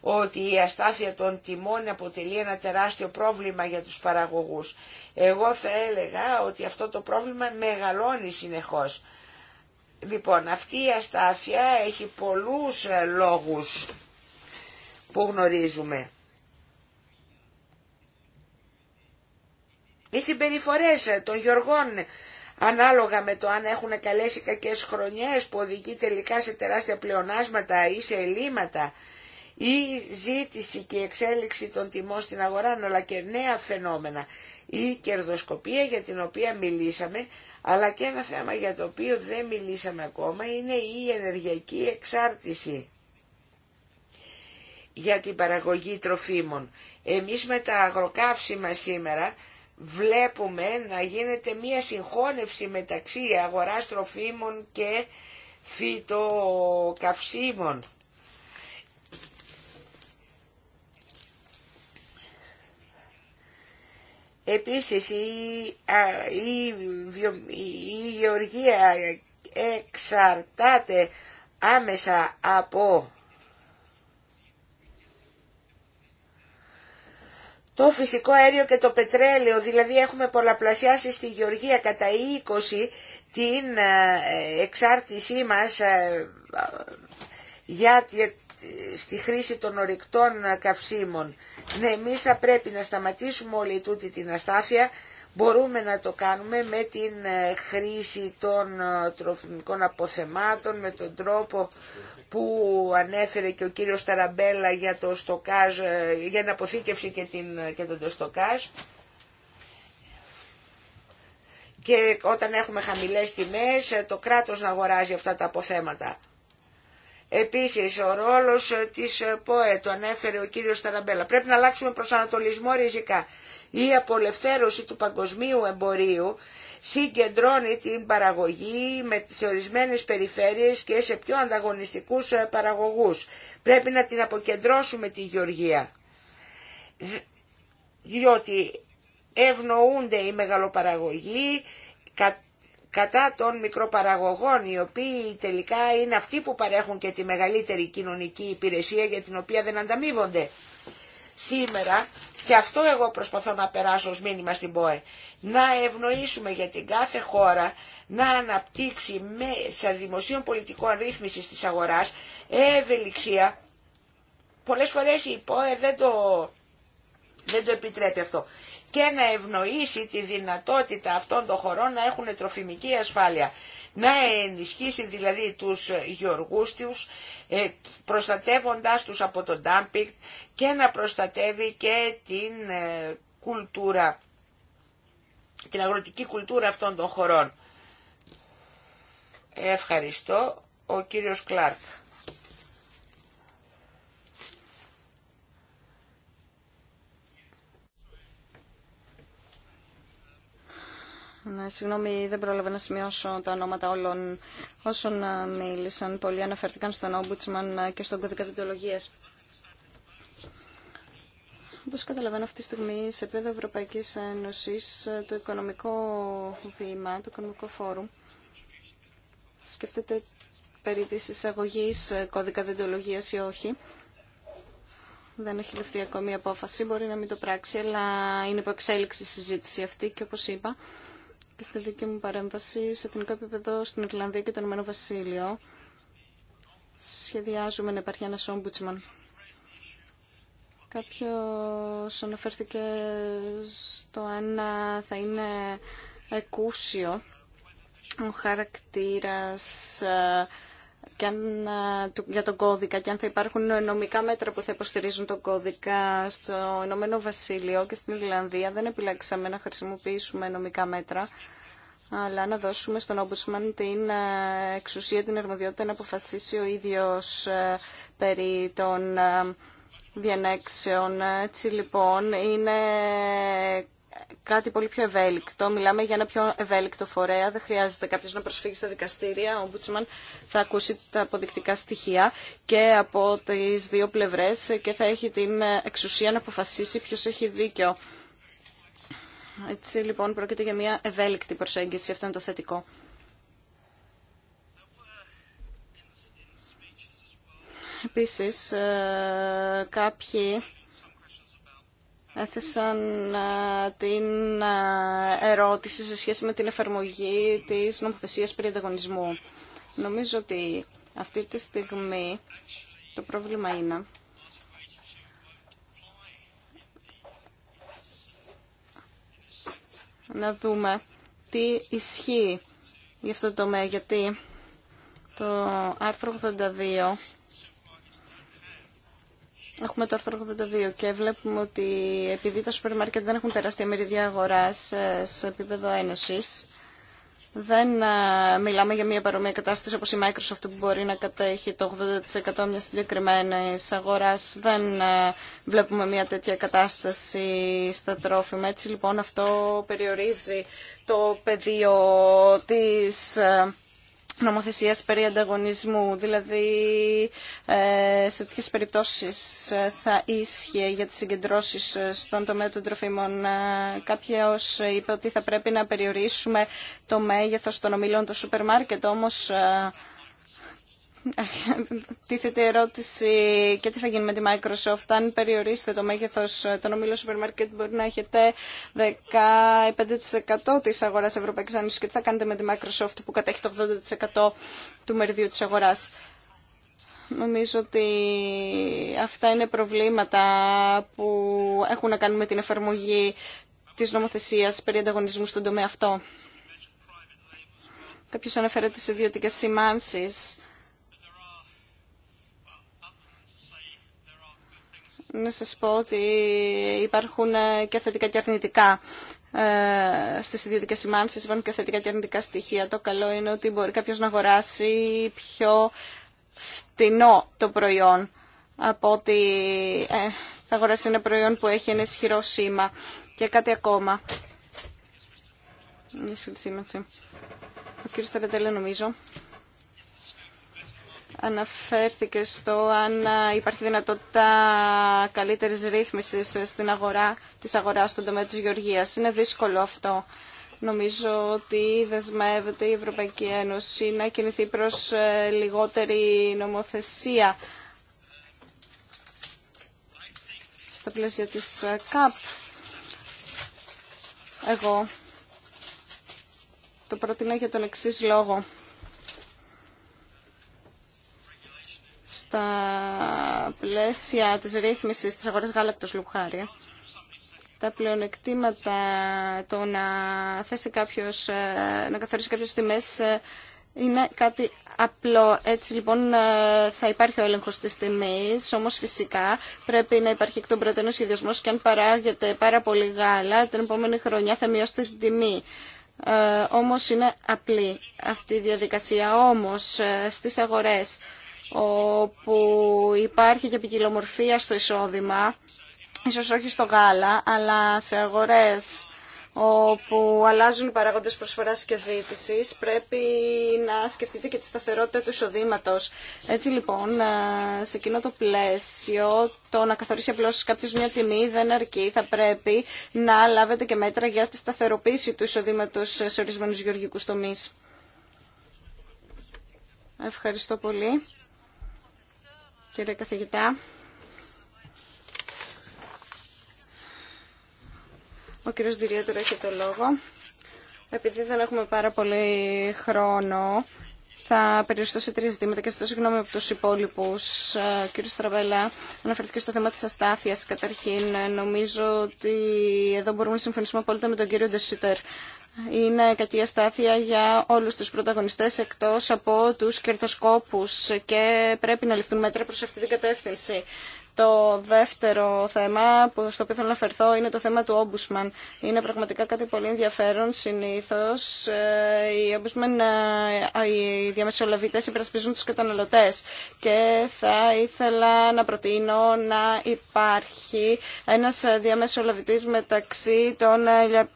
ότι η αστάθεια των τιμών αποτελεί ένα τεράστιο πρόβλημα για τους παραγωγούς. Εγώ θα έλεγα ότι αυτό το πρόβλημα μεγαλώνει συνεχώς. Λοιπόν, αυτή η αστάθεια έχει πολλούς ε, λόγους που γνωρίζουμε. Οι συμπεριφορές ε, των Γιωργών ανάλογα με το αν έχουν καλέσει κακές χρονιές που οδηγεί τελικά σε τεράστια πλεονάσματα ή σε ελλείμματα η ζήτηση και η εξέλιξη των τιμών στην αγορά, αλλά και νέα φαινόμενα. Η κερδοσκοπία για την οποία μιλήσαμε, αλλά και ένα θέμα για το οποίο δεν μιλήσαμε ακόμα, είναι η ενεργειακή εξάρτηση για την παραγωγή τροφίμων. Εμείς με τα αγροκαύσιμα σήμερα βλέπουμε να γίνεται μία συγχώνευση μεταξύ αγοράς τροφίμων και φυτοκαυσίμων. Επίσης η, α, η, βιο, η γεωργία εξαρτάται άμεσα από το φυσικό αέριο και το πετρέλαιο, δηλαδή έχουμε πολλαπλασιάσει στη γεωργία κατά 20 την ε, εξάρτησή μας ε, για, στη χρήση των ορεικτών καυσίμων. Ναι, εμείς θα πρέπει να σταματήσουμε όλη τούτη την αστάθεια. Μπορούμε να το κάνουμε με την ε, χρήση των ε, τροφιμικών αποθεμάτων, με τον τρόπο που ανέφερε και ο κύριος Ταραμπέλα για, το στοκάζ, ε, για την αποθήκευση και, την, και τον στοκάζ. Και όταν έχουμε χαμηλές τιμές, το κράτος να αγοράζει αυτά τα αποθέματα. Επίσης, ο ρόλος της ΠΟΕ, το ανέφερε ο κύριος Ταραμπέλα, πρέπει να αλλάξουμε προσανατολισμό ριζικά. Η απολευθέρωση του παγκοσμίου εμπορίου συγκεντρώνει την παραγωγή με τις ορισμένες περιφέρειες και σε πιο ανταγωνιστικούς ε, παραγωγούς. Πρέπει να την αποκεντρώσουμε τη γεωργία, διότι ευνοούνται οι μεγαλοπαραγωγοί, κατά των μικροπαραγωγών οι οποίοι τελικά είναι αυτοί που παρέχουν και τη μεγαλύτερη κοινωνική υπηρεσία για την οποία δεν ανταμείβονται. Σήμερα και αυτό εγώ προσπαθώ να περάσω ως μήνυμα στην ΠΟΕ. Να ευνοήσουμε για την κάθε χώρα να αναπτύξει μέσα δημοσίων πολιτικών ρύθμισης της αγοράς ευελιξία. Πολλές φορές η ΠΟΕ δεν το, δεν το επιτρέπει αυτό και να ευνοήσει τη δυνατότητα αυτών των χωρών να έχουν τροφιμική ασφάλεια. Να ενισχύσει δηλαδή τους γεωργούς τους ε, προστατεύοντας τους από τον ντάμπινγκ και να προστατεύει και την ε, κουλτούρα, την αγροτική κουλτούρα αυτών των χωρών. Ευχαριστώ. Ο κύριος Κλάρκ. Ναι, συγγνώμη, δεν πρόλαβα να σημειώσω τα ονόματα όλων όσων ε, μίλησαν. Πολλοί αναφέρθηκαν στον Όμπουτσμαν ε, και στον κωδικά δικαιολογία. Όπω καταλαβαίνω αυτή τη στιγμή, σε επίπεδο Ευρωπαϊκή Ένωση, ε, το οικονομικό βήμα, το οικονομικό φόρουμ, σκεφτείτε περί της εισαγωγής κώδικα δεντολογίας ή όχι. Δεν έχει ληφθεί ακόμη απόφαση, μπορεί να μην το πράξει, αλλά είναι υπό εξέλιξη η συζήτηση αυτή και όπως είπα, και στη δική μου παρέμβαση σε εθνικό επίπεδο στην Ιρλανδία και το Ηνωμένο Βασίλειο σχεδιάζουμε να υπάρχει ένα ομπούτσμαν. Κάποιος αναφέρθηκε στο αν θα είναι εκούσιο ο χαρακτήρας ε, για τον κώδικα και αν θα υπάρχουν νομικά μέτρα που θα υποστηρίζουν τον κώδικα. Στο Ηνωμένο Βασίλειο και στην Ιρλανδία δεν επιλέξαμε να χρησιμοποιήσουμε νομικά μέτρα αλλά να δώσουμε στον Ombudsman την εξουσία, την αρμοδιότητα να αποφασίσει ο ίδιος περί των διανέξεων. Έτσι λοιπόν είναι κάτι πολύ πιο ευέλικτο. Μιλάμε για ένα πιο ευέλικτο φορέα. Δεν χρειάζεται κάποιο να προσφύγει στα δικαστήρια. Ο Μπούτσμαν θα ακούσει τα αποδεικτικά στοιχεία και από τι δύο πλευρέ και θα έχει την εξουσία να αποφασίσει ποιο έχει δίκιο. Έτσι λοιπόν πρόκειται για μια ευέλικτη προσέγγιση. Αυτό είναι το θετικό. Επίσης, ε, κάποιοι έθεσαν την ερώτηση σε σχέση με την εφαρμογή της νομοθεσίας περί ανταγωνισμού. Νομίζω ότι αυτή τη στιγμή το πρόβλημα είναι να δούμε τι ισχύει για αυτό το τομέα, γιατί το άρθρο 82 Έχουμε το άρθρο 82 και βλέπουμε ότι επειδή τα σούπερ μάρκετ δεν έχουν τεράστια μερίδια αγοράς ε, σε επίπεδο ένωσης, δεν ε, μιλάμε για μια παρόμοια κατάσταση όπως η Microsoft που μπορεί να κατέχει το 80% μιας συγκεκριμένη αγοράς. Δεν ε, βλέπουμε μια τέτοια κατάσταση στα τρόφιμα. Έτσι λοιπόν αυτό περιορίζει το πεδίο της Νομοθεσία περί ανταγωνισμού, δηλαδή ε, σε τέτοιες περιπτώσεις ε, θα ίσχυε για τις συγκεντρώσεις ε, στον τομέα των τροφίμων. Κάποιος είπε ότι θα πρέπει να περιορίσουμε το μέγεθο των ομιλών των σούπερ μάρκετ, όμως Τίθεται ερώτηση και τι θα γίνει με τη Microsoft. Αν περιορίσετε το μέγεθο των ομίλων σούπερ μάρκετ, μπορεί να έχετε 15% τη αγορά Ευρωπαϊκή Ένωση. Και τι θα κάνετε με τη Microsoft που κατέχει το 80% του μεριδίου τη αγορά. Νομίζω ότι αυτά είναι προβλήματα που έχουν να κάνουν με την εφαρμογή της νομοθεσίας περί ανταγωνισμού στον τομέα αυτό. Κάποιος αναφέρεται σε ιδιωτικές σημάνσεις. να σας πω ότι υπάρχουν και θετικά και αρνητικά ε, στι ιδιωτικέ σημάνσει, υπάρχουν και θετικά και αρνητικά στοιχεία. Το καλό είναι ότι μπορεί κάποιος να αγοράσει πιο φτηνό το προϊόν από ότι ε, θα αγοράσει ένα προϊόν που έχει ένα ισχυρό σήμα. Και κάτι ακόμα. Ο κύριος νομίζω Αναφέρθηκε στο αν υπάρχει δυνατότητα καλύτερης ρύθμισης στην αγορά, της αγοράς στον τομέα της γεωργίας. Είναι δύσκολο αυτό. Νομίζω ότι δεσμεύεται η Ευρωπαϊκή Ένωση να κινηθεί προς ε, λιγότερη νομοθεσία στα πλαίσια της ε, ΚΑΠ. Εγώ το προτείνω για τον εξής λόγο. στα πλαίσια της ρύθμισης της αγοράς γάλακτος Λουχάρια. Τα πλεονεκτήματα το να θέσει κάποιος, ε, να καθορίσει κάποιος τιμές ε, είναι κάτι απλό. Έτσι λοιπόν ε, θα υπάρχει ο έλεγχος της τιμής, όμως φυσικά πρέπει να υπάρχει εκ των προτείνων σχεδιασμός και αν παράγεται πάρα πολύ γάλα, την επόμενη χρονιά θα μειώσετε την τιμή. Ε, όμως είναι απλή αυτή η διαδικασία. Όμως στις αγορές όπου υπάρχει και ποικιλομορφία στο εισόδημα, ίσως όχι στο γάλα, αλλά σε αγορές όπου αλλάζουν οι παράγοντες προσφοράς και ζήτησης, πρέπει να σκεφτείτε και τη σταθερότητα του εισοδήματο. Έτσι λοιπόν, ε, σε εκείνο το πλαίσιο, το να καθορίσει απλώς κάποιο μια τιμή δεν αρκεί. Θα πρέπει να λάβετε και μέτρα για τη σταθεροποίηση του εισοδήματο σε ορισμένους γεωργικούς τομείς. Ευχαριστώ πολύ κύριε καθηγητά. Ο κύριος Δηρία έχει το λόγο. Επειδή δεν έχουμε πάρα πολύ χρόνο, θα περιοριστώ σε τρεις ζητήματα και στο συγγνώμη από τους υπόλοιπους. Ε, κύριος Τραβέλα αναφερθήκε στο θέμα της αστάθειας. Καταρχήν, ε, νομίζω ότι εδώ μπορούμε να συμφωνήσουμε απόλυτα με τον κύριο Ντεσίτερ είναι κακή αστάθεια για όλους τους πρωταγωνιστές εκτός από τους κερδοσκόπους και πρέπει να ληφθούν μέτρα προς αυτή την κατεύθυνση. Το δεύτερο θέμα που στο οποίο θέλω να φερθώ είναι το θέμα του Ombudsman. Είναι πραγματικά κάτι πολύ ενδιαφέρον. Συνήθως ε, οι Ombudsman, ε, οι διαμεσολαβητές υπερασπίζουν τους καταναλωτές και θα ήθελα να προτείνω να υπάρχει ένας διαμεσολαβητής μεταξύ των ε,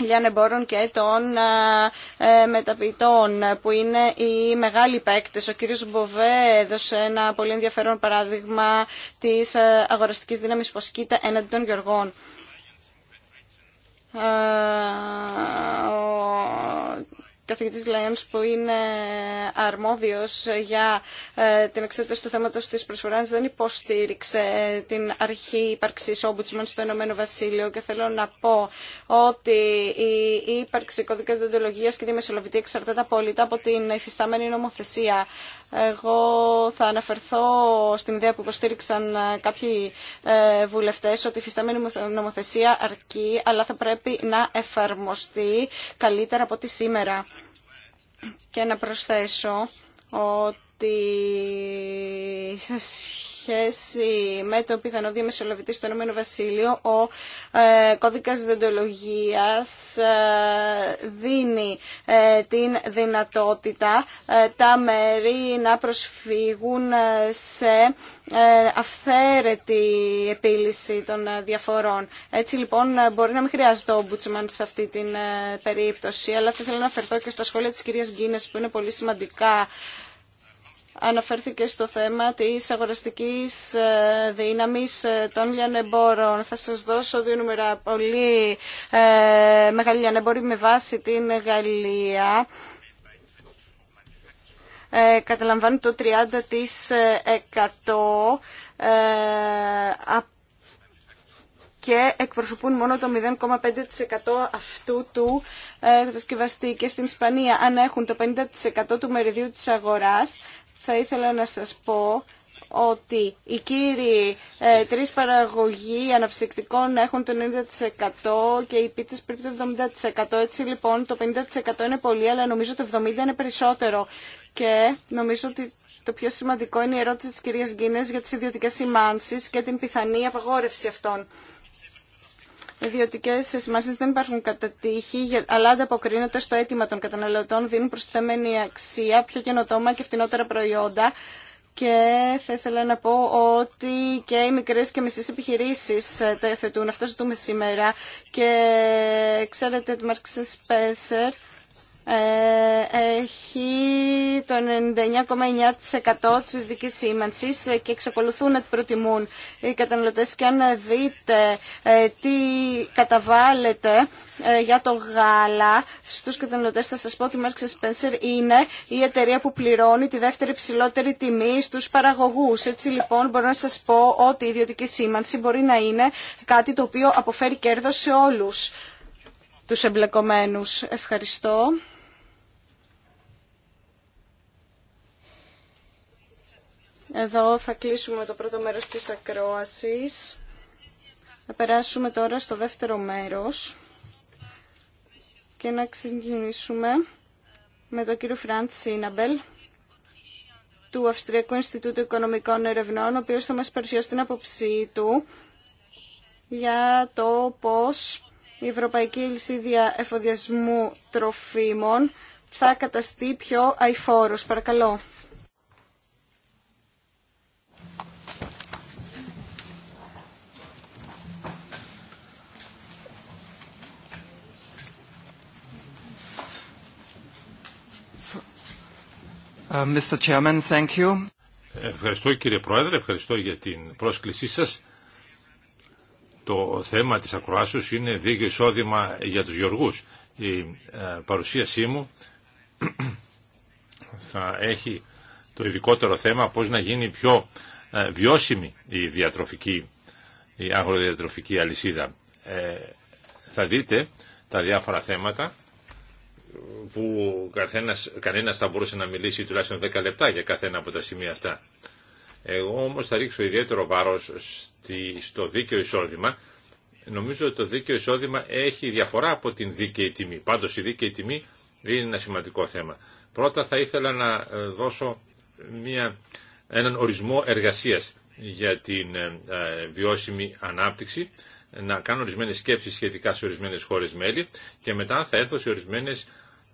λιανεμπόρων και των ε, ε, μεταποιητών που είναι οι μεγάλοι παίκτες. Ο κύριος Μποβέ έδωσε ένα πολύ ενδιαφέρον παράδειγμα της ε, αγοραστικής δύναμης που ασκείται έναντι των γεωργών καθηγητής ΛΑΙΑΝΣ που είναι αρμόδιος για ε, την εξέταση του θέματος της προσφοράς δεν υπόστηριξε ε, την αρχή ύπαρξης όμπουτσμαν στο Ηνωμένο Βασίλειο και θέλω να πω ότι η ύπαρξη κωδικές διοντολογίας και τη μεσολογική εξαρτάται απόλυτα από την υφιστάμενη νομοθεσία. Εγώ θα αναφερθώ στην ιδέα που υποστήριξαν ε, κάποιοι ε, βουλευτές ότι η φυσταμένη νομοθεσία αρκεί, αλλά θα πρέπει να εφαρμοστεί καλύτερα από τη σήμερα. Και να προσθέσω ότι σχέση με το πιθανό διαμεσολαβητή στο Ηνωμένο Βασίλειο, ο ε, κώδικας ε, δίνει ε, την δυνατότητα ε, τα μέρη να προσφύγουν σε αυθαίρετη επίλυση των διαφορών. Έτσι λοιπόν μπορεί να μην χρειάζεται ο Μπουτσμαν σε αυτή την περίπτωση, αλλά θα ήθελα να αφαιρθώ και στα σχόλια της κυρίας Γκίνες που είναι πολύ σημαντικά αναφέρθηκε στο θέμα της αγοραστικής ε, δύναμης ε, των λιανεμπόρων. Θα σας δώσω δύο νούμερα πολύ ε, μεγάλη λιανεμπόρη με βάση την Γαλλία. Ε, καταλαμβάνει το 30% ε, και εκπροσωπούν μόνο το 0,5% αυτού του ε, κατασκευαστή. Και στην Ισπανία, αν έχουν το 50% του μεριδίου της αγοράς, θα ήθελα να σας πω ότι οι κύριοι ε, τρεις παραγωγοί αναψυκτικών έχουν το 90% και οι πίτσες πρέπει το 70%. Έτσι λοιπόν το 50% είναι πολύ αλλά νομίζω το 70% είναι περισσότερο. Και νομίζω ότι το πιο σημαντικό είναι η ερώτηση της κυρίας Γκίνες για τις ιδιωτικές σημάνσεις και την πιθανή απαγόρευση αυτών ιδιωτικέ σημασίε δεν υπάρχουν κατά τύχη, αλλά ανταποκρίνονται στο αίτημα των καταναλωτών, δίνουν προστιθέμενη αξία, πιο καινοτόμα και φτηνότερα προϊόντα. Και θα ήθελα να πω ότι και οι μικρές και μισέ επιχειρήσει ε, τα θετούν. Αυτό ζητούμε σήμερα. Και ξέρετε ότι Μαρξ Σπέσερ ε, έχει το 99,9% της ειδικής σήμανσης ε, και εξακολουθούν να την προτιμούν οι καταναλωτές και αν δείτε ε, τι καταβάλλεται για το γάλα στους καταναλωτές θα σας πω ότι η Marks Spencer είναι η εταιρεία που πληρώνει τη δεύτερη ψηλότερη τιμή στους παραγωγούς. Έτσι λοιπόν μπορώ να σας πω ότι η ιδιωτική σήμανση μπορεί να είναι κάτι το οποίο αποφέρει κέρδος σε όλους τους εμπλεκομένους. Ευχαριστώ. Εδώ θα κλείσουμε το πρώτο μέρος της ακρόασης. Θα περάσουμε τώρα στο δεύτερο μέρος και να ξεκινήσουμε με τον κύριο Φραντ Σίναμπελ του Αυστριακού Ινστιτούτου Οικονομικών Ερευνών, ο οποίος θα μας παρουσιάσει την άποψή του για το πώς η Ευρωπαϊκή Ελισίδια Εφοδιασμού Τροφίμων θα καταστεί πιο αηφόρος. Παρακαλώ. Uh, ευχαριστώ κύριε Πρόεδρε, ευχαριστώ για την πρόσκλησή σας. Το θέμα της ακροάσεως είναι δίκαιο εισόδημα για τους γεωργούς. Η ε, παρουσίασή μου θα έχει το ειδικότερο θέμα πώς να γίνει πιο ε, βιώσιμη η διατροφική, η αγροδιατροφική αλυσίδα. Ε, θα δείτε τα διάφορα θέματα που καθένας, κανένας θα μπορούσε να μιλήσει τουλάχιστον 10 λεπτά για καθένα από τα σημεία αυτά. Εγώ όμως θα ρίξω ιδιαίτερο βάρος στη, στο δίκαιο εισόδημα. Νομίζω ότι το δίκαιο εισόδημα έχει διαφορά από την δίκαιη τιμή. Πάντως η δίκαιη τιμή είναι ένα σημαντικό θέμα. Πρώτα θα ήθελα να ε, δώσω μια, έναν ορισμό εργασίας για την ε, ε, βιώσιμη ανάπτυξη, να κάνω ορισμένες σκέψεις σχετικά σε ορισμένες χώρες μέλη και μετά θα έρθω σε ορισμένες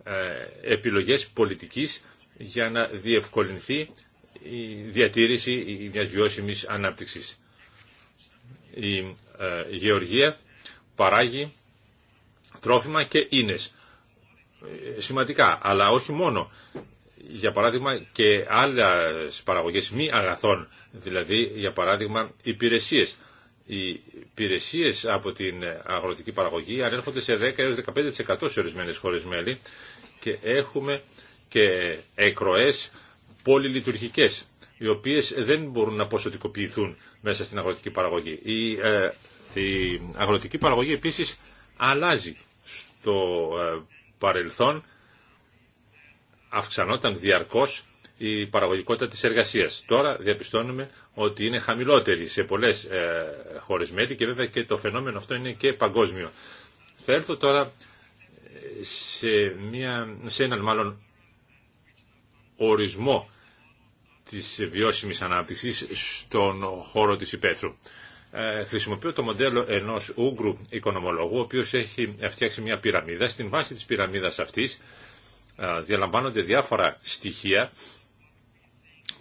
ε, επιλογές πολιτικής για να διευκολυνθεί η διατήρηση μιας βιώσιμης ανάπτυξης. Η ε, γεωργία παράγει τρόφιμα και ίνες. Ε, σημαντικά, αλλά όχι μόνο. Για παράδειγμα και άλλες παραγωγές μη αγαθών, δηλαδή για παράδειγμα υπηρεσίες οι υπηρεσίε από την αγροτική παραγωγή ανέρχονται σε 10 έως 15% σε ορισμένες χώρες μέλη και έχουμε και εκροές πολυλειτουργικές οι οποίες δεν μπορούν να ποσοτικοποιηθούν μέσα στην αγροτική παραγωγή. Η, ε, η αγροτική παραγωγή επίσης αλλάζει στο ε, παρελθόν αυξανόταν διαρκώς η παραγωγικότητα της εργασίας. Τώρα διαπιστώνουμε ότι είναι χαμηλότερη σε πολλές ε, χώρες μέλη και βέβαια και το φαινόμενο αυτό είναι και παγκόσμιο. Θα έρθω τώρα ε, σε, μια, σε έναν μάλλον ορισμό της βιώσιμης ανάπτυξης στον χώρο της υπαίθρου. Ε, χρησιμοποιώ το μοντέλο ενός Ούγκρου οικονομολόγου, ο οποίος έχει φτιάξει μια πυραμίδα. Στην βάση της πυραμίδας αυτής ε, διαλαμβάνονται διάφορα στοιχεία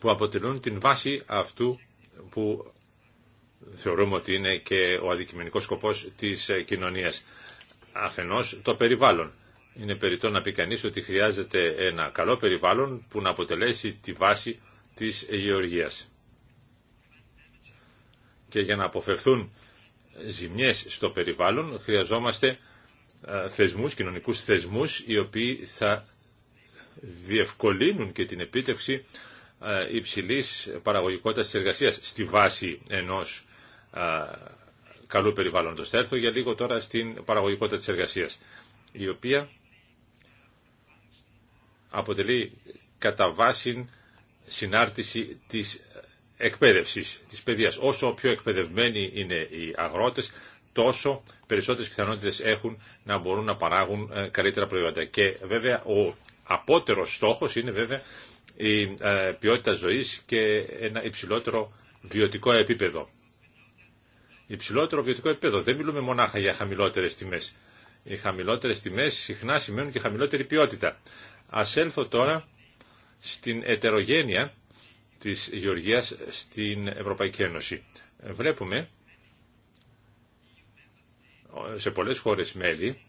που αποτελούν την βάση αυτού που θεωρούμε ότι είναι και ο αντικειμενικός σκοπός της ε, κοινωνίας. Αφενός το περιβάλλον. Είναι περιττό να πει κανεί ότι χρειάζεται ένα καλό περιβάλλον που να αποτελέσει τη βάση της γεωργίας. Και για να αποφευθούν ζημιές στο περιβάλλον χρειαζόμαστε ε, θεσμούς, κοινωνικούς θεσμούς οι οποίοι θα διευκολύνουν και την επίτευξη ε, Υψηλή παραγωγικότητας τη εργασία στη βάση ενός ε, καλού περιβάλλοντο Θα έρθω για λίγο τώρα στην παραγωγικότητα τη εργασία, η οποία αποτελεί κατά βάση συνάρτηση της εκπαίδευση, της παιδεία. Όσο πιο εκπαιδευμένοι είναι οι αγρότε, τόσο περισσότερες πιθανότητε έχουν να μπορούν να παράγουν ε, καλύτερα προϊόντα. Και βέβαια ο απότερο στόχο είναι βέβαια η ε, ποιότητα ζωής και ένα υψηλότερο βιωτικό επίπεδο. Υψηλότερο βιωτικό επίπεδο. Δεν μιλούμε μονάχα για χαμηλότερες τιμές. Οι χαμηλότερες τιμές συχνά σημαίνουν και χαμηλότερη ποιότητα. Ας έλθω τώρα στην ετερογένεια της Γεωργίας στην Ευρωπαϊκή Ένωση. Βλέπουμε σε πολλές χώρες μέλη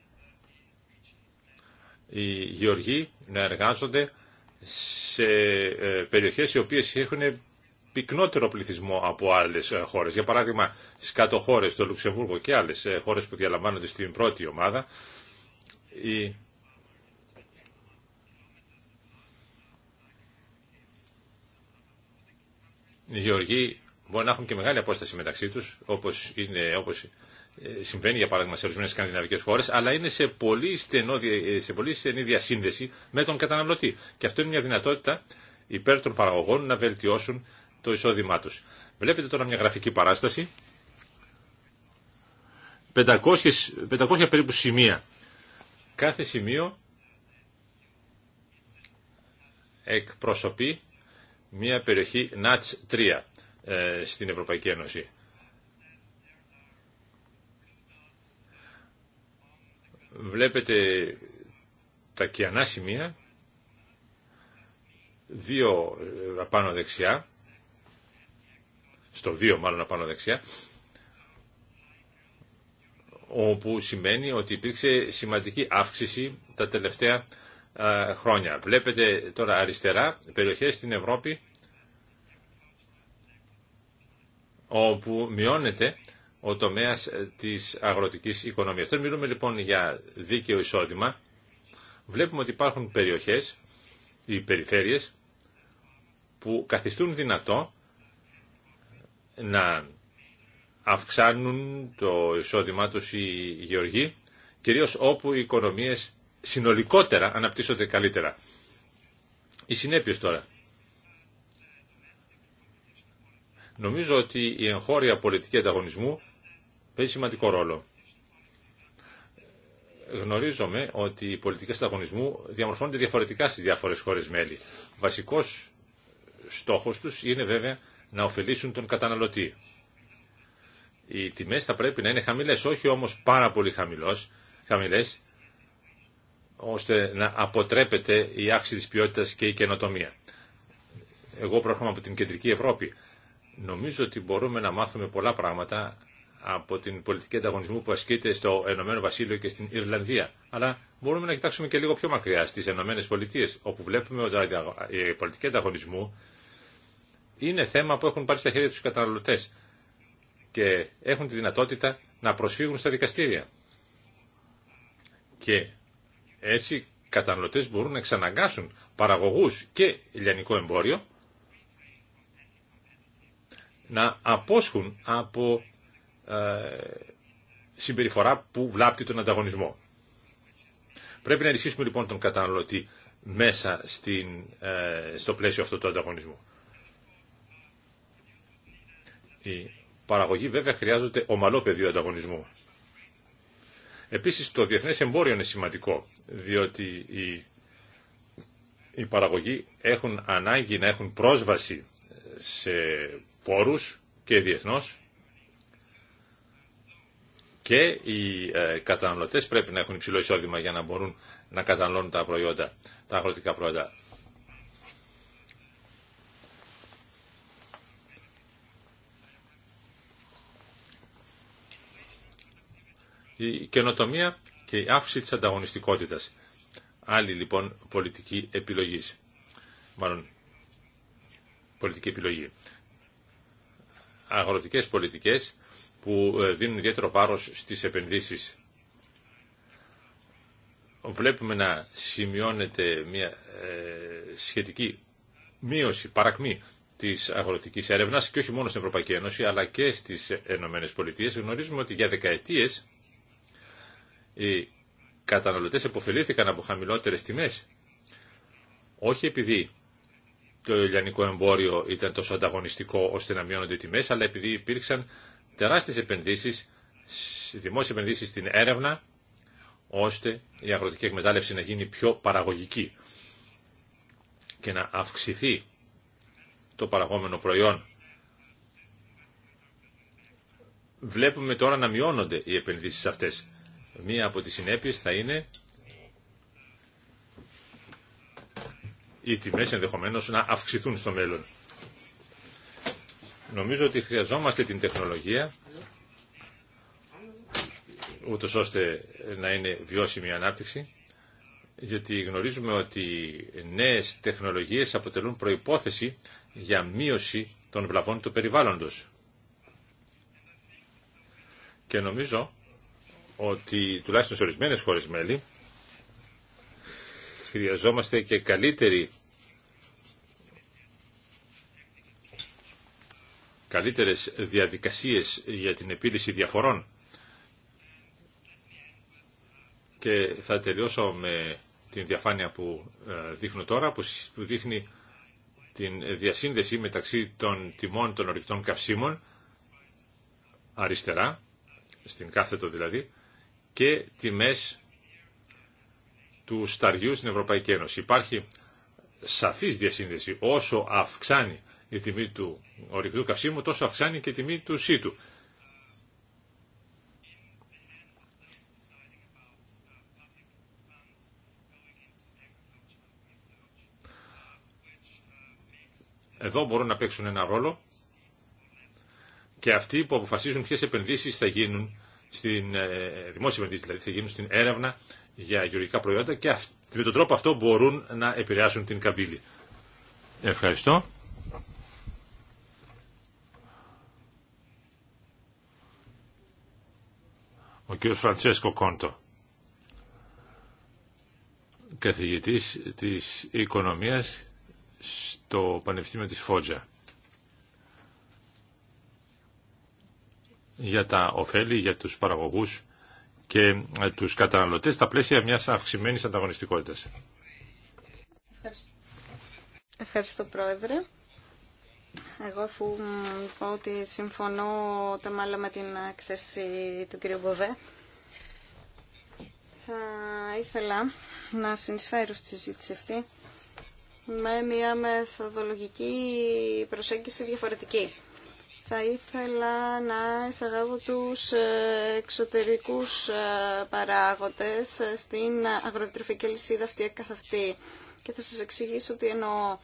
οι γεωργοί να εργάζονται σε ε, περιοχές οι οποίες έχουν πυκνότερο πληθυσμό από άλλες ε, χώρες. Για παράδειγμα, στις κάτω χώρες, το Λουξεμβούργο και άλλες ε, χώρες που διαλαμβάνονται στην πρώτη ομάδα, η Οι γεωργοί μπορεί να έχουν και μεγάλη απόσταση μεταξύ τους, όπως, είναι, όπως ε, συμβαίνει για παράδειγμα σε ορισμένε σκανδιναβικέ χώρε, αλλά είναι σε πολύ, στενό, ε, σε πολύ στενή διασύνδεση με τον καταναλωτή. Και αυτό είναι μια δυνατότητα υπέρ των παραγωγών να βελτιώσουν το εισόδημά του. Βλέπετε τώρα μια γραφική παράσταση. 500, 500 περίπου σημεία. Κάθε σημείο εκπροσωπεί μια περιοχή ΝΑΤΣ 3 ε, στην Ευρωπαϊκή Ένωση. βλέπετε τα κιανά σημεία, δύο ε, απάνω δεξιά, στο δύο μάλλον απάνω δεξιά, όπου σημαίνει ότι υπήρξε σημαντική αύξηση τα τελευταία χρόνια. Βλέπετε τώρα αριστερά περιοχές στην Ευρώπη όπου μειώνεται ο τομέας ε, της αγροτικής οικονομίας. Τώρα μιλούμε λοιπόν για δίκαιο εισόδημα. Βλέπουμε ότι υπάρχουν περιοχές ή περιφέρειες που καθιστούν δυνατό να αυξάνουν το εισόδημά τους οι γεωργοί, κυρίως όπου οι οικονομίες συνολικότερα αναπτύσσονται καλύτερα. Οι συνέπειες τώρα. Νομίζω ότι η εγχώρια πολιτική ανταγωνισμού παίζει σημαντικό ρόλο. Γνωρίζομαι ότι οι πολιτικές ανταγωνισμού διαμορφώνονται διαφορετικά στις διάφορες χώρες μέλη. Βασικός στόχος τους είναι βέβαια να ωφελήσουν τον καταναλωτή. Οι τιμές θα πρέπει να είναι χαμηλές, όχι όμως πάρα πολύ χαμηλέ, χαμηλές, ώστε να αποτρέπεται η αύξηση της ποιότητας και η καινοτομία. Εγώ προέρχομαι από την Κεντρική Ευρώπη. Νομίζω ότι μπορούμε να μάθουμε πολλά πράγματα από την πολιτική ανταγωνισμού που ασκείται στο Ενωμένο Βασίλειο και στην Ιρλανδία. Αλλά μπορούμε να κοιτάξουμε και λίγο πιο μακριά στις Ενωμένες Πολιτείες, όπου βλέπουμε ότι η πολιτική ανταγωνισμού είναι θέμα που έχουν πάρει στα χέρια τους καταναλωτές και έχουν τη δυνατότητα να προσφύγουν στα δικαστήρια. Και έτσι οι καταναλωτές μπορούν να εξαναγκάσουν παραγωγούς και ηλιανικό εμπόριο να απόσχουν από ε, συμπεριφορά που βλάπτει τον ανταγωνισμό. Πρέπει να ενισχύσουμε λοιπόν τον καταναλωτή μέσα στην, ε, στο πλαίσιο αυτού του ανταγωνισμού. Η παραγωγή βέβαια χρειάζονται ομαλό πεδίο ανταγωνισμού. Επίσης το διεθνές εμπόριο είναι σημαντικό, διότι οι, οι παραγωγοί έχουν ανάγκη να έχουν πρόσβαση σε πόρους και διεθνώς και οι ε, καταναλωτές πρέπει να έχουν υψηλό εισόδημα για να μπορούν να καταναλώνουν τα προϊόντα, τα αγροτικά προϊόντα. Η καινοτομία και η αύξηση της ανταγωνιστικότητας. Άλλη λοιπόν πολιτική επιλογή. Μάλλον πολιτική επιλογή. Αγροτικές πολιτικές που ε, δίνουν ιδιαίτερο πάρος στις επενδύσεις. Βλέπουμε να σημειώνεται μια ε, σχετική μείωση, παρακμή της αγροτικής έρευνας και όχι μόνο στην Ευρωπαϊκή Ένωση αλλά και στις Ενωμένες Πολιτείες. Γνωρίζουμε ότι για δεκαετίες οι καταναλωτές επωφελήθηκαν από χαμηλότερες τιμές. Όχι επειδή το ελληνικό εμπόριο ήταν τόσο ανταγωνιστικό ώστε να μειώνονται οι τιμές, αλλά επειδή υπήρξαν τεράστιες επενδύσεις, δημόσιες επενδύσεις στην έρευνα, ώστε η αγροτική εκμετάλλευση να γίνει πιο παραγωγική και να αυξηθεί το παραγόμενο προϊόν. Βλέπουμε τώρα να μειώνονται οι επενδύσεις αυτές. Μία από τις συνέπειες θα είναι οι τιμές ενδεχομένως να αυξηθούν στο μέλλον. Νομίζω ότι χρειαζόμαστε την τεχνολογία ούτω ώστε να είναι βιώσιμη η ανάπτυξη γιατί γνωρίζουμε ότι νέες τεχνολογίες αποτελούν προϋπόθεση για μείωση των βλαβών του περιβάλλοντος. Και νομίζω ότι τουλάχιστον σε ορισμένες χώρες μέλη χρειαζόμαστε και καλύτερη καλύτερες διαδικασίες για την επίλυση διαφορών. Και θα τελειώσω με την διαφάνεια που ε, δείχνω τώρα, που δείχνει την διασύνδεση μεταξύ των τιμών των ορυκτών καυσίμων, αριστερά, στην κάθετο δηλαδή, και τιμές του σταριού στην Ευρωπαϊκή Ένωση. Υπάρχει σαφής διασύνδεση. Όσο αυξάνει η τιμή του ορυκτού καυσίμου, τόσο αυξάνει και η τιμή του ΣΥΤΟΥ. Εδώ μπορούν να παίξουν ένα ρόλο και αυτοί που αποφασίζουν ποιες επενδύσεις θα γίνουν στην ε, δημόσια επενδύση, δηλαδή θα γίνουν στην έρευνα για γεωργικά προϊόντα και με τον τρόπο αυτό μπορούν να επηρεάσουν την καμπύλη. Ευχαριστώ. Ο κύριος Φραντσέσκο Κόντο, καθηγητής της οικονομίας στο Πανεπιστήμιο της Φότζα. για τα ωφέλη για τους παραγωγούς και τους καταναλωτές στα πλαίσια μιας αυξημένης ανταγωνιστικότητας. Ευχαριστώ, Ευχαριστώ Πρόεδρε. Εγώ αφού πω ότι συμφωνώ το μάλλον με την έκθεση του κ. Μποβέ, θα ήθελα να συνεισφέρω στη συζήτηση αυτή με μια μεθοδολογική προσέγγιση διαφορετική. Θα ήθελα να εισαγάγω τους ε, εξωτερικούς ε, παράγοντες ε, στην αγροτροφική λυσίδα αυτή καθ' αυτή. Και θα σας εξηγήσω τι εννοώ.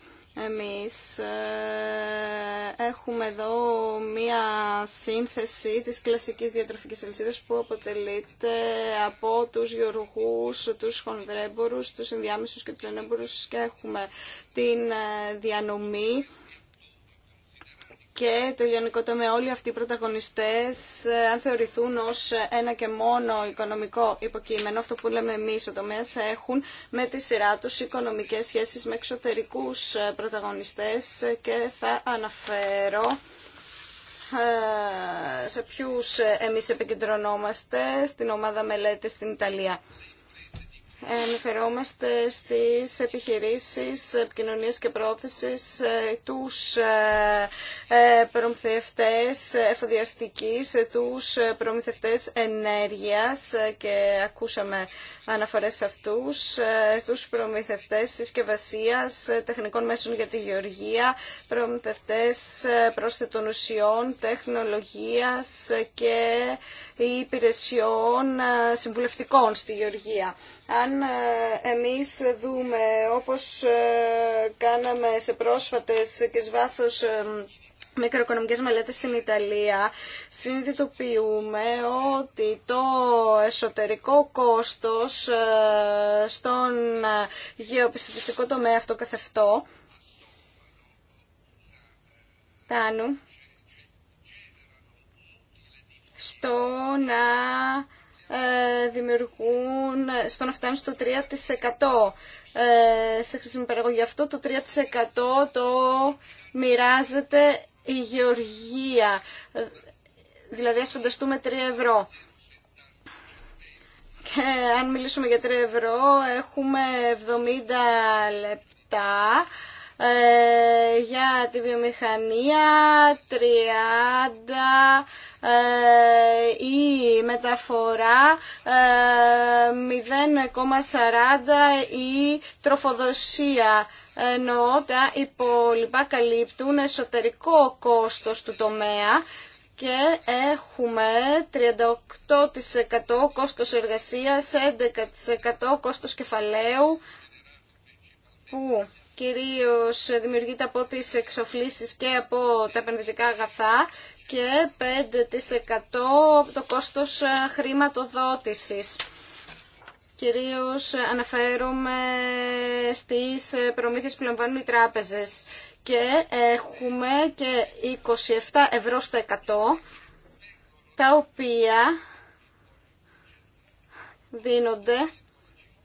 Εμείς ε, έχουμε εδώ μία σύνθεση της κλασικής διατροφικής αλυσίδας που αποτελείται από τους γεωργούς, τους χονδρέμπορους, τους ενδιάμεσους και τους και έχουμε την ε, διανομή και το γενικό τομέα. Όλοι αυτοί οι πρωταγωνιστές, ε, αν θεωρηθούν ως ένα και μόνο οικονομικό υποκείμενο, αυτό που λέμε εμείς ο τομέας, έχουν με τη σειρά τους οικονομικές σχέσεις με εξωτερικούς ε, πρωταγωνιστές και θα αναφέρω ε, σε ποιους εμείς επικεντρωνόμαστε στην ομάδα μελέτης στην Ιταλία. Ενδιαφερόμαστε στις επιχειρήσεις επικοινωνίας και πρόθεσης, ε, τους ε, ε, προμηθευτές εφοδιαστικής, τους προμηθευτές ενέργειας και ακούσαμε αναφορές σε αυτούς, τους προμηθευτές συσκευασία τεχνικών μέσων για τη γεωργία, προμηθευτές πρόσθετων ουσιών, τεχνολογίας και υπηρεσιών συμβουλευτικών στη γεωργία. Αν ε, εμείς δούμε όπως ε, κάναμε σε πρόσφατες και σβάθος ε, μικροοικονομικές μελέτες στην Ιταλία, συνειδητοποιούμε ότι το εσωτερικό κόστος στον γεωπιστητικό τομέα αυτό καθευτό φτάνουν στο να ε, δημιουργούν στο να φτάνουν στο 3% σε χρήσιμη παραγωγή. Αυτό το 3% το μοιράζεται η γεωργία. Ε, δηλαδή ας φανταστούμε 3 ευρώ. Και αν μιλήσουμε για 3 ευρώ έχουμε 70 λεπτά ε, για τη βιομηχανία, 30 ε, η μεταφορά 0,40 ε, η τροφοδοσία ενώ τα υπόλοιπα καλύπτουν εσωτερικό κόστος του τομέα και έχουμε 38% κόστος εργασίας, 11% κόστος κεφαλαίου που κυρίως δημιουργείται από τις εξοφλήσεις και από τα επενδυτικά αγαθά και 5% το κόστος ε, χρηματοδότησης. Κυρίως αναφέρομαι στις ε, προμήθειες που λαμβάνουν οι τράπεζες και έχουμε και 27 ευρώ στο 100 τα οποία δίνονται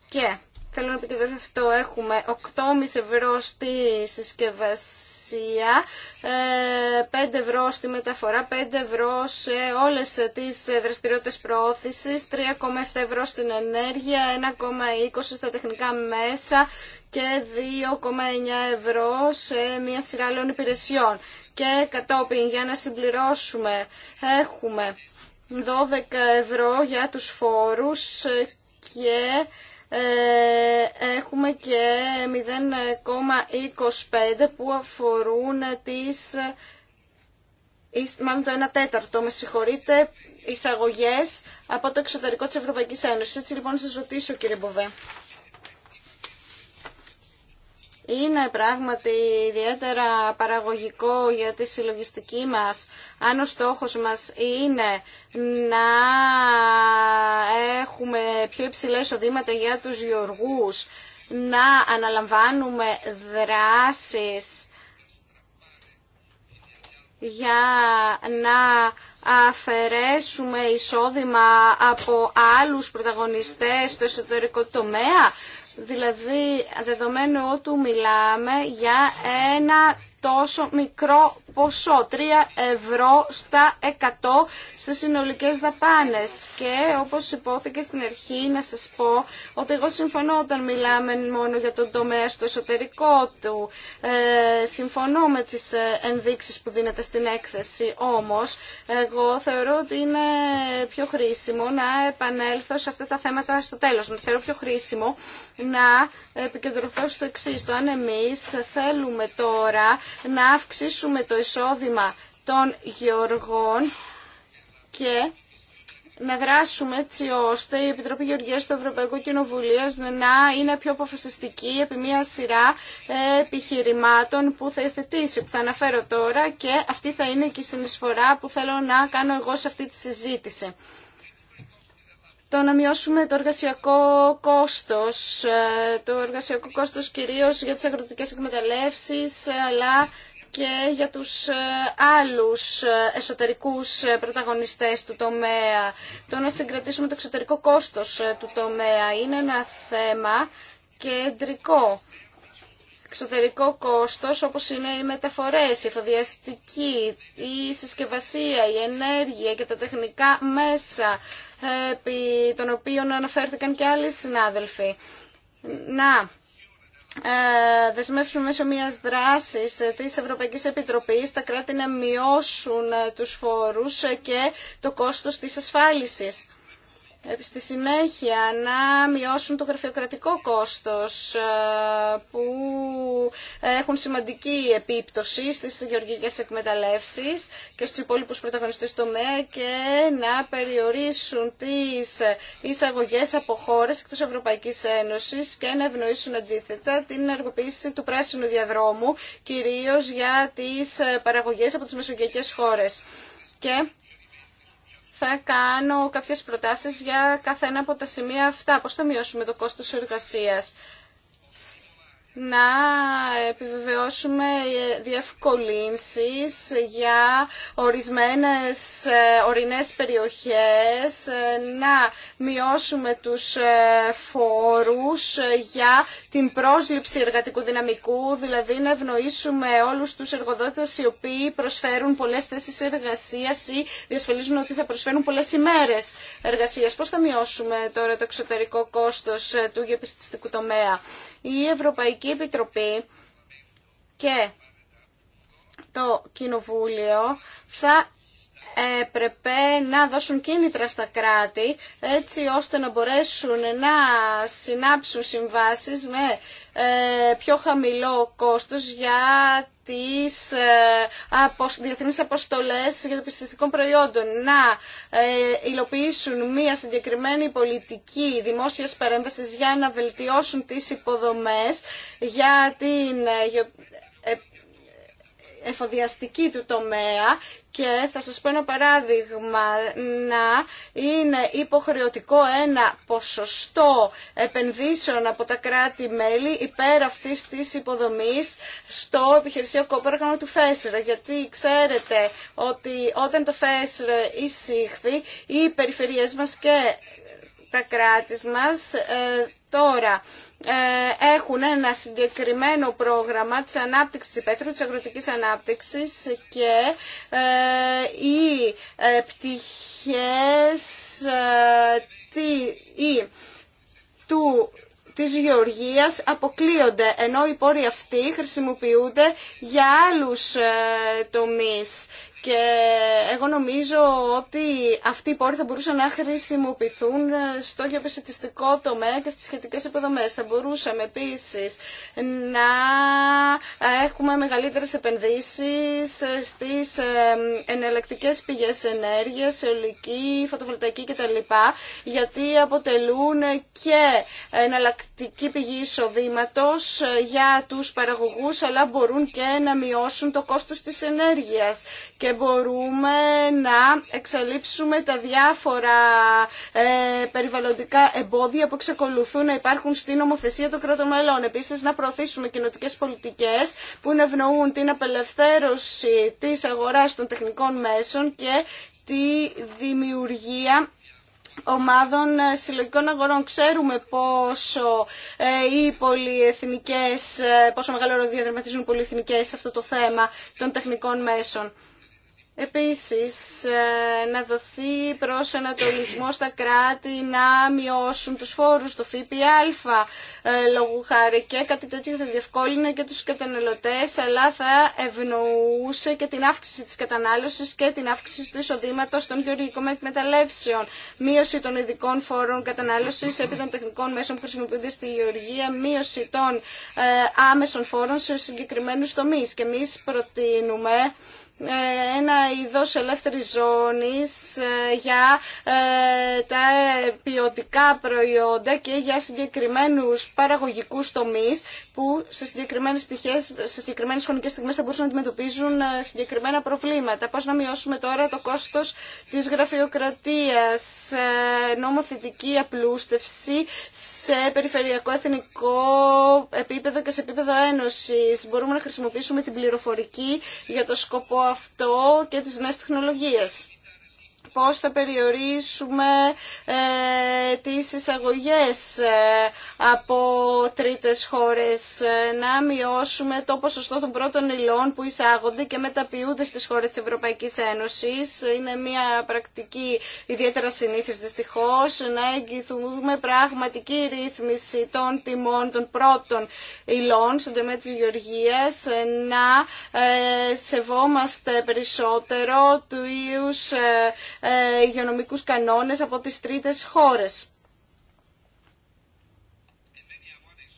και Θέλω να επικεντρωθώ αυτό. Έχουμε 8,5 ευρώ στη συσκευασία, 5 ε, ευρώ στη μεταφορά, 5 ευρώ σε όλες τις δραστηριότητες προώθησης, 3,7 ευρώ στην ενέργεια, 1,20 στα τεχνικά μέσα και 2,9 ευρώ σε μια σειρά άλλων υπηρεσιών. Και κατόπιν, για να συμπληρώσουμε, έχουμε 12 ευρώ για τους φόρους και ε, έχουμε και 0,25 που αφορούν τις, μάλλον το 1 τέταρτο, με συγχωρείτε, εισαγωγές από το εξωτερικό της Ευρωπαϊκής Ένωσης. Έτσι λοιπόν σας ρωτήσω κύριε Μποβέ είναι πράγματι ιδιαίτερα παραγωγικό για τη συλλογιστική μας αν ο στόχος μας είναι να έχουμε πιο υψηλές οδήματα για τους γεωργούς να αναλαμβάνουμε δράσεις για να αφαιρέσουμε εισόδημα από άλλους πρωταγωνιστές στο εσωτερικό τομέα. Δηλαδή, δεδομένου ότου μιλάμε για ένα τόσο μικρό ποσό, 3 ευρώ στα 100 σε συνολικές δαπάνες. Και όπως υπόθηκε στην αρχή να σας πω ότι εγώ συμφωνώ όταν μιλάμε μόνο για τον τομέα στο εσωτερικό του. Ε, συμφωνώ με τις ε, ενδείξεις που δίνεται στην έκθεση, όμως εγώ θεωρώ ότι είναι πιο χρήσιμο να επανέλθω σε αυτά τα θέματα στο τέλος. Θεωρώ πιο χρήσιμο να επικεντρωθώ στο εξή. Το αν εμεί θέλουμε τώρα να αυξήσουμε το εισόδημα των γεωργών και να δράσουμε έτσι ώστε η Επιτροπή Γεωργία του Ευρωπαϊκού Κοινοβουλίου να είναι πιο αποφασιστική επί μια σειρά ε, επιχειρημάτων που θα εθετήσει, που θα αναφέρω τώρα και αυτή θα είναι και η συνεισφορά που θέλω να κάνω εγώ σε αυτή τη συζήτηση το να μειώσουμε το εργασιακό κόστος, ε, το εργασιακό κόστος κυρίως για τις αγροτικές εκμεταλλεύσεις, ε, αλλά και για τους ε, άλλους εσωτερικούς πρωταγωνιστές του τομέα. Το να συγκρατήσουμε το εξωτερικό κόστος του τομέα είναι ένα θέμα κεντρικό εξωτερικό κόστος όπως είναι οι μεταφορές, η εφοδιαστική, η συσκευασία, η ενέργεια και τα τεχνικά μέσα επί των οποίων αναφέρθηκαν και άλλοι συνάδελφοι. Να ε, δεσμεύσουμε μέσω μιας δράσης ε, της Ευρωπαϊκής Επιτροπής τα κράτη να μειώσουν ε, τους φόρους και το κόστος της ασφάλισης. Ε, στη συνέχεια να μειώσουν το γραφειοκρατικό κόστος ε, που έχουν σημαντική επίπτωση στις γεωργικές εκμεταλλεύσεις και στους υπόλοιπους πρωταγωνιστές τομέα και να περιορίσουν τις εισαγωγές από χώρες εκτός Ευρωπαϊκής Ένωσης και να ευνοήσουν αντίθετα την εργοποίηση του πράσινου διαδρόμου κυρίως για τις παραγωγές από τις μεσογειακές χώρες. Και θα κάνω κάποιες προτάσεις για κάθε ένα από τα σημεία αυτά. Πώς θα μειώσουμε το κόστος εργασίας να επιβεβαιώσουμε διευκολύνσεις για ορισμένες ε, ορεινές περιοχές, ε, να μειώσουμε τους ε, φόρους για την πρόσληψη εργατικού δυναμικού, δηλαδή να ευνοήσουμε όλους τους εργοδότες οι οποίοι προσφέρουν πολλές θέσεις εργασίας ή διασφαλίζουν ότι θα προσφέρουν πολλές ημέρες εργασίας. Πώς θα μειώσουμε τώρα το εξωτερικό κόστος του γεπιστικού τομέα η Ευρωπαϊκή Επιτροπή και το Κοινοβούλιο θα έπρεπε να δώσουν κίνητρα στα κράτη έτσι ώστε να μπορέσουν να συνάψουν συμβάσεις με ε, πιο χαμηλό κόστος για τις ε, διεθνείς αποστολές για το πιστιστικό προϊόντων να ε, υλοποιήσουν μια συγκεκριμένη πολιτική δημόσιας παρέμβαση για να βελτιώσουν τις υποδομές για την ε, εφοδιαστική του τομέα και θα σας πω ένα παράδειγμα να είναι υποχρεωτικό ένα ποσοστό επενδύσεων από τα κράτη-μέλη υπέρ αυτής της υποδομής στο επιχειρησιακό πρόγραμμα του ΦΕΣΡ γιατί ξέρετε ότι όταν το ΦΕΣΡ εισήχθη οι περιφερειές μας και τα κράτη μας ε, τώρα ε, έχουν ένα συγκεκριμένο πρόγραμμα της ανάπτυξης της υπαίθρου, της αγροτικής ανάπτυξης και ε, οι ε, πτυχές τι, του της γεωργίας αποκλείονται, ενώ οι πόροι αυτοί χρησιμοποιούνται για άλλους τομείς. Και εγώ νομίζω ότι αυτοί οι πόροι θα μπορούσαν να χρησιμοποιηθούν ε, στο γεωπεσητιστικό τομέα και στις σχετικές υποδομές. Θα μπορούσαμε επίσης να ε, έχουμε μεγαλύτερες επενδύσεις ε, στις εναλλακτικές πηγές ενέργειας, αιωλική, φωτοβολταϊκή κτλ. Γιατί αποτελούν και εναλλακτική πηγή εισοδήματος για τους παραγωγούς, αλλά μπορούν και να μειώσουν το κόστος της ενέργειας μπορούμε να εξαλείψουμε τα διάφορα ε, περιβαλλοντικά εμπόδια που εξακολουθούν να υπάρχουν στην νομοθεσία των κρατών μελών. Επίσης, να προωθήσουμε κοινοτικέ πολιτικές που ευνοούν την απελευθέρωση της αγοράς των τεχνικών μέσων και τη δημιουργία ομάδων ε, συλλογικών αγορών. Ξέρουμε πόσο ε, οι πολυεθνικές, πόσο μεγάλο ρόλο διαδραματίζουν οι πολυεθνικές σε αυτό το θέμα των τεχνικών μέσων. Επίσης, ε, να δοθεί ανατολισμό στα κράτη να μειώσουν τους φόρους, το ΦΠΑ, ε, λόγου χάρη και κάτι τέτοιο θα διευκόλυνε και τους καταναλωτές, αλλά θα ευνοούσε και την αύξηση της κατανάλωσης και την αύξηση του εισοδήματο των γεωργικών εκμεταλλεύσεων. Μείωση των ειδικών φόρων κατανάλωσης επί των τεχνικών μέσων που χρησιμοποιούνται στη γεωργία, μείωση των ε, άμεσων φόρων σε συγκεκριμένους τομείς. Και εμείς προτείνουμε ε, ένα είδος ελεύθερης ζώνης ε, για ε, τα ποιοτικά προϊόντα και για συγκεκριμένους παραγωγικούς τομείς που σε συγκεκριμένες, πτυχές, σε συγκεκριμένες χρονικές στιγμές θα μπορούσαν να αντιμετωπίζουν συγκεκριμένα προβλήματα. Πώς να μειώσουμε τώρα το κόστος της γραφειοκρατίας, νομοθετική απλούστευση σε περιφερειακό εθνικό επίπεδο και σε επίπεδο ένωσης. Μπορούμε να χρησιμοποιήσουμε την πληροφορική για το σκοπό αυτό και τις νέες τεχνολογίες πώς θα περιορίσουμε ε, τις εισαγωγές ε, από τρίτες χώρες, ε, να μειώσουμε το ποσοστό των πρώτων υλών που εισάγονται και μεταποιούνται στις χώρες της Ευρωπαϊκής Ένωσης. Είναι μια πρακτική ιδιαίτερα συνήθις δυστυχώς, να εγγυθούμε πραγματική ρύθμιση των τιμών των πρώτων υλών στον τομέα της γεωργίας, να σεβόμαστε περισσότερο του ε, υγειονομικούς κανόνες από τις τρίτες χώρες.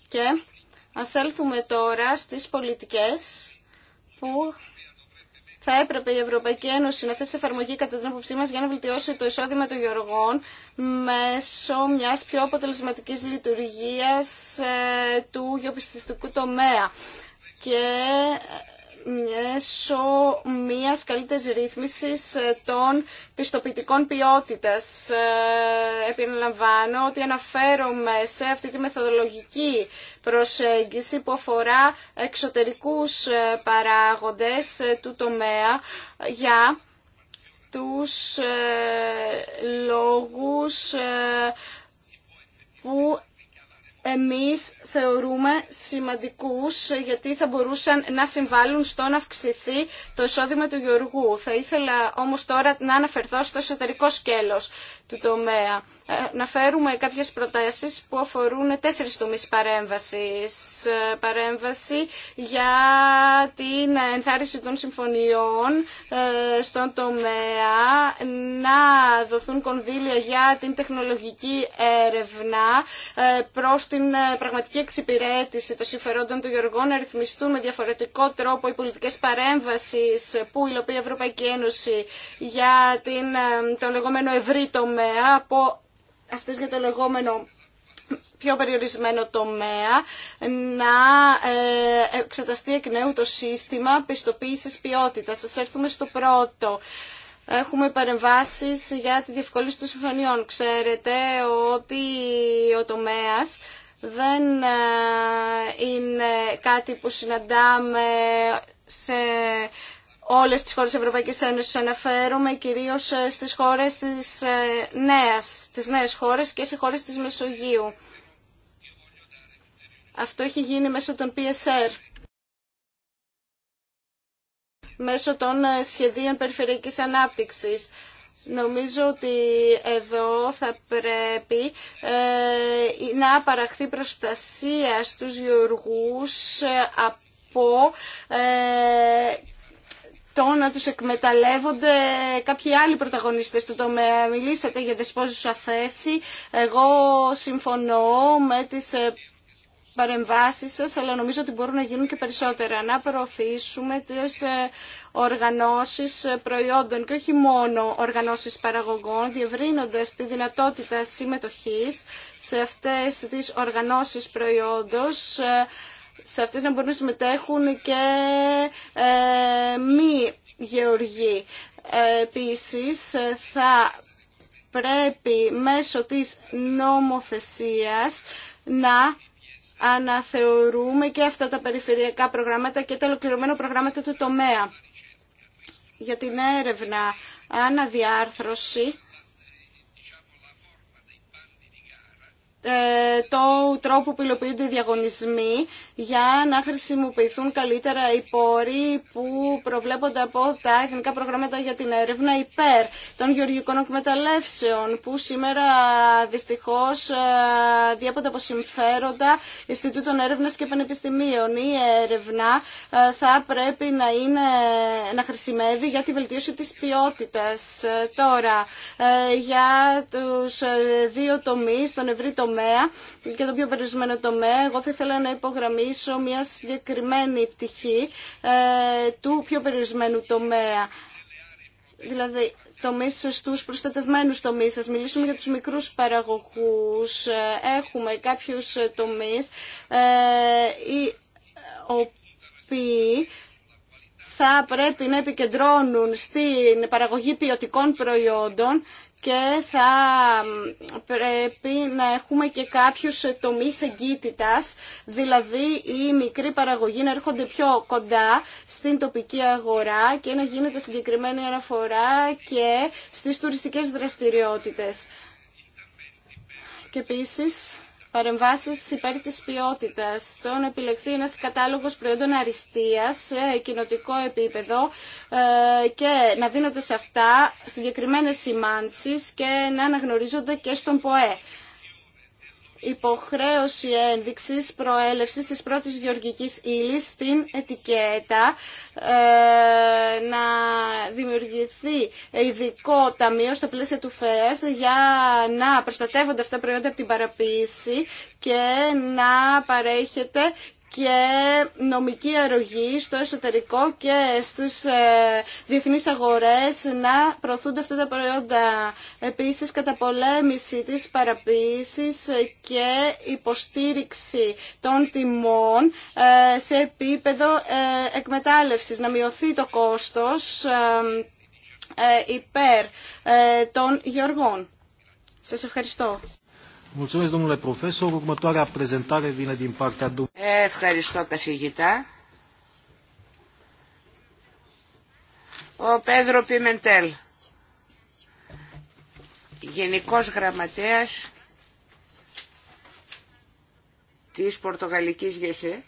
Και ας έλθουμε τώρα στις πολιτικές που θα έπρεπε η Ευρωπαϊκή Ένωση να θέσει εφαρμογή κατά την άποψή μα για να βελτιώσει το εισόδημα των γεωργών μέσω μια πιο αποτελεσματική λειτουργία ε, του γεωπιστικού τομέα. Και μέσω μιας καλύτερης ρύθμισης ε, των πιστοποιητικών ποιότητας. Ε, επιλαμβάνω ότι αναφέρομαι σε αυτή τη μεθοδολογική προσέγγιση που αφορά εξωτερικούς ε, παράγοντες του τομέα για τους λόγους που εμείς θεωρούμε σημαντικούς γιατί θα μπορούσαν να συμβάλλουν στο να αυξηθεί το εισόδημα του Γεωργού. Θα ήθελα όμως τώρα να αναφερθώ στο εσωτερικό σκέλος του τομέα. Ε, να φέρουμε κάποιες προτάσεις που αφορούν τέσσερις τομείς παρέμβασης. Ε, παρέμβαση για την ενθάρρυνση των συμφωνιών ε, στον τομέα, να δοθούν κονδύλια για την τεχνολογική έρευνα προς την πραγματική εξυπηρέτηση των συμφερόντων του Γεωργών, να ρυθμιστούν με διαφορετικό τρόπο οι πολιτικές παρέμβασεις που υλοποιεί η Ευρωπαϊκή Ένωση για την, τον λεγόμενο ευρύ τομέα από αυτές για το λεγόμενο πιο περιορισμένο τομέα να ε, εξεταστεί εκ νέου το σύστημα πιστοποίησης ποιότητας. Σας έρθουμε στο πρώτο. Έχουμε παρεμβάσεις για τη διευκολύνση των συμφωνιών. Ξέρετε ότι ο τομέας δεν ε, είναι κάτι που συναντάμε σε όλες τις χώρες της Ευρωπαϊκής Ένωσης αναφέρομαι κυρίως ε, στις χώρες της ε, νέας, τις νέες χώρες και σε χώρες της Μεσογείου. Αυτό έχει γίνει μέσω των PSR, μέσω των ε, σχεδίων περιφερειακής ανάπτυξης. Νομίζω ότι εδώ θα πρέπει να παραχθεί προστασία στους γεωργούς από το να τους εκμεταλλεύονται κάποιοι άλλοι πρωταγωνιστές του τομέα. Μιλήσατε για δεσπόζουσα θέση. Εγώ συμφωνώ με τις ε, παρεμβάσεις σας, αλλά νομίζω ότι μπορούν να γίνουν και περισσότερα. Να προωθήσουμε τις ε, οργανώσεις προϊόντων και όχι μόνο οργανώσεις παραγωγών, διευρύνοντας τη δυνατότητα συμμετοχής σε αυτές τις οργανώσεις προϊόντος ε, σε αυτές να μπορούν να συμμετέχουν και ε, μη γεωργοί. Ε, επίσης, θα πρέπει μέσω της νομοθεσίας να αναθεωρούμε και αυτά τα περιφερειακά προγράμματα και τα ολοκληρωμένα προγράμματα του τομέα. Για την έρευνα, αναδιάρθρωση Ε, το τρόπο που υλοποιούνται οι διαγωνισμοί για να χρησιμοποιηθούν καλύτερα οι πόροι που προβλέπονται από τα εθνικά προγράμματα για την έρευνα υπέρ των γεωργικών εκμεταλλεύσεων που σήμερα δυστυχώς ε, διέπονται από συμφέροντα Ινστιτούτων Έρευνας και Πανεπιστημίων. Η έρευνα ε, θα πρέπει να, είναι, να χρησιμεύει για τη βελτίωση της ποιότητας. Τώρα, για τους δύο τομείς, τον ευρύ τομέα και τον πιο περιορισμένο τομέα. Εγώ θα ήθελα να υπογραμμίσω μια συγκεκριμένη πτυχή ε, του πιο περιορισμένου τομέα. Δηλαδή, τομεί στου προστατευμένου τομεί. Α μιλήσουμε για του μικρού παραγωγού. Ε, έχουμε κάποιου τομεί ε, οι οποίοι θα πρέπει να επικεντρώνουν στην παραγωγή ποιοτικών προϊόντων και θα πρέπει να έχουμε και κάποιους τομείς εγκύτητας, δηλαδή οι μικροί παραγωγοί να έρχονται πιο κοντά στην τοπική αγορά και να γίνεται συγκεκριμένη αναφορά και στις τουριστικές δραστηριότητες. Και επίσης παρεμβάσεις υπέρ τη ποιότητα, το να επιλεχθεί ένα κατάλογο προϊόντων αριστείας σε κοινοτικό επίπεδο ε, και να δίνονται σε αυτά συγκεκριμένε σημάνσεις και να αναγνωρίζονται και στον ΠΟΕ υποχρέωση ένδειξης προέλευσης της πρώτης γεωργικής ύλης στην ετικέτα, ε, να δημιουργηθεί ειδικό ταμείο στο πλαίσιο του ΦΕΣ για να προστατεύονται αυτά τα προϊόντα από την παραποίηση και να παρέχεται και νομική αρρωγή στο εσωτερικό και στους ε, διεθνείς αγορές να προωθούνται αυτά τα προϊόντα. Επίσης, πολέμηση της παραποίησης και υποστήριξη των τιμών ε, σε επίπεδο ε, εκμετάλλευσης, να μειωθεί το κόστος υπέρ των γεωργών. Σας ευχαριστώ. Ευχαριστώ, καθηγητά. Ο Πέδρο Πιμεντέλ, Γενικός Γραμματέας της Πορτογαλικής ΓΕΣΕ.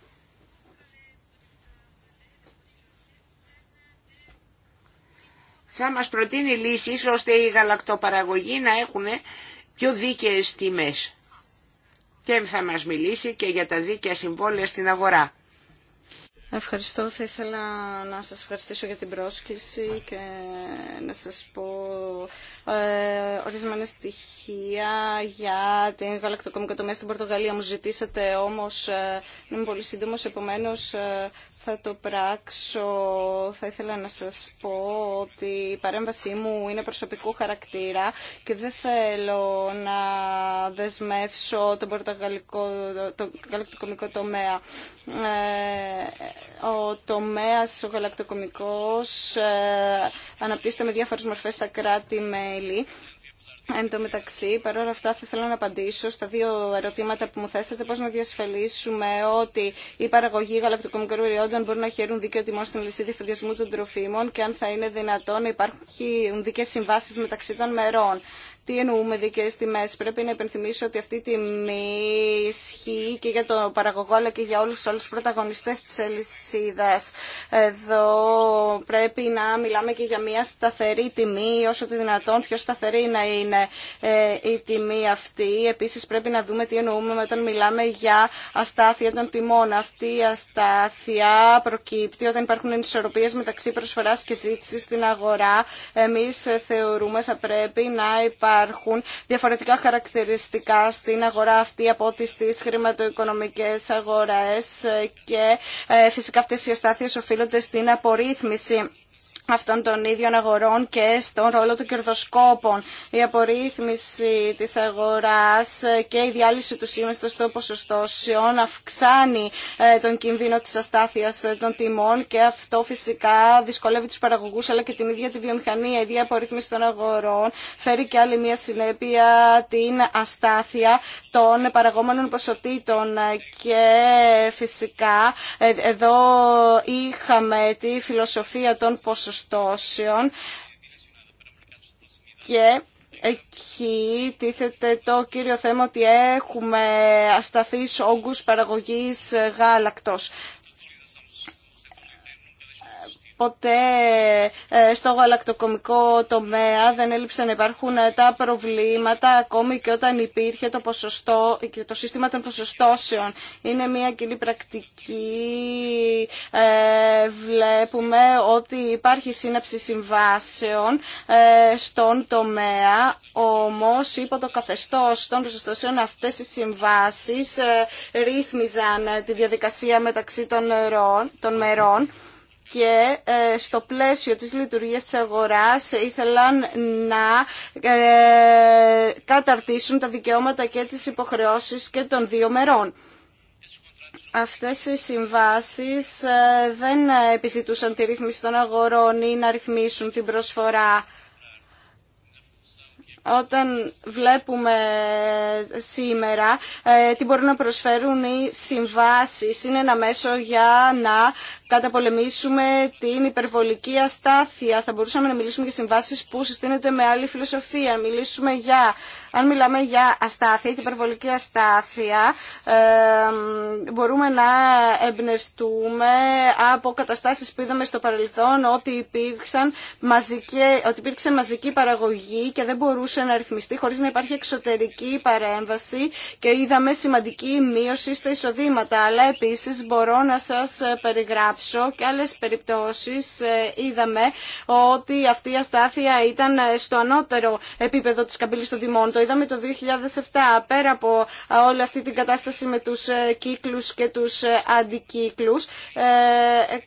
Θα μας προτείνει λύσεις ώστε οι γαλακτοπαραγωγοί να έχουν πιο δίκαιες τιμές. Και θα μας μιλήσει και για τα δίκαια συμβόλαια στην αγορά. Ευχαριστώ. Θα ήθελα να σας ευχαριστήσω για την πρόσκληση και να σας πω ε, ορισμένα στοιχεία για την γαλακτοκομικό τομέα στην Πορτογαλία. Μου ζητήσατε όμως ε, να είμαι πολύ σύντομος, επομένως ε, θα το πράξω. Θα ήθελα να σας πω ότι η παρέμβασή μου είναι προσωπικού χαρακτήρα και δεν θέλω να δεσμεύσω τον πορτογαλικό, το γαλακτοκομικό τομέα. ο τομέας ο γαλακτοκομικός αναπτύσσεται με διάφορες μορφές στα κράτη με μελη Εν τω μεταξύ, παρόλα αυτά, θα ήθελα να απαντήσω στα δύο ερωτήματα που μου θέσατε. Πώ να διασφαλίσουμε ότι η παραγωγή γαλακτοκομικών προϊόντων μπορεί να χαίρουν δίκαιο τιμό στην λυσίδη των τροφίμων και αν θα είναι δυνατόν να υπάρχουν δικέ συμβάσει μεταξύ των μερών. Τι εννοούμε δικέ τιμέ, Πρέπει να υπενθυμίσω ότι αυτή η τιμή ισχύει και για τον παραγωγό αλλά και για όλου του άλλου πρωταγωνιστές της αλυσίδα. Εδώ πρέπει να μιλάμε και για μια σταθερή τιμή, όσο το δυνατόν πιο σταθερή να είναι ε, η τιμή αυτή. Επίση πρέπει να δούμε τι εννοούμε όταν μιλάμε για αστάθεια των τιμών. Αυτή η αστάθεια προκύπτει όταν υπάρχουν ενισορροπίες μεταξύ προσφορά και ζήτηση στην αγορά. Εμεί θεωρούμε θα πρέπει να υπάρχει υπάρχουν διαφορετικά χαρακτηριστικά στην αγορά αυτή από ό,τι στις χρηματοοικονομικές αγορές και ε, φυσικά αυτές οι αστάθειες οφείλονται στην απορρίθμιση αυτών των ίδιων αγορών και στον ρόλο των κερδοσκόπων. Η απορρίθμιση της αγοράς και η διάλυση του σύμμεστος των ποσοστώσεων αυξάνει ε, τον κίνδυνο της αστάθειας ε, των τιμών και αυτό φυσικά δυσκολεύει τους παραγωγούς αλλά και την ίδια τη βιομηχανία. Η ίδια απορρίθμιση των αγορών φέρει και άλλη μια συνέπεια την αστάθεια των παραγόμενων ποσοτήτων ε, και φυσικά εδώ είχαμε τη φιλοσοφία των ποσοστώσεων και Εκεί τίθεται το κύριο θέμα ότι έχουμε ασταθείς όγκους παραγωγής γάλακτος ποτέ ε, στο γαλακτοκομικό τομέα δεν έλειψαν να υπάρχουν ε, τα προβλήματα ακόμη και όταν υπήρχε το, ποσοστό, το σύστημα των ποσοστώσεων. Είναι μια κοινή πρακτική. Ε, βλέπουμε ότι υπάρχει σύναψη συμβάσεων στον τομέα, όμως υπό το καθεστώς των ποσοστώσεων αυτές οι συμβάσεις ρύθμιζαν τη διαδικασία μεταξύ των, των μερών και ε, στο πλαίσιο της λειτουργίας της αγοράς ήθελαν να ε, καταρτήσουν τα δικαιώματα και τις υποχρεώσεις και των δύο μερών. Αυτές οι συμβάσεις ε, δεν επιζητούσαν τη ρύθμιση των αγορών ή να ρυθμίσουν την προσφορά όταν βλέπουμε σήμερα ε, τι μπορούν να προσφέρουν οι συμβάσεις. Είναι ένα μέσο για να καταπολεμήσουμε την υπερβολική αστάθεια. Θα μπορούσαμε να μιλήσουμε για συμβάσεις που συστήνεται με άλλη φιλοσοφία. Μιλήσουμε για, αν μιλάμε για αστάθεια, την υπερβολική αστάθεια, ε, μπορούμε να εμπνευστούμε από καταστάσεις που είδαμε στο παρελθόν ότι, υπήρξαν μαζική, ότι μαζική παραγωγή και δεν μπορούσε ξαναρυθμιστεί να χωρίς να υπάρχει εξωτερική παρέμβαση και είδαμε σημαντική μείωση στα εισοδήματα. Αλλά επίσης μπορώ να σας ε, περιγράψω και άλλες περιπτώσεις ε, είδαμε ότι αυτή η αστάθεια ήταν ε, στο ανώτερο επίπεδο της καμπύλης των τιμών. Το είδαμε το 2007 πέρα από όλη αυτή την κατάσταση με τους κύκλους και τους αντικύκλους.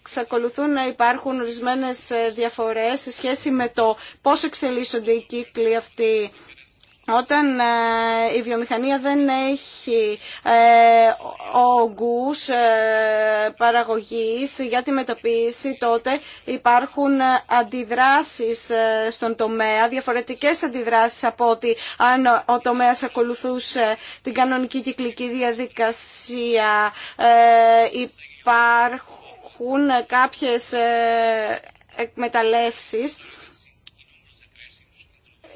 Εξακολουθούν να υπάρχουν ορισμένες διαφορές σε σχέση με το πώς εξελίσσονται οι κύκλοι αυτοί όταν ε, η βιομηχανία δεν έχει ε, όγκους ε, παραγωγής για τη μεταποίηση, τότε υπάρχουν αντιδράσεις στον τομέα, διαφορετικές αντιδράσεις από ότι αν ο τομέας ακολουθούσε την κανονική κυκλική διαδικασία. Υπάρχουν κάποιες εκμεταλλεύσεις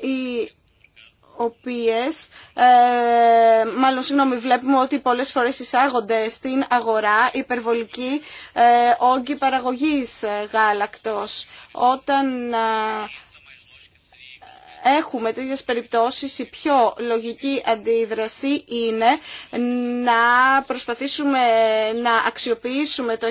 οι οποίες, ε, μάλλον συγγνώμη, βλέπουμε ότι πολλές φορές εισάγονται στην αγορά υπερβολική ε, όγκη παραγωγής ε, γάλακτος. Όταν ε, έχουμε τέτοιες περιπτώσεις η πιο λογική αντίδραση είναι να προσπαθήσουμε να αξιοποιήσουμε το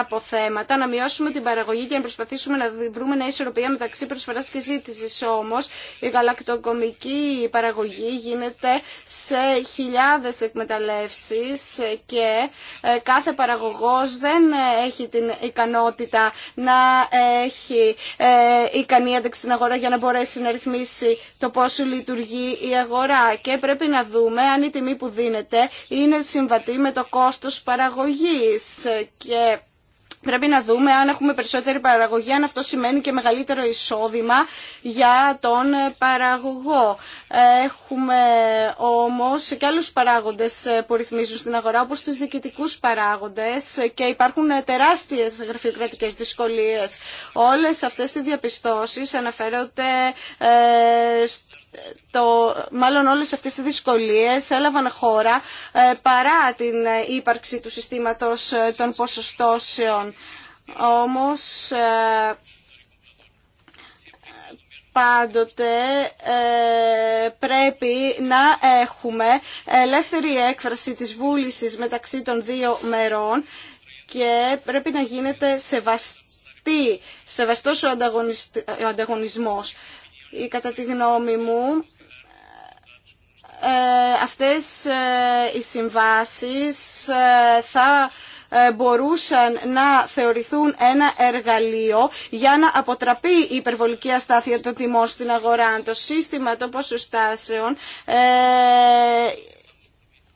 από θέματα να μειώσουμε την παραγωγή και να προσπαθήσουμε να βρούμε μια ισορροπία μεταξύ προσφοράς και ζήτηση, όμως η γαλακτοκομική παραγωγή γίνεται σε χιλιάδες εκμεταλλεύσεις και ε, κάθε παραγωγός δεν ε, έχει την ικανότητα να έχει ε, ικανή ένταξη στην αγορά για να μπορέσει να ρυθμίσει το πόσο λειτουργεί η αγορά και πρέπει να δούμε αν η τιμή που δίνεται είναι συμβατή με το κόστος παραγωγής και Πρέπει να δούμε αν έχουμε περισσότερη παραγωγή, αν αυτό σημαίνει και μεγαλύτερο εισόδημα για τον παραγωγό. Έχουμε όμως και άλλους παράγοντες που ρυθμίζουν στην αγορά, όπως τους διοικητικούς παράγοντες και υπάρχουν τεράστιες γραφειοκρατικές δυσκολίες. Όλες αυτές οι διαπιστώσεις αναφέρονται ε, το, μάλλον όλες αυτές τις δυσκολίες έλαβαν χώρα ε, παρά την ε, ύπαρξη του συστήματος ε, των ποσοστώσεων. Όμως πάντοτε πρέπει να έχουμε ελεύθερη έκφραση της βούλησης μεταξύ των δύο μερών και πρέπει να γίνεται σεβαστή, σεβαστός ο ανταγωνισμός. Ε, κατά τη γνώμη μου, ε, αυτές ε, οι συμβάσεις θα μπορούσαν να θεωρηθούν ένα εργαλείο για να αποτραπεί η υπερβολική αστάθεια των τιμών στην αγορά. Το σύστημα των ποσοστάσεων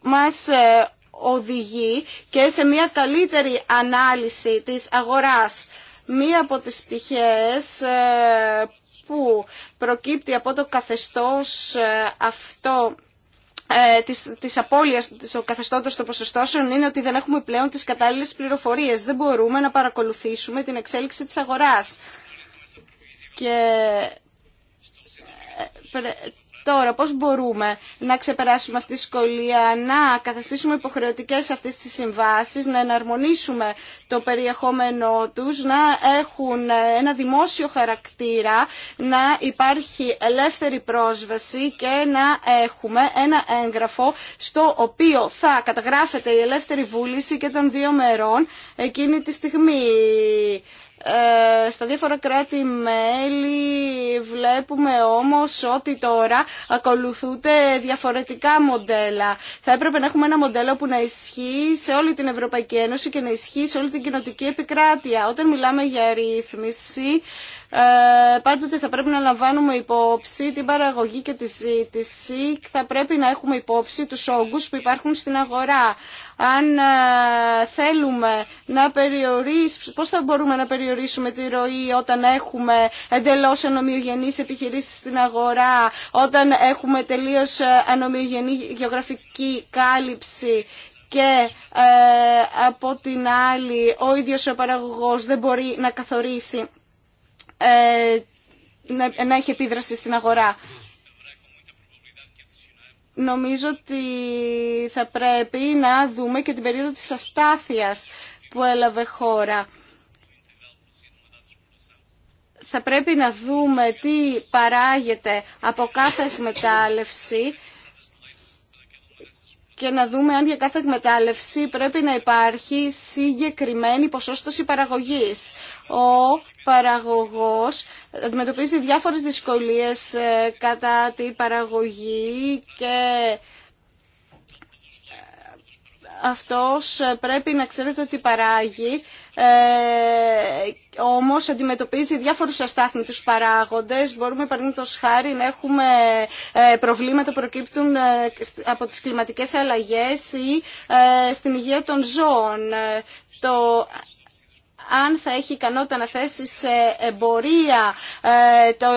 μας οδηγεί και σε μια καλύτερη ανάλυση της αγοράς. Μία από τις πτυχές που προκύπτει από το καθεστώς ε, αυτό ε, της, της απώλειας του καθεστώτος των ποσοστώσεων είναι ότι δεν έχουμε πλέον τις κατάλληλες πληροφορίες. Δεν μπορούμε να παρακολουθήσουμε την εξέλιξη της αγοράς. Και ε, Τώρα, πώς μπορούμε να ξεπεράσουμε αυτή τη σχολεία, να καθαστήσουμε υποχρεωτικές αυτές τις συμβάσεις, να εναρμονίσουμε το περιεχόμενό τους, να έχουν ένα δημόσιο χαρακτήρα, να υπάρχει ελεύθερη πρόσβαση και να έχουμε ένα έγγραφο στο οποίο θα καταγράφεται η ελεύθερη βούληση και των δύο μερών εκείνη τη στιγμή. Ε, στα διάφορα κράτη-μέλη βλέπουμε όμως ότι τώρα ακολουθούνται διαφορετικά μοντέλα. Θα έπρεπε να έχουμε ένα μοντέλο που να ισχύει σε όλη την Ευρωπαϊκή Ένωση και να ισχύει σε όλη την κοινοτική επικράτεια. Όταν μιλάμε για ρύθμιση, ε, πάντοτε θα πρέπει να λαμβάνουμε υπόψη την παραγωγή και τη ζήτηση θα πρέπει να έχουμε υπόψη τους όγκους που υπάρχουν στην αγορά. Αν ε, θέλουμε να περιορίσουμε, πώς θα μπορούμε να περιορίσουμε τη ροή όταν έχουμε εντελώς ανομοιογενείς επιχειρήσεις στην αγορά, όταν έχουμε τελείως ε, ανομοιογενή γεωγραφική κάλυψη και από την άλλη ο ίδιος ο παραγωγός δεν μπορεί να καθορίσει ε, να έχει επίδραση στην αγορά. Νομίζω ότι θα πρέπει να δούμε και την περίοδο της αστάθειας που έλαβε χώρα. Θα πρέπει να δούμε τι παράγεται από κάθε εκμετάλλευση και να δούμε αν για κάθε εκμετάλλευση πρέπει να υπάρχει συγκεκριμένη ποσόστοση παραγωγής. Ο παραγωγός αντιμετωπίζει διάφορες δυσκολίες ε, κατά την παραγωγή και ε, αυτός ε, πρέπει να ξέρετε ότι παράγει, ε, όμως αντιμετωπίζει διάφορους αστάθμιτους παράγοντες. Μπορούμε παραδείγματο χάρη να έχουμε προβλήματα που προκύπτουν από τις κλιματικές αλλαγές ή στην υγεία των ζώων. Το αν θα έχει ικανότητα να θέσει σε εμπορία ε, το,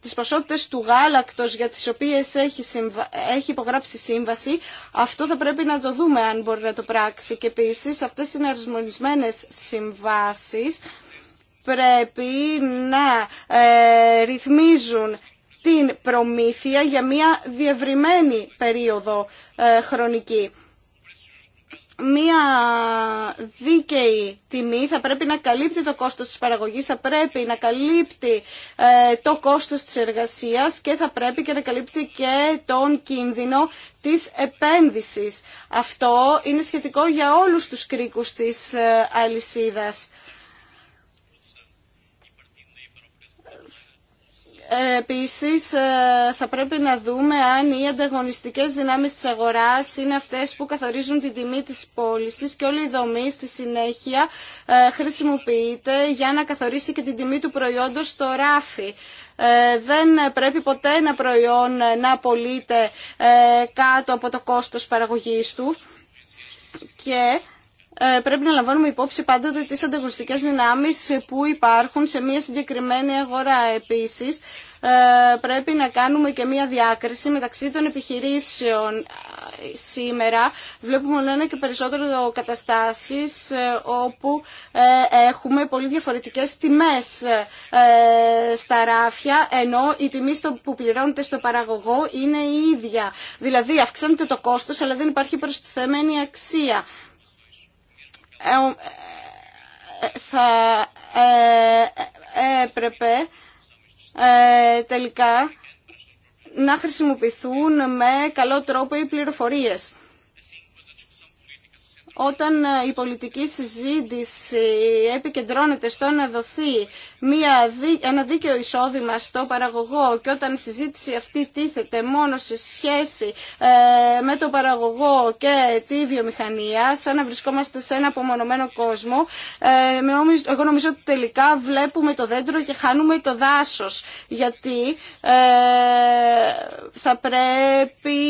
τις ποσότητες του γάλακτος για τις οποίες έχει, συμβα... έχει υπογράψει σύμβαση, αυτό θα πρέπει να το δούμε αν μπορεί να το πράξει. Και επίσης αυτές είναι αρισμονισμένες συμβάσεις πρέπει να ε, ρυθμίζουν την προμήθεια για μια διευρυμένη περίοδο ε, χρονική μία δίκαιη τιμή, θα πρέπει να καλύπτει το κόστος της παραγωγής, θα πρέπει να καλύπτει ε, το κόστος της εργασίας και θα πρέπει και να καλύπτει και τον κίνδυνο της επένδυσης. Αυτό είναι σχετικό για όλους τους κρίκους της ε, αλυσίδας. Επίσης ε, θα πρέπει να δούμε αν οι ανταγωνιστικές δυνάμεις της αγοράς είναι αυτές που καθορίζουν την τιμή της πώληση και όλη η δομή στη συνέχεια ε, χρησιμοποιείται για να καθορίσει και την τιμή του προϊόντος στο ράφι. Ε, δεν πρέπει ποτέ ένα προϊόν να απολύεται κάτω από το κόστος παραγωγής του και ε, πρέπει να λαμβάνουμε υπόψη πάντοτε τις ανταγωνιστικές δυνάμεις που υπάρχουν σε μια συγκεκριμένη αγορά. Επίσης, ε, πρέπει να κάνουμε και μια διάκριση μεταξύ των επιχειρήσεων ε, σήμερα. Βλέπουμε όλο ένα και περισσότερο καταστάσεις όπου έχουμε πολύ διαφορετικές τιμές στα ράφια, ενώ η τιμή που πληρώνεται στο παραγωγό είναι η ίδια. Δηλαδή αυξάνεται το κόστος, αλλά δεν υπάρχει προστιθέμενη αξία. Ε, ε, θα ε, έπρεπε τελικά να χρησιμοποιηθούν με καλό τρόπο οι πληροφορίες. Όταν η πολιτική συζήτηση επικεντρώνεται στο να δοθεί μια, ένα δίκαιο εισόδημα στο παραγωγό και όταν η συζήτηση αυτή τίθεται μόνο σε σχέση ε, με το παραγωγό και τη βιομηχανία, σαν να βρισκόμαστε σε ένα απομονωμένο κόσμο, ε, εγώ νομίζω ότι τελικά βλέπουμε το δέντρο και χάνουμε το δάσος. Γιατί ε, θα πρέπει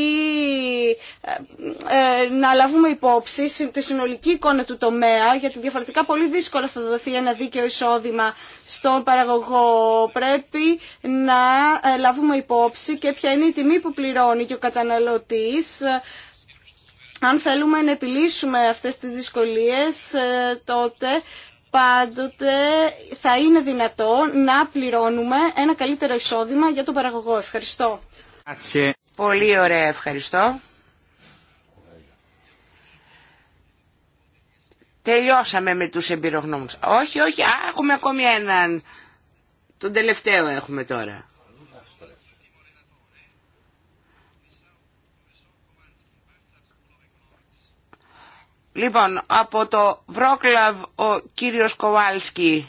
να λάβουμε υπόψη τη συνολική εικόνα του τομέα, γιατί διαφορετικά πολύ δύσκολα θα δοθεί ένα δίκαιο εισόδημα στον παραγωγό. Πρέπει να ε, λάβουμε υπόψη και ποια είναι η τιμή που πληρώνει και ο καταναλωτής ε, αν θέλουμε να επιλύσουμε αυτές τις δυσκολίες, ε, τότε πάντοτε θα είναι δυνατό να πληρώνουμε ένα καλύτερο εισόδημα για τον παραγωγό. Ευχαριστώ. Πολύ ωραία, ευχαριστώ. Τελειώσαμε με τους εμπειρογνώμους. Όχι, όχι, έχουμε ακόμη έναν. Τον τελευταίο έχουμε τώρα. Λοιπόν, από το Βρόκλαβ ο κύριος Κοβάλσκι.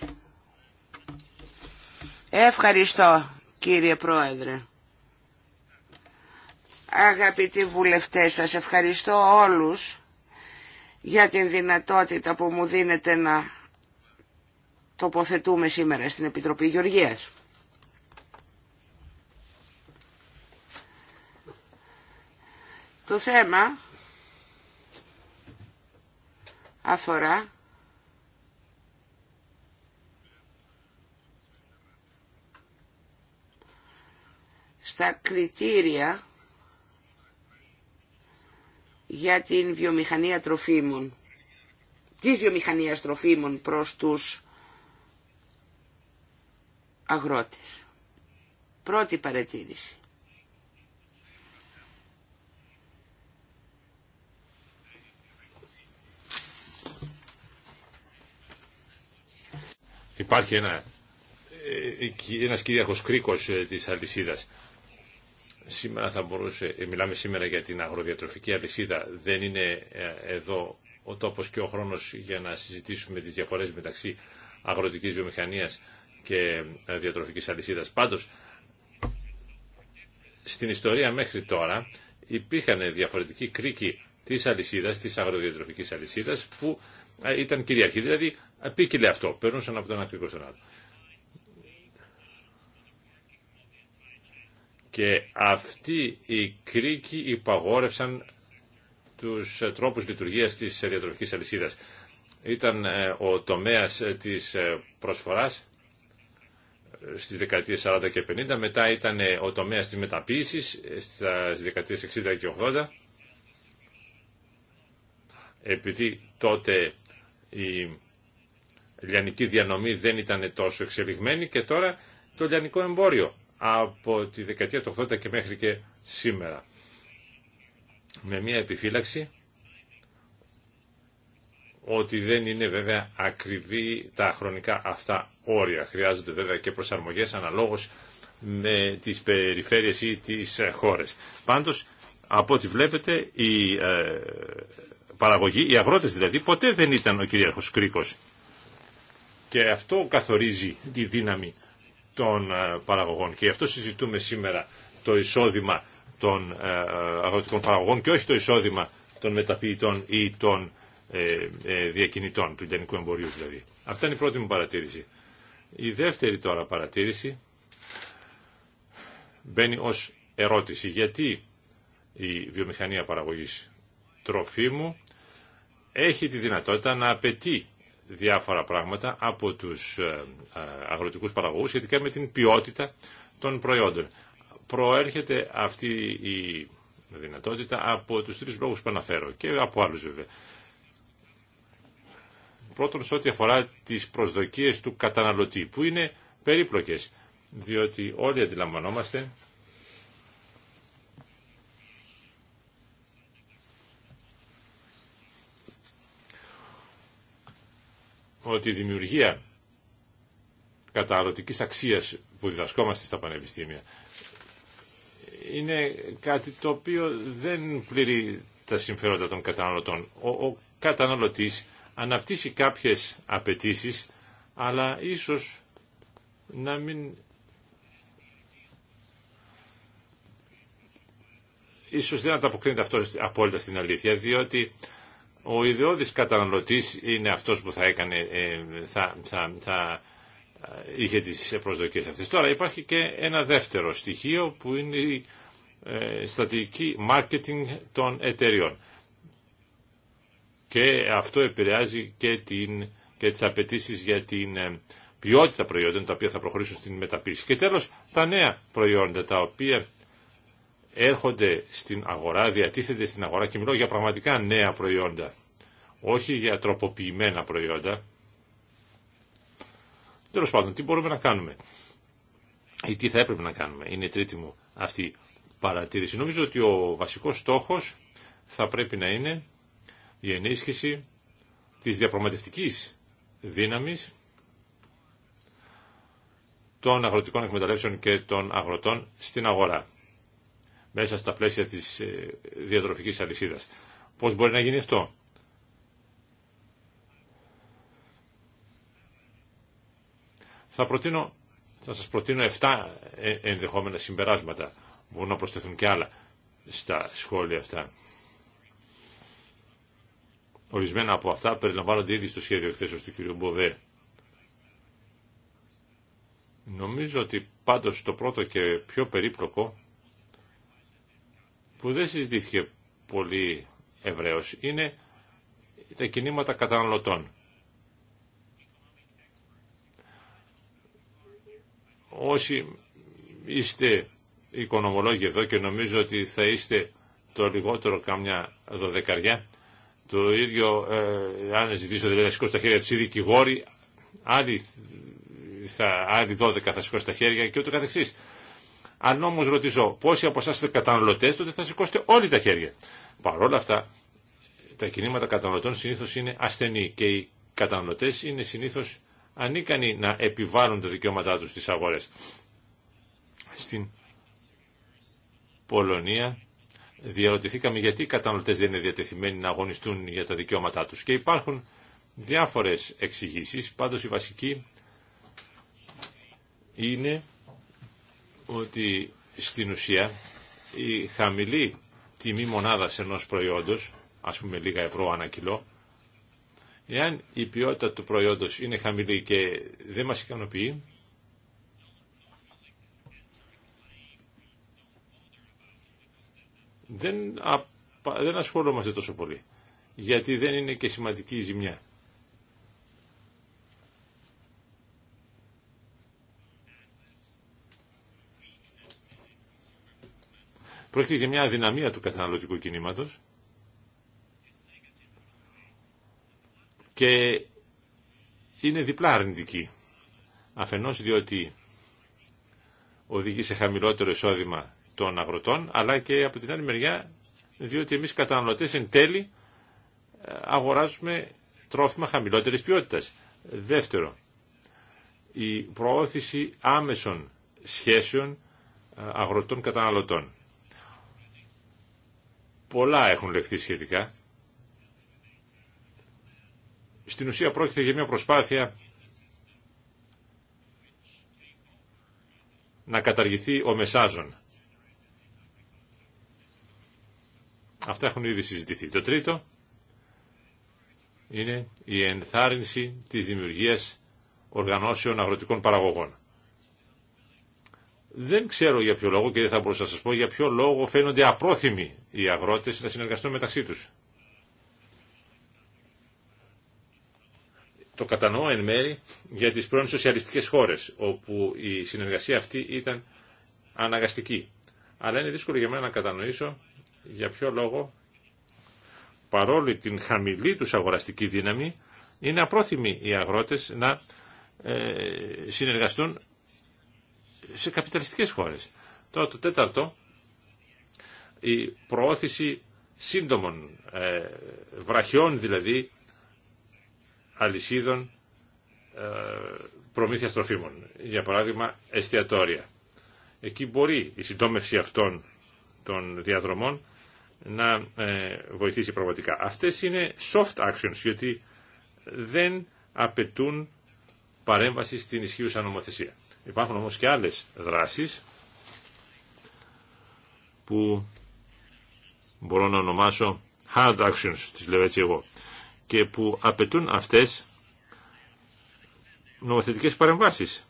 Ευχαριστώ κύριε Πρόεδρε. Αγαπητοί βουλευτές, σας ευχαριστώ όλους για την δυνατότητα που μου δίνεται να τοποθετούμε σήμερα στην Επιτροπή Γεωργίας. Το θέμα αφορά στα κριτήρια για την βιομηχανία τροφίμων, της βιομηχανίας τροφίμων προς τους αγρότες. Πρώτη παρατήρηση. Υπάρχει ένα, ε, ε, ένας κυρίαρχος κρίκος ε, της αλυσίδας Σήμερα θα μπορούσε, ε, μιλάμε σήμερα για την αγροδιατροφική αλυσίδα, δεν είναι ε, εδώ ο τόπος και ο χρόνος για να συζητήσουμε τις διαφορές μεταξύ αγροτικής βιομηχανίας και ε, διατροφικής αλυσίδας. Πάντως, στην ιστορία μέχρι τώρα υπήρχαν διαφορετικοί κρίκοι της αλυσίδας, της αγροδιατροφικής αλυσίδας, που ήταν κυριαρχή. Δηλαδή, επίκυλε αυτό, περνούσαν από τον ακρικό στον άλλο. και αυτοί οι κρίκοι υπαγόρευσαν τους τρόπους λειτουργίας της διατροφικής αλυσίδας. Ήταν ε, ο τομέας ε, της ε, προσφοράς στις δεκαετίες 40 και 50, μετά ήταν ο τομέας της μεταποίησης στις δεκαετίες 60 και 80, επειδή τότε η λιανική διανομή δεν ήταν τόσο εξελιγμένη και τώρα το λιανικό εμπόριο από τη δεκαετία του 80 και μέχρι και σήμερα. Με μια επιφύλαξη ότι δεν είναι βέβαια ακριβή τα χρονικά αυτά όρια. Χρειάζονται βέβαια και προσαρμογές αναλόγως με τις περιφέρειες ή τις ε, χώρες. Πάντως, από ό,τι βλέπετε, η ε, παραγωγή, οι αγρότες δηλαδή, ποτέ δεν ήταν ο κυρίαρχος κρίκος. Και αυτό καθορίζει τη δύναμη των ε, παραγωγών. Και γι' αυτό συζητούμε σήμερα το εισόδημα των ε, ε, αγροτικών παραγωγών και όχι το εισόδημα των μεταποιητών ή των διακινητών, του λιανικού εμπορίου δηλαδή. Αυτά είναι η πρώτη μου παρατήρηση. Η δεύτερη τώρα παρατήρηση μπαίνει ως ερώτηση. Γιατί η βιομηχανία παραγωγής τροφίμου έχει τη δυνατότητα να απαιτεί διάφορα πράγματα από τους ε, ε, αγροτικούς παραγωγούς σχετικά με την ποιότητα των προϊόντων. Προέρχεται αυτή η δυνατότητα από τους τρεις λόγους που αναφέρω και από άλλους βέβαια. Πρώτον, σε ό,τι αφορά τις προσδοκίες του καταναλωτή, που είναι περίπλοκες, διότι όλοι αντιλαμβανόμαστε ότι η δημιουργία καταναλωτικής αξίας που διδασκόμαστε στα πανεπιστήμια είναι κάτι το οποίο δεν πληρεί τα συμφέροντα των καταναλωτών. Ο, ο καταναλωτής αναπτύσσει κάποιες απαιτήσει, αλλά ίσως να μην ίσως δεν ανταποκρίνεται αυτό απόλυτα στην αλήθεια, διότι ο ιδεώδης καταναλωτής είναι αυτός που θα έκανε, ε, θα, θα, ε, είχε τις προσδοκίες αυτές. Τώρα υπάρχει και ένα δεύτερο στοιχείο που είναι η ε, στατική marketing των εταιριών. Και αυτό επηρεάζει και, την, και τις απαιτήσει για την ποιότητα προϊόντων τα οποία θα προχωρήσουν στην μεταποίηση. Και τέλος τα νέα προϊόντα τα οποία έρχονται στην αγορά, διατίθενται στην αγορά και μιλώ για πραγματικά νέα προϊόντα, όχι για τροποποιημένα προϊόντα. Τέλος πάντων, τι μπορούμε να κάνουμε ή τι θα έπρεπε να κάνουμε. Είναι η τρίτη μου αυτή παρατήρηση. Νομίζω ότι ο βασικός στόχος θα πρέπει να είναι η ενίσχυση της διαπραγματευτικής δύναμης των αγροτικών εκμεταλλεύσεων και των αγροτών στην αγορά μέσα στα πλαίσια της ε, διατροφικής αλυσίδας. Πώς μπορεί να γίνει αυτό. Θα, προτείνω, θα σας προτείνω 7 ε, ενδεχόμενα συμπεράσματα. Μπορούν να προσθεθούν και άλλα στα σχόλια αυτά. Ορισμένα από αυτά περιλαμβάνονται ήδη στο σχέδιο εκθέσεως του κ. Μποβέ. Νομίζω ότι πάντως το πρώτο και πιο περίπλοκο που δεν συζητήθηκε πολύ ευρέως είναι τα κινήματα καταναλωτών. Όσοι είστε οικονομολόγοι εδώ και νομίζω ότι θα είστε το λιγότερο καμιά δωδεκαριά, το ίδιο ε, αν ζητήσω δηλαδή να σηκώσω τα χέρια τους οι δικηγόροι, άλλοι, θα, άλλοι δώδεκα θα σηκώσω τα χέρια και ούτω καθεξής. Αν όμω ρωτήσω πόσοι από εσά είστε καταναλωτέ, τότε θα σηκώσετε όλοι τα χέρια. Παρόλα αυτά, τα κινήματα καταναλωτών συνήθω είναι ασθενή και οι καταναλωτέ είναι συνήθω ανίκανοι να επιβάλλουν τα δικαιώματά του στι αγορέ. Στην Πολωνία διαρωτηθήκαμε γιατί οι καταναλωτές δεν είναι διατεθειμένοι να αγωνιστούν για τα δικαιώματά τους. Και υπάρχουν διάφορες εξηγήσεις, πάντως η βασική είναι ότι στην ουσία η χαμηλή τιμή μονάδας ενός προϊόντος, ας πούμε λίγα ευρώ ανά κιλό, εάν η ποιότητα του προϊόντος είναι χαμηλή και δεν μας ικανοποιεί, δεν, δεν ασχολούμαστε τόσο πολύ, γιατί δεν είναι και σημαντική η ζημιά. Πρόκειται για μια αδυναμία του καταναλωτικού κινήματος και είναι διπλά αρνητική. Αφενός διότι οδηγεί σε χαμηλότερο εισόδημα των αγροτών, αλλά και από την άλλη μεριά διότι εμείς καταναλωτές εν τέλει ε, αγοράζουμε τρόφιμα χαμηλότερης ποιότητας. Δεύτερο, η προώθηση άμεσων σχέσεων ε, αγροτών καταναλωτών. Πολλά έχουν λεχθεί σχετικά. Στην ουσία πρόκειται για μια προσπάθεια να καταργηθεί ο μεσάζων. Αυτά έχουν ήδη συζητηθεί. Το τρίτο είναι η ενθάρρυνση της δημιουργίας οργανώσεων αγροτικών παραγωγών. Δεν ξέρω για ποιο λόγο και δεν θα μπορούσα να σας πω για ποιο λόγο φαίνονται απρόθυμοι οι αγρότες να συνεργαστούν μεταξύ τους. Το κατανοώ εν μέρη για τις πρώην σοσιαλιστικέ χώρες, όπου η συνεργασία αυτή ήταν αναγκαστική. Αλλά είναι δύσκολο για μένα να κατανοήσω για ποιο λόγο, παρόλη την χαμηλή τους αγοραστική δύναμη, είναι απρόθυμοι οι αγρότες να ε, συνεργαστούν σε καπιταλιστικές χώρες. Τώρα το τέταρτο, η προώθηση σύντομων, ε, βραχιών δηλαδή, αλυσίδων ε, προμήθεια τροφίμων. Για παράδειγμα, εστιατόρια. Εκεί μπορεί η συντόμευση αυτών των διαδρομών να ε, βοηθήσει πραγματικά. Αυτές είναι soft actions, γιατί δεν απαιτούν παρέμβαση στην ισχύουσα νομοθεσία. Υπάρχουν όμως και άλλες δράσεις που μπορώ να ονομάσω hard actions, τις λέω έτσι εγώ, και που απαιτούν αυτές νομοθετικές παρεμβάσεις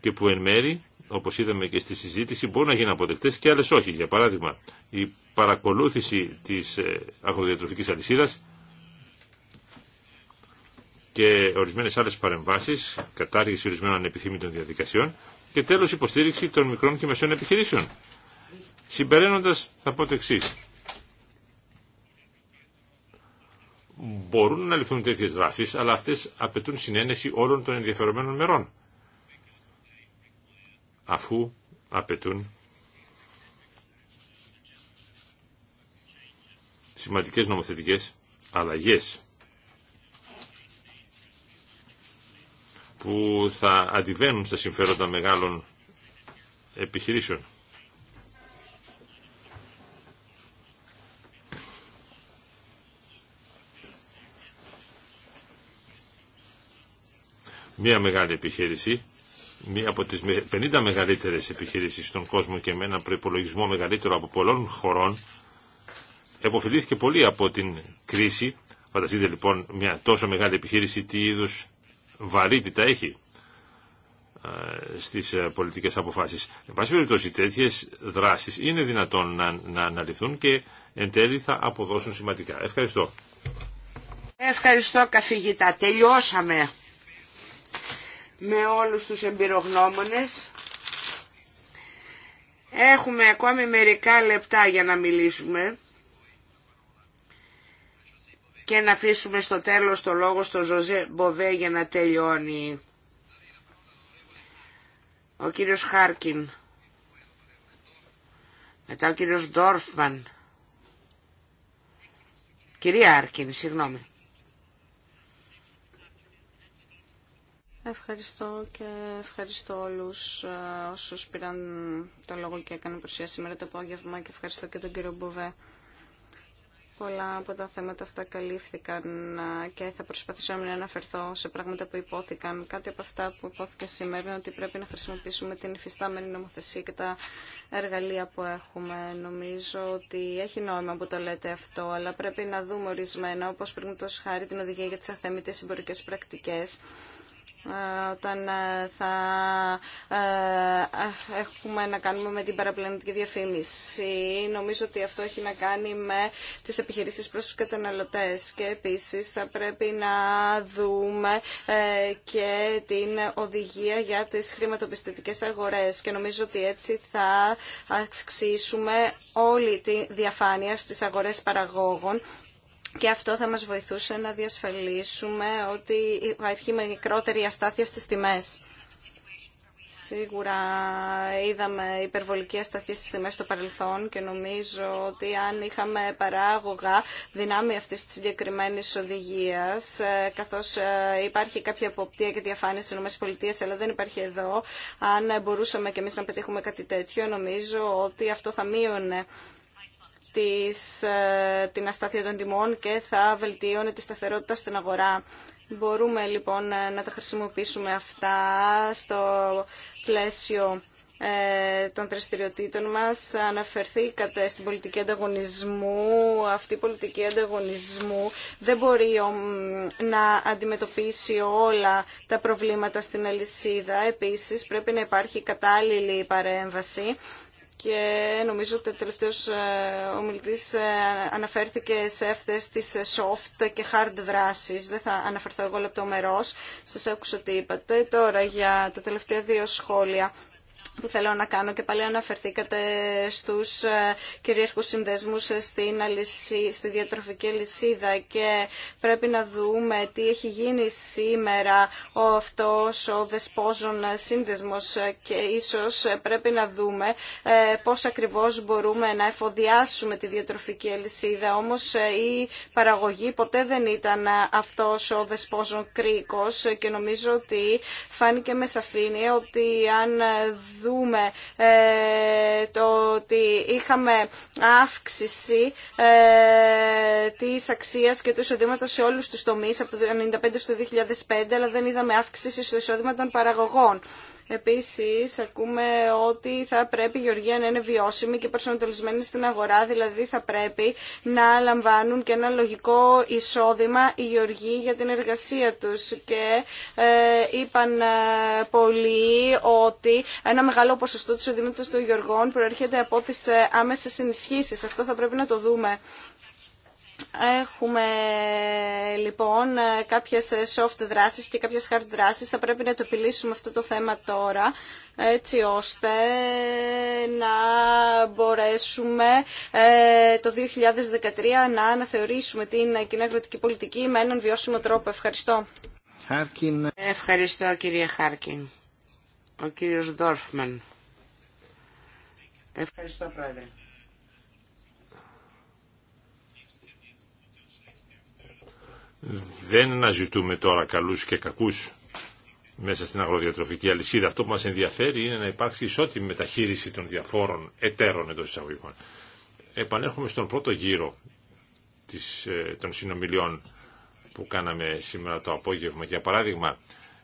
και που εν μέρη, όπως είδαμε και στη συζήτηση, μπορούν να γίνουν αποδεκτές και άλλες όχι. Για παράδειγμα, η παρακολούθηση της ε, αγροδιατροφικής αλυσίδας και ορισμένες άλλες παρεμβάσεις, κατάργηση ορισμένων ανεπιθύμητων διαδικασιών και τέλος υποστήριξη των μικρών και μεσαίων επιχειρήσεων. Συμπεραίνοντα, θα πω το εξή. Μπορούν να ληφθούν τέτοιε δράσεις, αλλά αυτές απαιτούν συνένεση όλων των ενδιαφερομένων μερών, αφού απαιτούν σημαντικές νομοθετικές αλλαγές που θα αντιβαίνουν στα συμφέροντα μεγάλων επιχειρήσεων. Μία μεγάλη επιχείρηση, μία από τις 50 μεγαλύτερες επιχειρήσεις στον κόσμο και με έναν προϋπολογισμό μεγαλύτερο από πολλών χωρών, εποφελήθηκε πολύ από την κρίση. Φανταστείτε λοιπόν μια τόσο μεγάλη επιχείρηση τι είδους βαρύτητα έχει ε, στις ε, πολιτικές αποφάσεις. Εν πάση περιπτώσει δράσεις είναι δυνατόν να, να αναλυθούν και εν τέλει θα αποδώσουν σημαντικά. Ευχαριστώ. Ευχαριστώ καθηγητά. Τελειώσαμε με όλους τους εμπειρογνώμονες. Έχουμε ακόμη μερικά λεπτά για να μιλήσουμε και να αφήσουμε στο τέλος το λόγο στον Ζωζέ Μποβέ για να τελειώνει. Ο κύριος Χάρκιν. Μετά ο κύριος Ντόρφμαν. Κυρία Άρκιν, συγγνώμη. Ευχαριστώ και ευχαριστώ όλους ε, όσους πήραν το λόγο και έκαναν παρουσία σήμερα το απόγευμα και ευχαριστώ και τον κύριο Μποβέ. Πολλά από τα θέματα αυτά καλύφθηκαν και θα προσπαθήσω να αναφερθώ σε πράγματα που υπόθηκαν. Κάτι από αυτά που υπόθηκε σήμερα είναι ότι πρέπει να χρησιμοποιήσουμε την υφιστάμενη νομοθεσία και τα εργαλεία που έχουμε. Νομίζω ότι έχει νόημα που το λέτε αυτό, αλλά πρέπει να δούμε ορισμένα, όπως πριν τόσο χάρη την οδηγία για τις αθέμητες συμπορικέ πρακτικές όταν ε, θα ε, έχουμε να κάνουμε με την παραπλανητική διαφήμιση. Νομίζω ότι αυτό έχει να κάνει με τις επιχειρήσεις προς τους καταναλωτές και επίσης θα πρέπει να δούμε ε, και την οδηγία για τις χρηματοπιστωτικές αγορές και νομίζω ότι έτσι θα αυξήσουμε όλη τη διαφάνεια στις αγορές παραγόγων και αυτό θα μας βοηθούσε να διασφαλίσουμε ότι υπάρχει μικρότερη αστάθεια στις τιμές. Σίγουρα είδαμε υπερβολική ασταθή στις τιμές στο παρελθόν και νομίζω ότι αν είχαμε παράγωγα δυνάμει αυτή τη συγκεκριμένη οδηγία, ε, καθώς ε, υπάρχει κάποια αποπτία και διαφάνεια στις ΗΠΑ, αλλά δεν υπάρχει εδώ, αν μπορούσαμε και εμείς να πετύχουμε κάτι τέτοιο, νομίζω ότι αυτό θα μείωνε της, ε, την αστάθεια των τιμών και θα βελτίωνε τη σταθερότητα στην αγορά. Μπορούμε λοιπόν ε, να τα χρησιμοποιήσουμε αυτά στο πλαίσιο ε, των δραστηριοτήτων μας αναφερθήκατε στην πολιτική ανταγωνισμού. Αυτή η πολιτική ανταγωνισμού δεν μπορεί να αντιμετωπίσει όλα τα προβλήματα στην αλυσίδα. Επίσης πρέπει να υπάρχει κατάλληλη παρέμβαση και νομίζω ότι ο τελευταίος ε, ομιλητής ε, αναφέρθηκε σε αυτές τις ε, soft και hard δράσεις. Δεν θα αναφερθώ εγώ λεπτομερώς. σα άκουσα τι είπατε. Τώρα για τα τελευταία δύο σχόλια που θέλω να κάνω και πάλι αναφερθήκατε στους ε, κυρίαρχους συνδεσμούς ε, στην στη διατροφική λύσιδα και πρέπει να δούμε τι έχει γίνει σήμερα ο αυτός ο δεσπόζων σύνδεσμος ε, και ίσως πρέπει να δούμε πώς ακριβώς μπορούμε να εφοδιάσουμε τη διατροφική αλυσίδα όμως η παραγωγή ποτέ δεν ήταν αυτός ο δεσπόζων κρίκος και νομίζω ότι φάνηκε με σαφήνεια ότι αν δούμε ε, το ότι είχαμε αύξηση ε, της αξίας και του εισοδήματος σε όλους τους τομείς από το 1995 στο 2005, αλλά δεν είδαμε αύξηση στο εισόδημα των παραγωγών. Επίσης, ακούμε ότι θα πρέπει η Γεωργία να είναι βιώσιμη και προσανατολισμένη στην αγορά, δηλαδή θα πρέπει να λαμβάνουν και ένα λογικό εισόδημα οι Γεωργοί για την εργασία τους. Και ε, είπαν ε, πολλοί ότι ένα μεγάλο ποσοστό της οδημότητας των Γεωργών προέρχεται από τις ε, άμεσες ενισχύσεις. Αυτό θα πρέπει να το δούμε. Έχουμε λοιπόν κάποιες soft δράσεις και κάποιες hard δράσεις. Θα πρέπει να το επιλύσουμε αυτό το θέμα τώρα έτσι ώστε να μπορέσουμε ε, το 2013 να αναθεωρήσουμε την κοινή αγροτική πολιτική με έναν βιώσιμο τρόπο. Ευχαριστώ. Ευχαριστώ κυρία Χάρκιν. Ο κύριος Ντόρφμαν. Ευχαριστώ πρόεδρε. Δεν αναζητούμε τώρα καλούς και κακούς μέσα στην αγροδιατροφική αλυσίδα. Αυτό που μας ενδιαφέρει είναι να υπάρξει ισότιμη μεταχείριση των διαφόρων εταίρων εντός εισαγωγικών. Επανέρχομαι στον πρώτο γύρο της, ε, των συνομιλιών που κάναμε σήμερα το απόγευμα. Για παράδειγμα,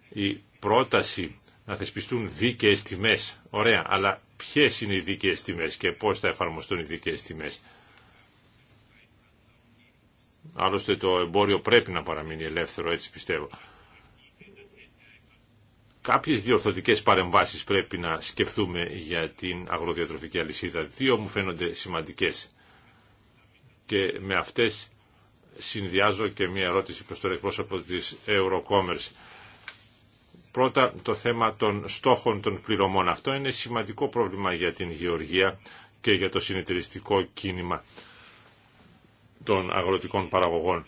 η πρόταση να θεσπιστούν δίκαιες τιμές. Ωραία, αλλά ποιες είναι οι δίκαιες τιμές και πώς θα εφαρμοστούν οι δίκαιες τιμές. Άλλωστε το εμπόριο πρέπει να παραμείνει ελεύθερο, έτσι πιστεύω. Κάποιες διορθωτικές παρεμβάσεις πρέπει να σκεφτούμε για την αγροδιατροφική αλυσίδα. Δύο μου φαίνονται σημαντικές. Και με αυτές συνδυάζω και μια ερώτηση προς τον εκπρόσωπο της Eurocommerce. Πρώτα το θέμα των στόχων των πληρωμών. Αυτό είναι σημαντικό πρόβλημα για την γεωργία και για το συνεταιριστικό κίνημα των αγροτικών παραγωγών.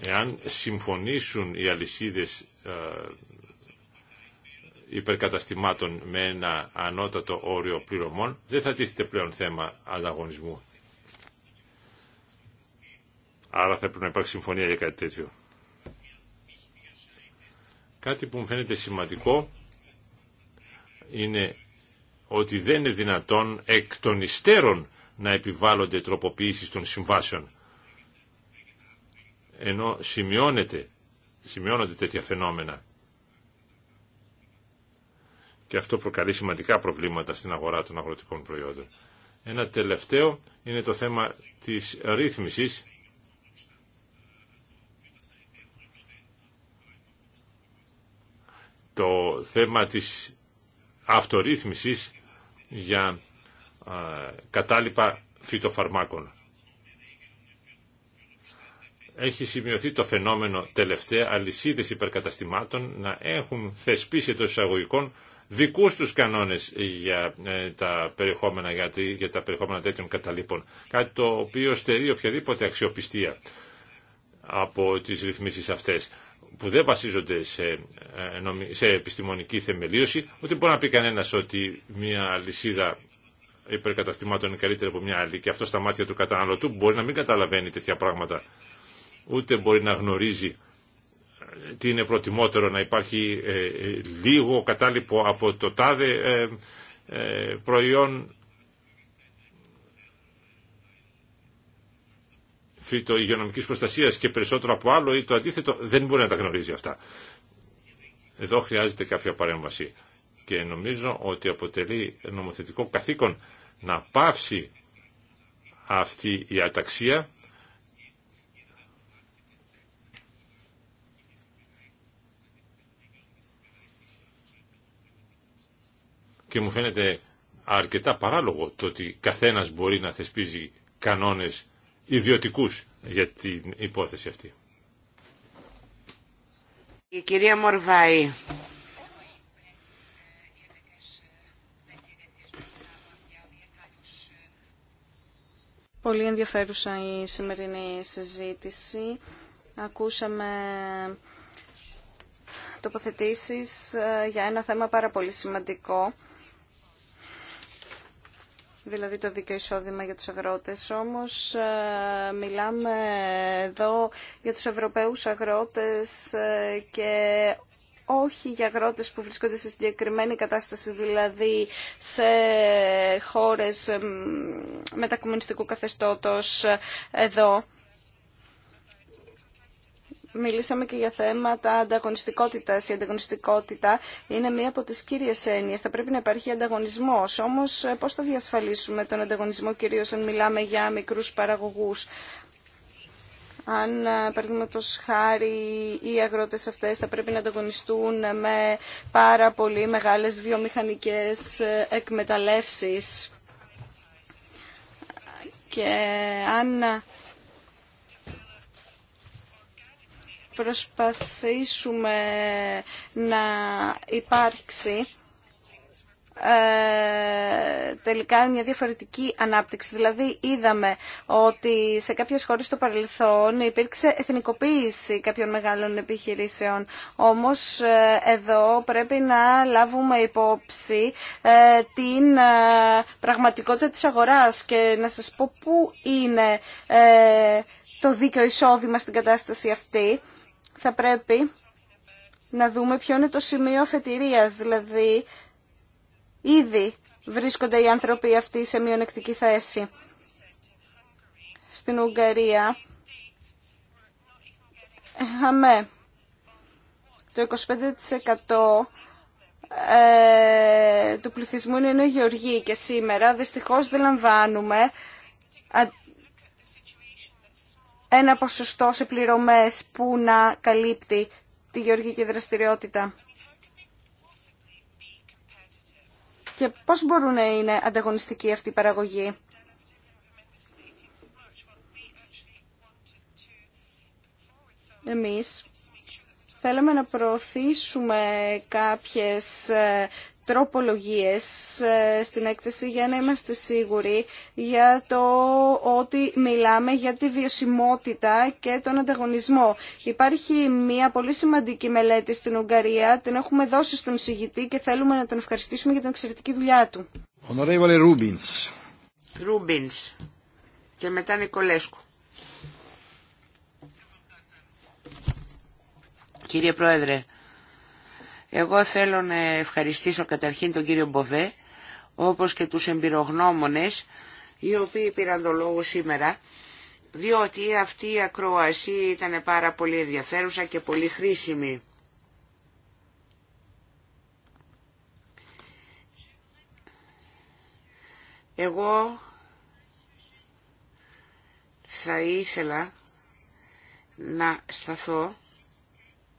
Εάν συμφωνήσουν οι αλυσίδες ε, υπερκαταστημάτων με ένα ανώτατο όριο πληρωμών, δεν θα τίθεται πλέον θέμα ανταγωνισμού. Άρα θα πρέπει να υπάρξει συμφωνία για κάτι τέτοιο. Κάτι που μου φαίνεται σημαντικό είναι ότι δεν είναι δυνατόν εκ των υστέρων να επιβάλλονται τροποποιήσεις των συμβάσεων. Ενώ σημειώνεται, σημειώνονται τέτοια φαινόμενα. Και αυτό προκαλεί σημαντικά προβλήματα στην αγορά των αγροτικών προϊόντων. Ένα τελευταίο είναι το θέμα της ρύθμισης το θέμα της αυτορύθμισης για κατάλοιπα φυτοφαρμάκων. Έχει σημειωθεί το φαινόμενο τελευταία αλυσίδες υπερκαταστημάτων να έχουν θεσπίσει των εισαγωγικών δικούς τους κανόνες για, ε, τα, περιεχόμενα, για, για τα περιεχόμενα τέτοιων καταλήπων. Κάτι το οποίο στερεί οποιαδήποτε αξιοπιστία από τις ρυθμίσεις αυτές που δεν βασίζονται σε, ε, σε επιστημονική θεμελίωση, ούτε μπορεί να πει κανένα ότι μια λυσίδα υπερκαταστημάτων είναι καλύτερη από μια άλλη και αυτό στα μάτια του καταναλωτού μπορεί να μην καταλαβαίνει τέτοια πράγματα, ούτε μπορεί να γνωρίζει ε, τι είναι προτιμότερο να υπάρχει ε, λίγο κατάλοιπο από το τάδε προϊόν υγειονομική προστασίας και περισσότερο από άλλο ή το αντίθετο δεν μπορεί να τα γνωρίζει αυτά. Εδώ χρειάζεται κάποια παρέμβαση και νομίζω ότι αποτελεί νομοθετικό καθήκον να πάυσει αυτή η αταξία και μου φαίνεται αρκετά παράλογο το ότι καθένας μπορεί να θεσπίζει κανόνες ιδιωτικούς για την υπόθεση αυτή. Η κυρία Μορβάη. Πολύ ενδιαφέρουσα η σημερινή συζήτηση. Ακούσαμε τοποθετήσεις ε, για ένα θέμα πάρα πολύ σημαντικό δηλαδή το δίκαιο εισόδημα για τους αγρότες. Όμως ε, μιλάμε εδώ για τους Ευρωπαίους αγρότες ε, και όχι για αγρότες που βρίσκονται σε συγκεκριμένη κατάσταση, δηλαδή σε χώρες μετακομμουνιστικού καθεστώτος ε, εδώ. Μιλήσαμε και για θέματα ανταγωνιστικότητα. Η ανταγωνιστικότητα είναι μία από τι κύριε έννοιε. Θα πρέπει να υπάρχει ανταγωνισμό. Όμω, πώ θα διασφαλίσουμε τον ανταγωνισμό, κυρίω αν μιλάμε για μικρού παραγωγού. Αν, παραδείγματο χάρη, οι αγρότε αυτέ θα πρέπει να ανταγωνιστούν με πάρα πολύ μεγάλε βιομηχανικέ εκμεταλλεύσει. Και αν προσπαθήσουμε να υπάρξει ε, τελικά μια διαφορετική ανάπτυξη. Δηλαδή είδαμε ότι σε κάποιες χώρες στο παρελθόν υπήρξε εθνικοποίηση κάποιων μεγάλων επιχειρήσεων. Όμως ε, εδώ πρέπει να λάβουμε υπόψη ε, την ε, πραγματικότητα της αγοράς και να σας πω πού είναι το δίκαιο εισόδημα στην κατάσταση αυτή θα πρέπει να δούμε ποιο είναι το σημείο αφετηρίας, δηλαδή ήδη βρίσκονται οι άνθρωποι αυτοί σε μειονεκτική θέση. Στην Ουγγαρία είχαμε το 25% ε, του πληθυσμού είναι γεωργοί και σήμερα δυστυχώς δεν λαμβάνουμε ένα ποσοστό σε πληρωμές που να καλύπτει τη γεωργική δραστηριότητα. Και πώς μπορούν να είναι ανταγωνιστικοί αυτή οι παραγωγή. Εμείς θέλαμε να προωθήσουμε κάποιες ε, τροπολογίες ε, στην έκθεση για να είμαστε σίγουροι για το ότι μιλάμε για τη βιωσιμότητα και τον ανταγωνισμό. Υπάρχει μια πολύ σημαντική μελέτη στην Ουγγαρία, την έχουμε δώσει στον συγητή και θέλουμε να τον ευχαριστήσουμε για την εξαιρετική δουλειά του. Honorable Rubins. Rubins. Και μετά Νικολέσκου. Κύριε Πρόεδρε, εγώ θέλω να ευχαριστήσω καταρχήν τον κύριο Μποβέ, όπως και τους εμπειρογνώμονες, οι οποίοι πήραν το λόγο σήμερα, διότι αυτή η ακροασία ήταν πάρα πολύ ενδιαφέρουσα και πολύ χρήσιμη. Εγώ θα ήθελα να σταθώ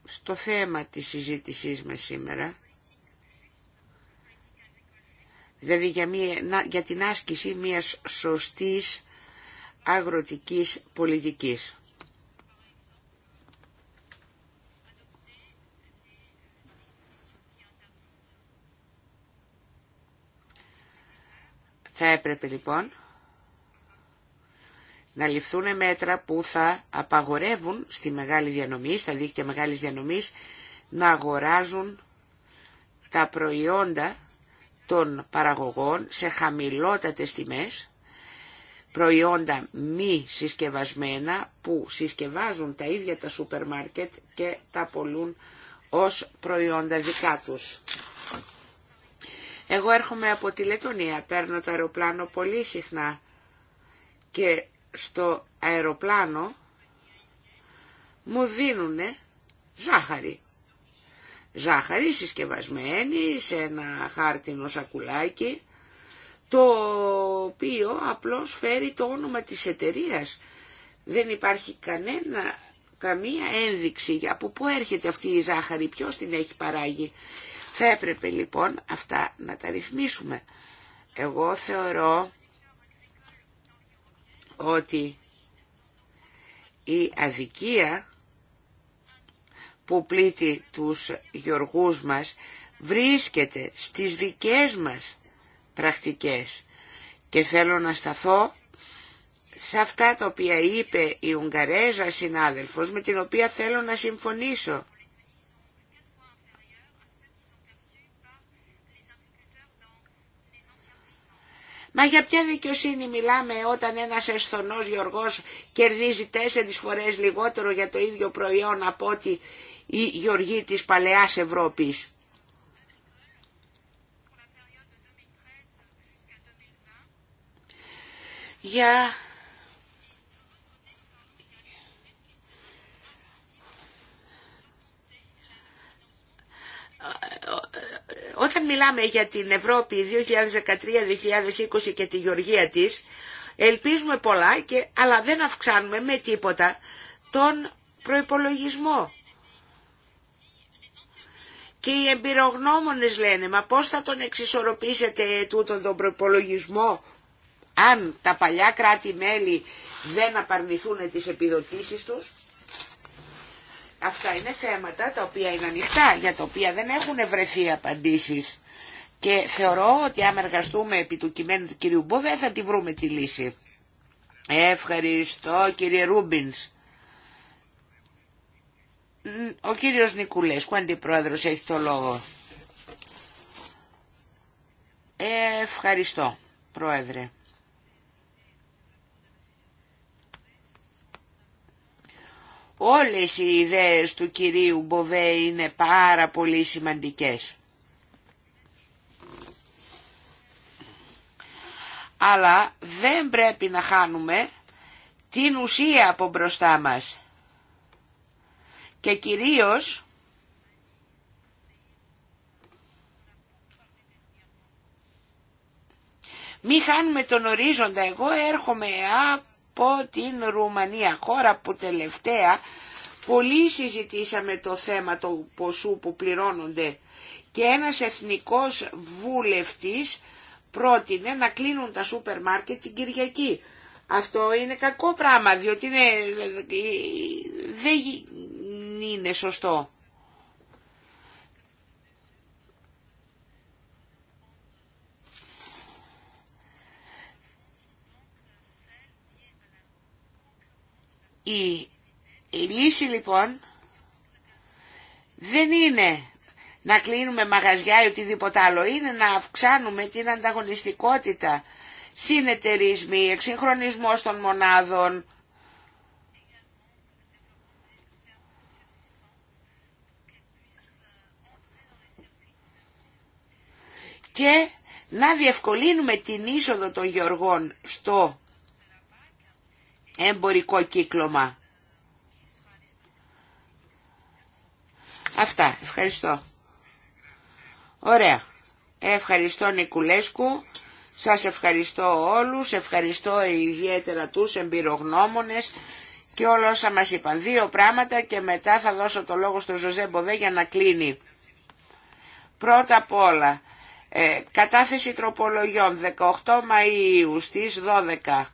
στο θέμα της συζήτησής μας σήμερα, δηλαδή για, μια, για την άσκηση μιας σωστής αγροτικής πολιτικής. Θα έπρεπε λοιπόν να ληφθούν μέτρα που θα απαγορεύουν στη μεγάλη διανομή, στα δίκτυα μεγάλης διανομής, να αγοράζουν τα προϊόντα των παραγωγών σε χαμηλότατες τιμές, προϊόντα μη συσκευασμένα που συσκευάζουν τα ίδια τα σούπερ μάρκετ και τα πολλούν ως προϊόντα δικά τους. Εγώ έρχομαι από τη Λετωνία, παίρνω το αεροπλάνο πολύ συχνά και στο αεροπλάνο μου δίνουν ζάχαρη. Ζάχαρη συσκευασμένη σε ένα χάρτινο σακουλάκι, το οποίο απλώς φέρει το όνομα της εταιρείας. Δεν υπάρχει κανένα, καμία ένδειξη από πού έρχεται αυτή η ζάχαρη, ποιος την έχει παράγει. Θα έπρεπε λοιπόν αυτά να τα ρυθμίσουμε. Εγώ θεωρώ ότι η αδικία που πλήττει τους γιοργούς μας βρίσκεται στις δικές μας πρακτικές και θέλω να σταθώ σε αυτά τα οποία είπε η Ουγγαρέζα συνάδελφος με την οποία θέλω να συμφωνήσω. Μα για ποια δικαιοσύνη μιλάμε όταν ένας εσθονός Γιοργος κερδίζει τέσσερις φορές λιγότερο για το ίδιο προϊόν από ότι η γεωργοί της παλαιάς Ευρώπης. Για όταν μιλάμε για την Ευρώπη 2013-2020 και τη γεωργία της, ελπίζουμε πολλά, και, αλλά δεν αυξάνουμε με τίποτα τον προϋπολογισμό. Και οι εμπειρογνώμονες λένε, μα πώς θα τον εξισορροπήσετε τούτον τον προϋπολογισμό, αν τα παλιά κράτη-μέλη δεν απαρνηθούν τις επιδοτήσεις τους. Αυτά είναι θέματα τα οποία είναι ανοιχτά, για τα οποία δεν έχουν βρεθεί απαντήσεις. Και θεωρώ ότι αν εργαστούμε επί του κειμένου του κυρίου Μπόβε θα τη βρούμε τη λύση. Ευχαριστώ κύριε Ρούμπινς. Ο κύριος Νικουλέσκου, αντιπρόεδρος, έχει το λόγο. Ε, ευχαριστώ, πρόεδρε. Όλες οι ιδέες του κυρίου Μποβέ είναι πάρα πολύ σημαντικές. Αλλά δεν πρέπει να χάνουμε την ουσία από μπροστά μας. Και κυρίως μη χάνουμε τον ορίζοντα. Εγώ έρχομαι από πω την Ρουμανία, χώρα που τελευταία πολύ συζητήσαμε το θέμα του ποσού που πληρώνονται και ένας εθνικός βουλευτής πρότεινε να κλείνουν τα σούπερ μάρκετ την Κυριακή. Αυτό είναι κακό πράγμα, διότι ε, ε, ε, δεν είναι σωστό. Η, λύση λοιπόν δεν είναι να κλείνουμε μαγαζιά ή οτιδήποτε άλλο, είναι να αυξάνουμε την ανταγωνιστικότητα, συνεταιρισμοί, εξυγχρονισμός των μονάδων, και να διευκολύνουμε την είσοδο των γεωργών στο εμπορικό κύκλωμα. Αυτά. Ευχαριστώ. Ωραία. Ευχαριστώ Νικουλέσκου. Σας ευχαριστώ όλους. Ευχαριστώ ιδιαίτερα τους εμπειρογνώμονες και όλα όσα μας είπαν. Δύο πράγματα και μετά θα δώσω το λόγο στον Ζωζέ για να κλείνει. Πρώτα απ' όλα, ε, κατάθεση τροπολογιών 18 Μαΐου στις 12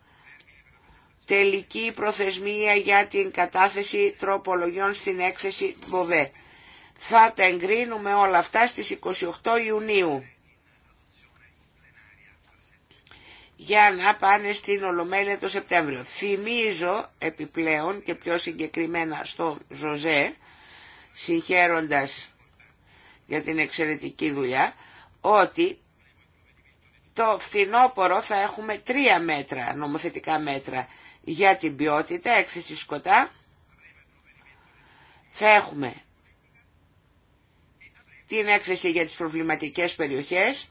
τελική προθεσμία για την κατάθεση τροπολογιών στην έκθεση ΒΟΒΕ. Θα τα εγκρίνουμε όλα αυτά στις 28 Ιουνίου για να πάνε στην Ολομέλεια το Σεπτέμβριο. Θυμίζω επιπλέον και πιο συγκεκριμένα στο Ζωζέ, συγχαίροντας για την εξαιρετική δουλειά, ότι το φθινόπωρο θα έχουμε τρία μέτρα, νομοθετικά μέτρα για την ποιότητα, έκθεση σκοτά, θα έχουμε την έκθεση για τις προβληματικές περιοχές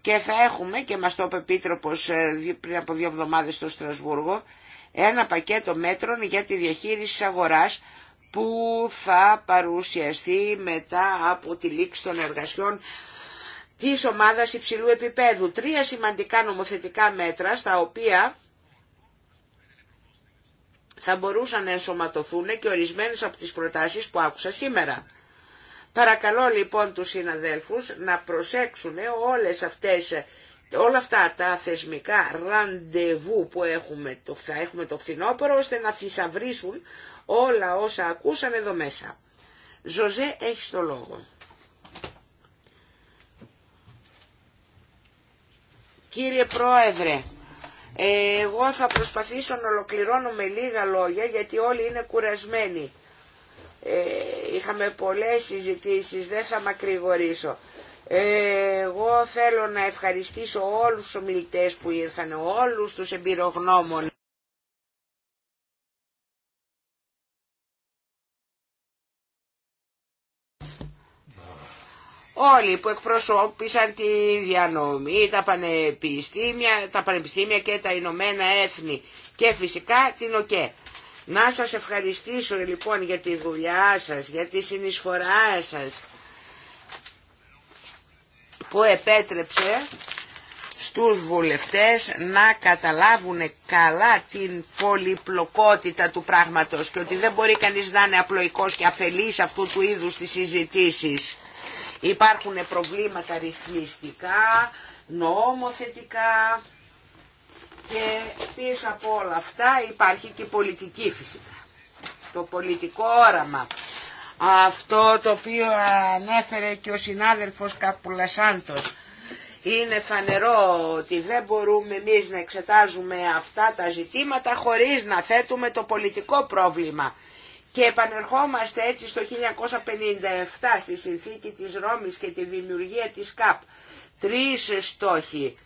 και θα έχουμε, και μας το είπε Επίτροπος ε, πριν από δύο εβδομάδες στο Στρασβούργο, ένα πακέτο μέτρων για τη διαχείριση της αγοράς που θα παρουσιαστεί μετά από τη λήξη των εργασιών της ομάδας υψηλού επίπεδου. Τρία σημαντικά νομοθετικά μέτρα στα οποία θα μπορούσαν να ενσωματωθούν και ορισμένες από τις προτάσεις που άκουσα σήμερα. Παρακαλώ λοιπόν τους συναδέλφους να προσέξουν όλες αυτές, όλα αυτά τα θεσμικά ραντεβού που έχουμε, θα έχουμε το φθινόπωρο ώστε να θησαυρίσουν όλα όσα ακούσαν εδώ μέσα. Ζωζέ έχει το λόγο. Κύριε Πρόεδρε, εγώ θα προσπαθήσω να ολοκληρώνω με λίγα λόγια γιατί όλοι είναι κουρασμένοι. Ε, είχαμε πολλές συζητήσεις, δεν θα μακρηγορήσω. Ε, εγώ θέλω να ευχαριστήσω όλους τους ομιλητές που ήρθαν, όλους τους εμπειρογνώμων. όλοι που εκπροσώπησαν τη διανομή, τα πανεπιστήμια, τα πανεπιστήμια και τα Ηνωμένα Έθνη και φυσικά την ΟΚΕ. Να σας ευχαριστήσω λοιπόν για τη δουλειά σας, για τη συνεισφορά σας που επέτρεψε στους βουλευτές να καταλάβουν καλά την πολυπλοκότητα του πράγματος και ότι δεν μπορεί κανείς να είναι απλοϊκός και αφελής αυτού του είδους τις συζητήσεις. Υπάρχουν προβλήματα ρυθμιστικά, νομοθετικά και πίσω από όλα αυτά υπάρχει και πολιτική φυσικά. Το πολιτικό όραμα. Αυτό το οποίο ανέφερε και ο συνάδελφος Καπουλασάντος. Είναι φανερό ότι δεν μπορούμε εμείς να εξετάζουμε αυτά τα ζητήματα χωρίς να θέτουμε το πολιτικό πρόβλημα. Και επανερχόμαστε έτσι στο 1957 στη συνθήκη της Ρώμης και τη δημιουργία της ΚΑΠ. Τρεις στόχοι.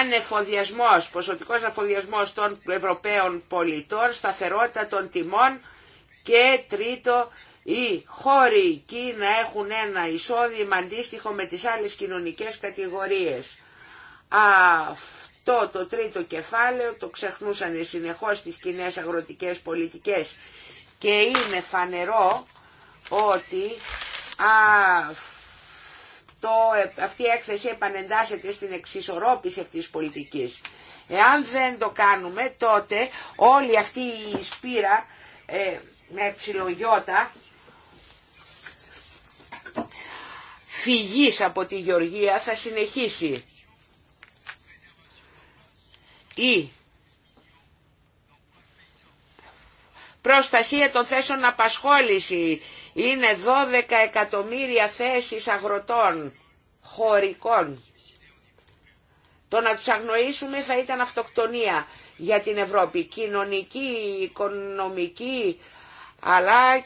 Ανεφοδιασμός, ποσοτικός αφοδιασμός των Ευρωπαίων πολιτών, σταθερότητα των τιμών και τρίτο οι χώροι εκεί να έχουν ένα εισόδημα αντίστοιχο με τις άλλες κοινωνικές κατηγορίες το το τρίτο κεφάλαιο το ξεχνούσαν συνεχώς τις κοινέ αγροτικές πολιτικές και είναι φανερό ότι αυτή η έκθεση επανεντάσσεται στην εξισορρόπηση αυτής της πολιτικής. Εάν δεν το κάνουμε τότε όλη αυτή η σπήρα ε, με ψιλογιώτα φυγής από τη Γεωργία θα συνεχίσει η προστασία των θέσεων απασχόληση είναι 12 εκατομμύρια θέσεις αγροτών, χωρικών. Το να τους αγνοήσουμε θα ήταν αυτοκτονία για την Ευρώπη, κοινωνική, οικονομική, αλλά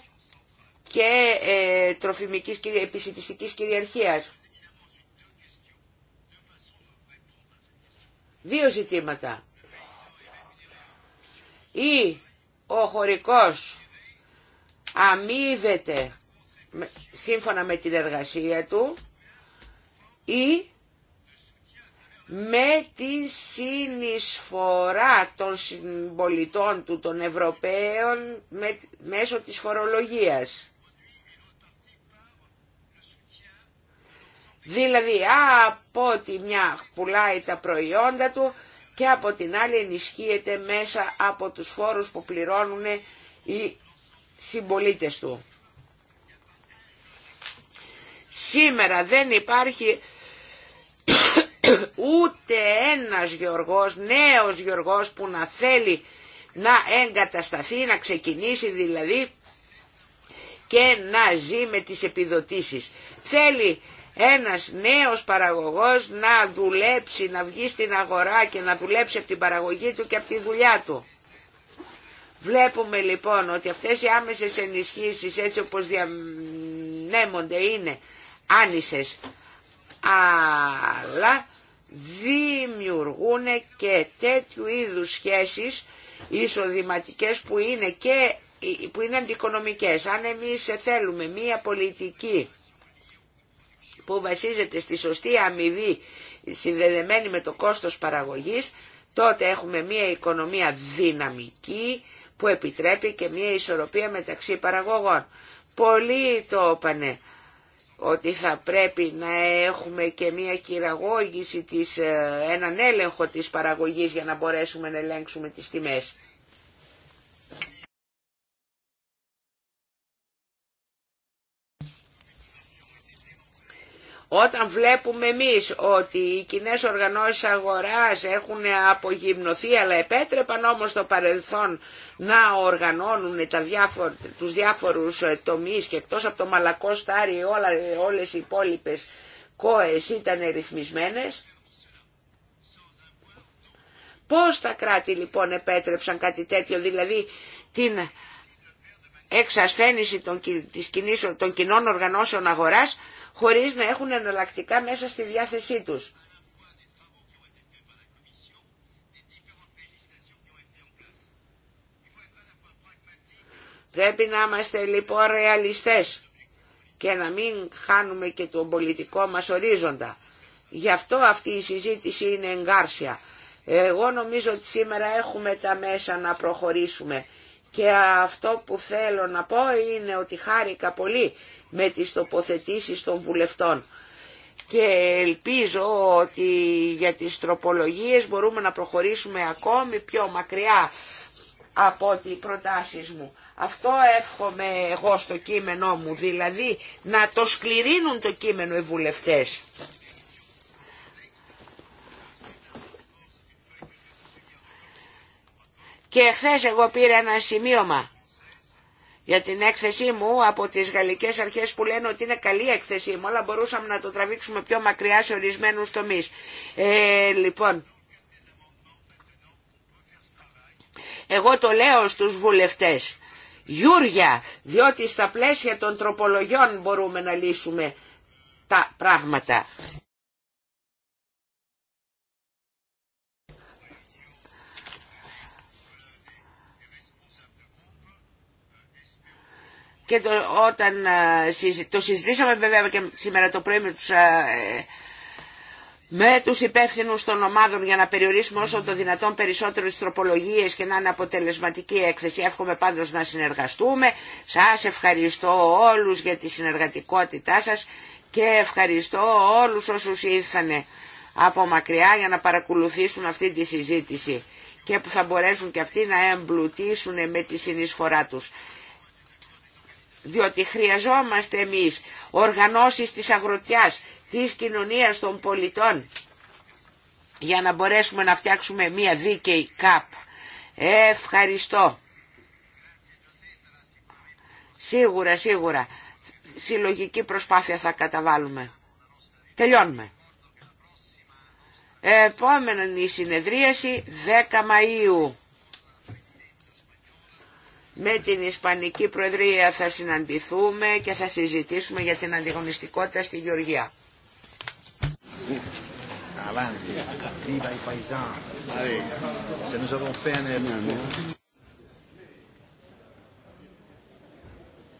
και ε, τροφιμικής επισητιστικής κυριαρχίας. Δύο ζητήματα. Ή ο χωρικός αμείβεται σύμφωνα με την εργασία του ή με τη συνεισφορά των συμπολιτών του των Ευρωπαίων μέσω της φορολογίας. Δηλαδή από τη μια πουλάει τα προϊόντα του και από την άλλη ενισχύεται μέσα από τους φόρους που πληρώνουν οι συμπολίτε του. Σήμερα δεν υπάρχει ούτε ένας γεωργός, νέος γεωργός που να θέλει να εγκατασταθεί, να ξεκινήσει δηλαδή και να ζει με τις επιδοτήσεις. Θέλει ένας νέος παραγωγός να δουλέψει, να βγει στην αγορά και να δουλέψει από την παραγωγή του και από τη δουλειά του. Βλέπουμε λοιπόν ότι αυτές οι άμεσες ενισχύσεις έτσι όπως διανέμονται είναι άνισες, αλλά δημιουργούν και τέτοιου είδους σχέσεις εισοδηματικές που είναι και που είναι αντικονομικές. Αν εμείς θέλουμε μία πολιτική που βασίζεται στη σωστή αμοιβή συνδεδεμένη με το κόστος παραγωγής, τότε έχουμε μια οικονομία δυναμική που επιτρέπει και μια ισορροπία μεταξύ παραγωγών. Πολλοί το έπανε ότι θα πρέπει να έχουμε και μια κυραγώγηση, της, ε, έναν έλεγχο της παραγωγής για να μπορέσουμε να ελέγξουμε τις τιμές. Όταν βλέπουμε εμείς ότι οι κοινέ οργανώσεις αγοράς έχουν απογυμνωθεί αλλά επέτρεπαν όμως το παρελθόν να οργανώνουν τα διάφορου τους διάφορους ε, τομείς και εκτός από το μαλακό στάρι όλα, όλες οι υπόλοιπες κόες ήταν ρυθμισμένες. Πώς τα κράτη λοιπόν επέτρεψαν κάτι τέτοιο, δηλαδή την εξασθένιση των, της κοινής, των κοινών οργανώσεων αγοράς χωρίς να έχουν εναλλακτικά μέσα στη διάθεσή τους. Πρέπει να είμαστε λοιπόν ρεαλιστές και να μην χάνουμε και τον πολιτικό μας ορίζοντα. Γι' αυτό αυτή η συζήτηση είναι εγκάρσια. Εγώ νομίζω ότι σήμερα έχουμε τα μέσα να προχωρήσουμε και αυτό που θέλω να πω είναι ότι χάρηκα πολύ με τις τοποθετήσεις των βουλευτών και ελπίζω ότι για τις τροπολογίες μπορούμε να προχωρήσουμε ακόμη πιο μακριά από τι προτάσεις μου. Αυτό εύχομαι εγώ στο κείμενό μου, δηλαδή να το σκληρύνουν το κείμενο οι βουλευτές. Και χθε εγώ πήρα ένα σημείωμα για την έκθεσή μου από τις γαλλικές αρχές που λένε ότι είναι καλή έκθεσή μου, αλλά μπορούσαμε να το τραβήξουμε πιο μακριά σε ορισμένους τομείς. Ε, λοιπόν, εγώ το λέω στους βουλευτές, Γιούρια, διότι στα πλαίσια των τροπολογιών μπορούμε να λύσουμε τα πράγματα. και το, όταν ε, το συζητήσαμε βέβαια και σήμερα το πρωί με τους, ε, με τους υπεύθυνους των ομάδων για να περιορίσουμε όσο το δυνατόν περισσότερο τις τροπολογίες και να είναι αποτελεσματική έκθεση. Εύχομαι πάντως να συνεργαστούμε. Σας ευχαριστώ όλους για τη συνεργατικότητά σας και ευχαριστώ όλους όσους ήρθαν από μακριά για να παρακολουθήσουν αυτή τη συζήτηση και που θα μπορέσουν και αυτοί να εμπλουτίσουν με τη συνεισφορά τους διότι χρειαζόμαστε εμείς οργανώσεις της αγροτιάς, της κοινωνίας των πολιτών, για να μπορέσουμε να φτιάξουμε μία δίκαιη ΚΑΠ. Ευχαριστώ. Σίγουρα, σίγουρα. Συλλογική προσπάθεια θα καταβάλουμε. Τελειώνουμε. Επόμενη συνεδρίαση 10 Μαΐου με την Ισπανική Προεδρία θα συναντηθούμε και θα συζητήσουμε για την αντιγωνιστικότητα στη Γεωργία.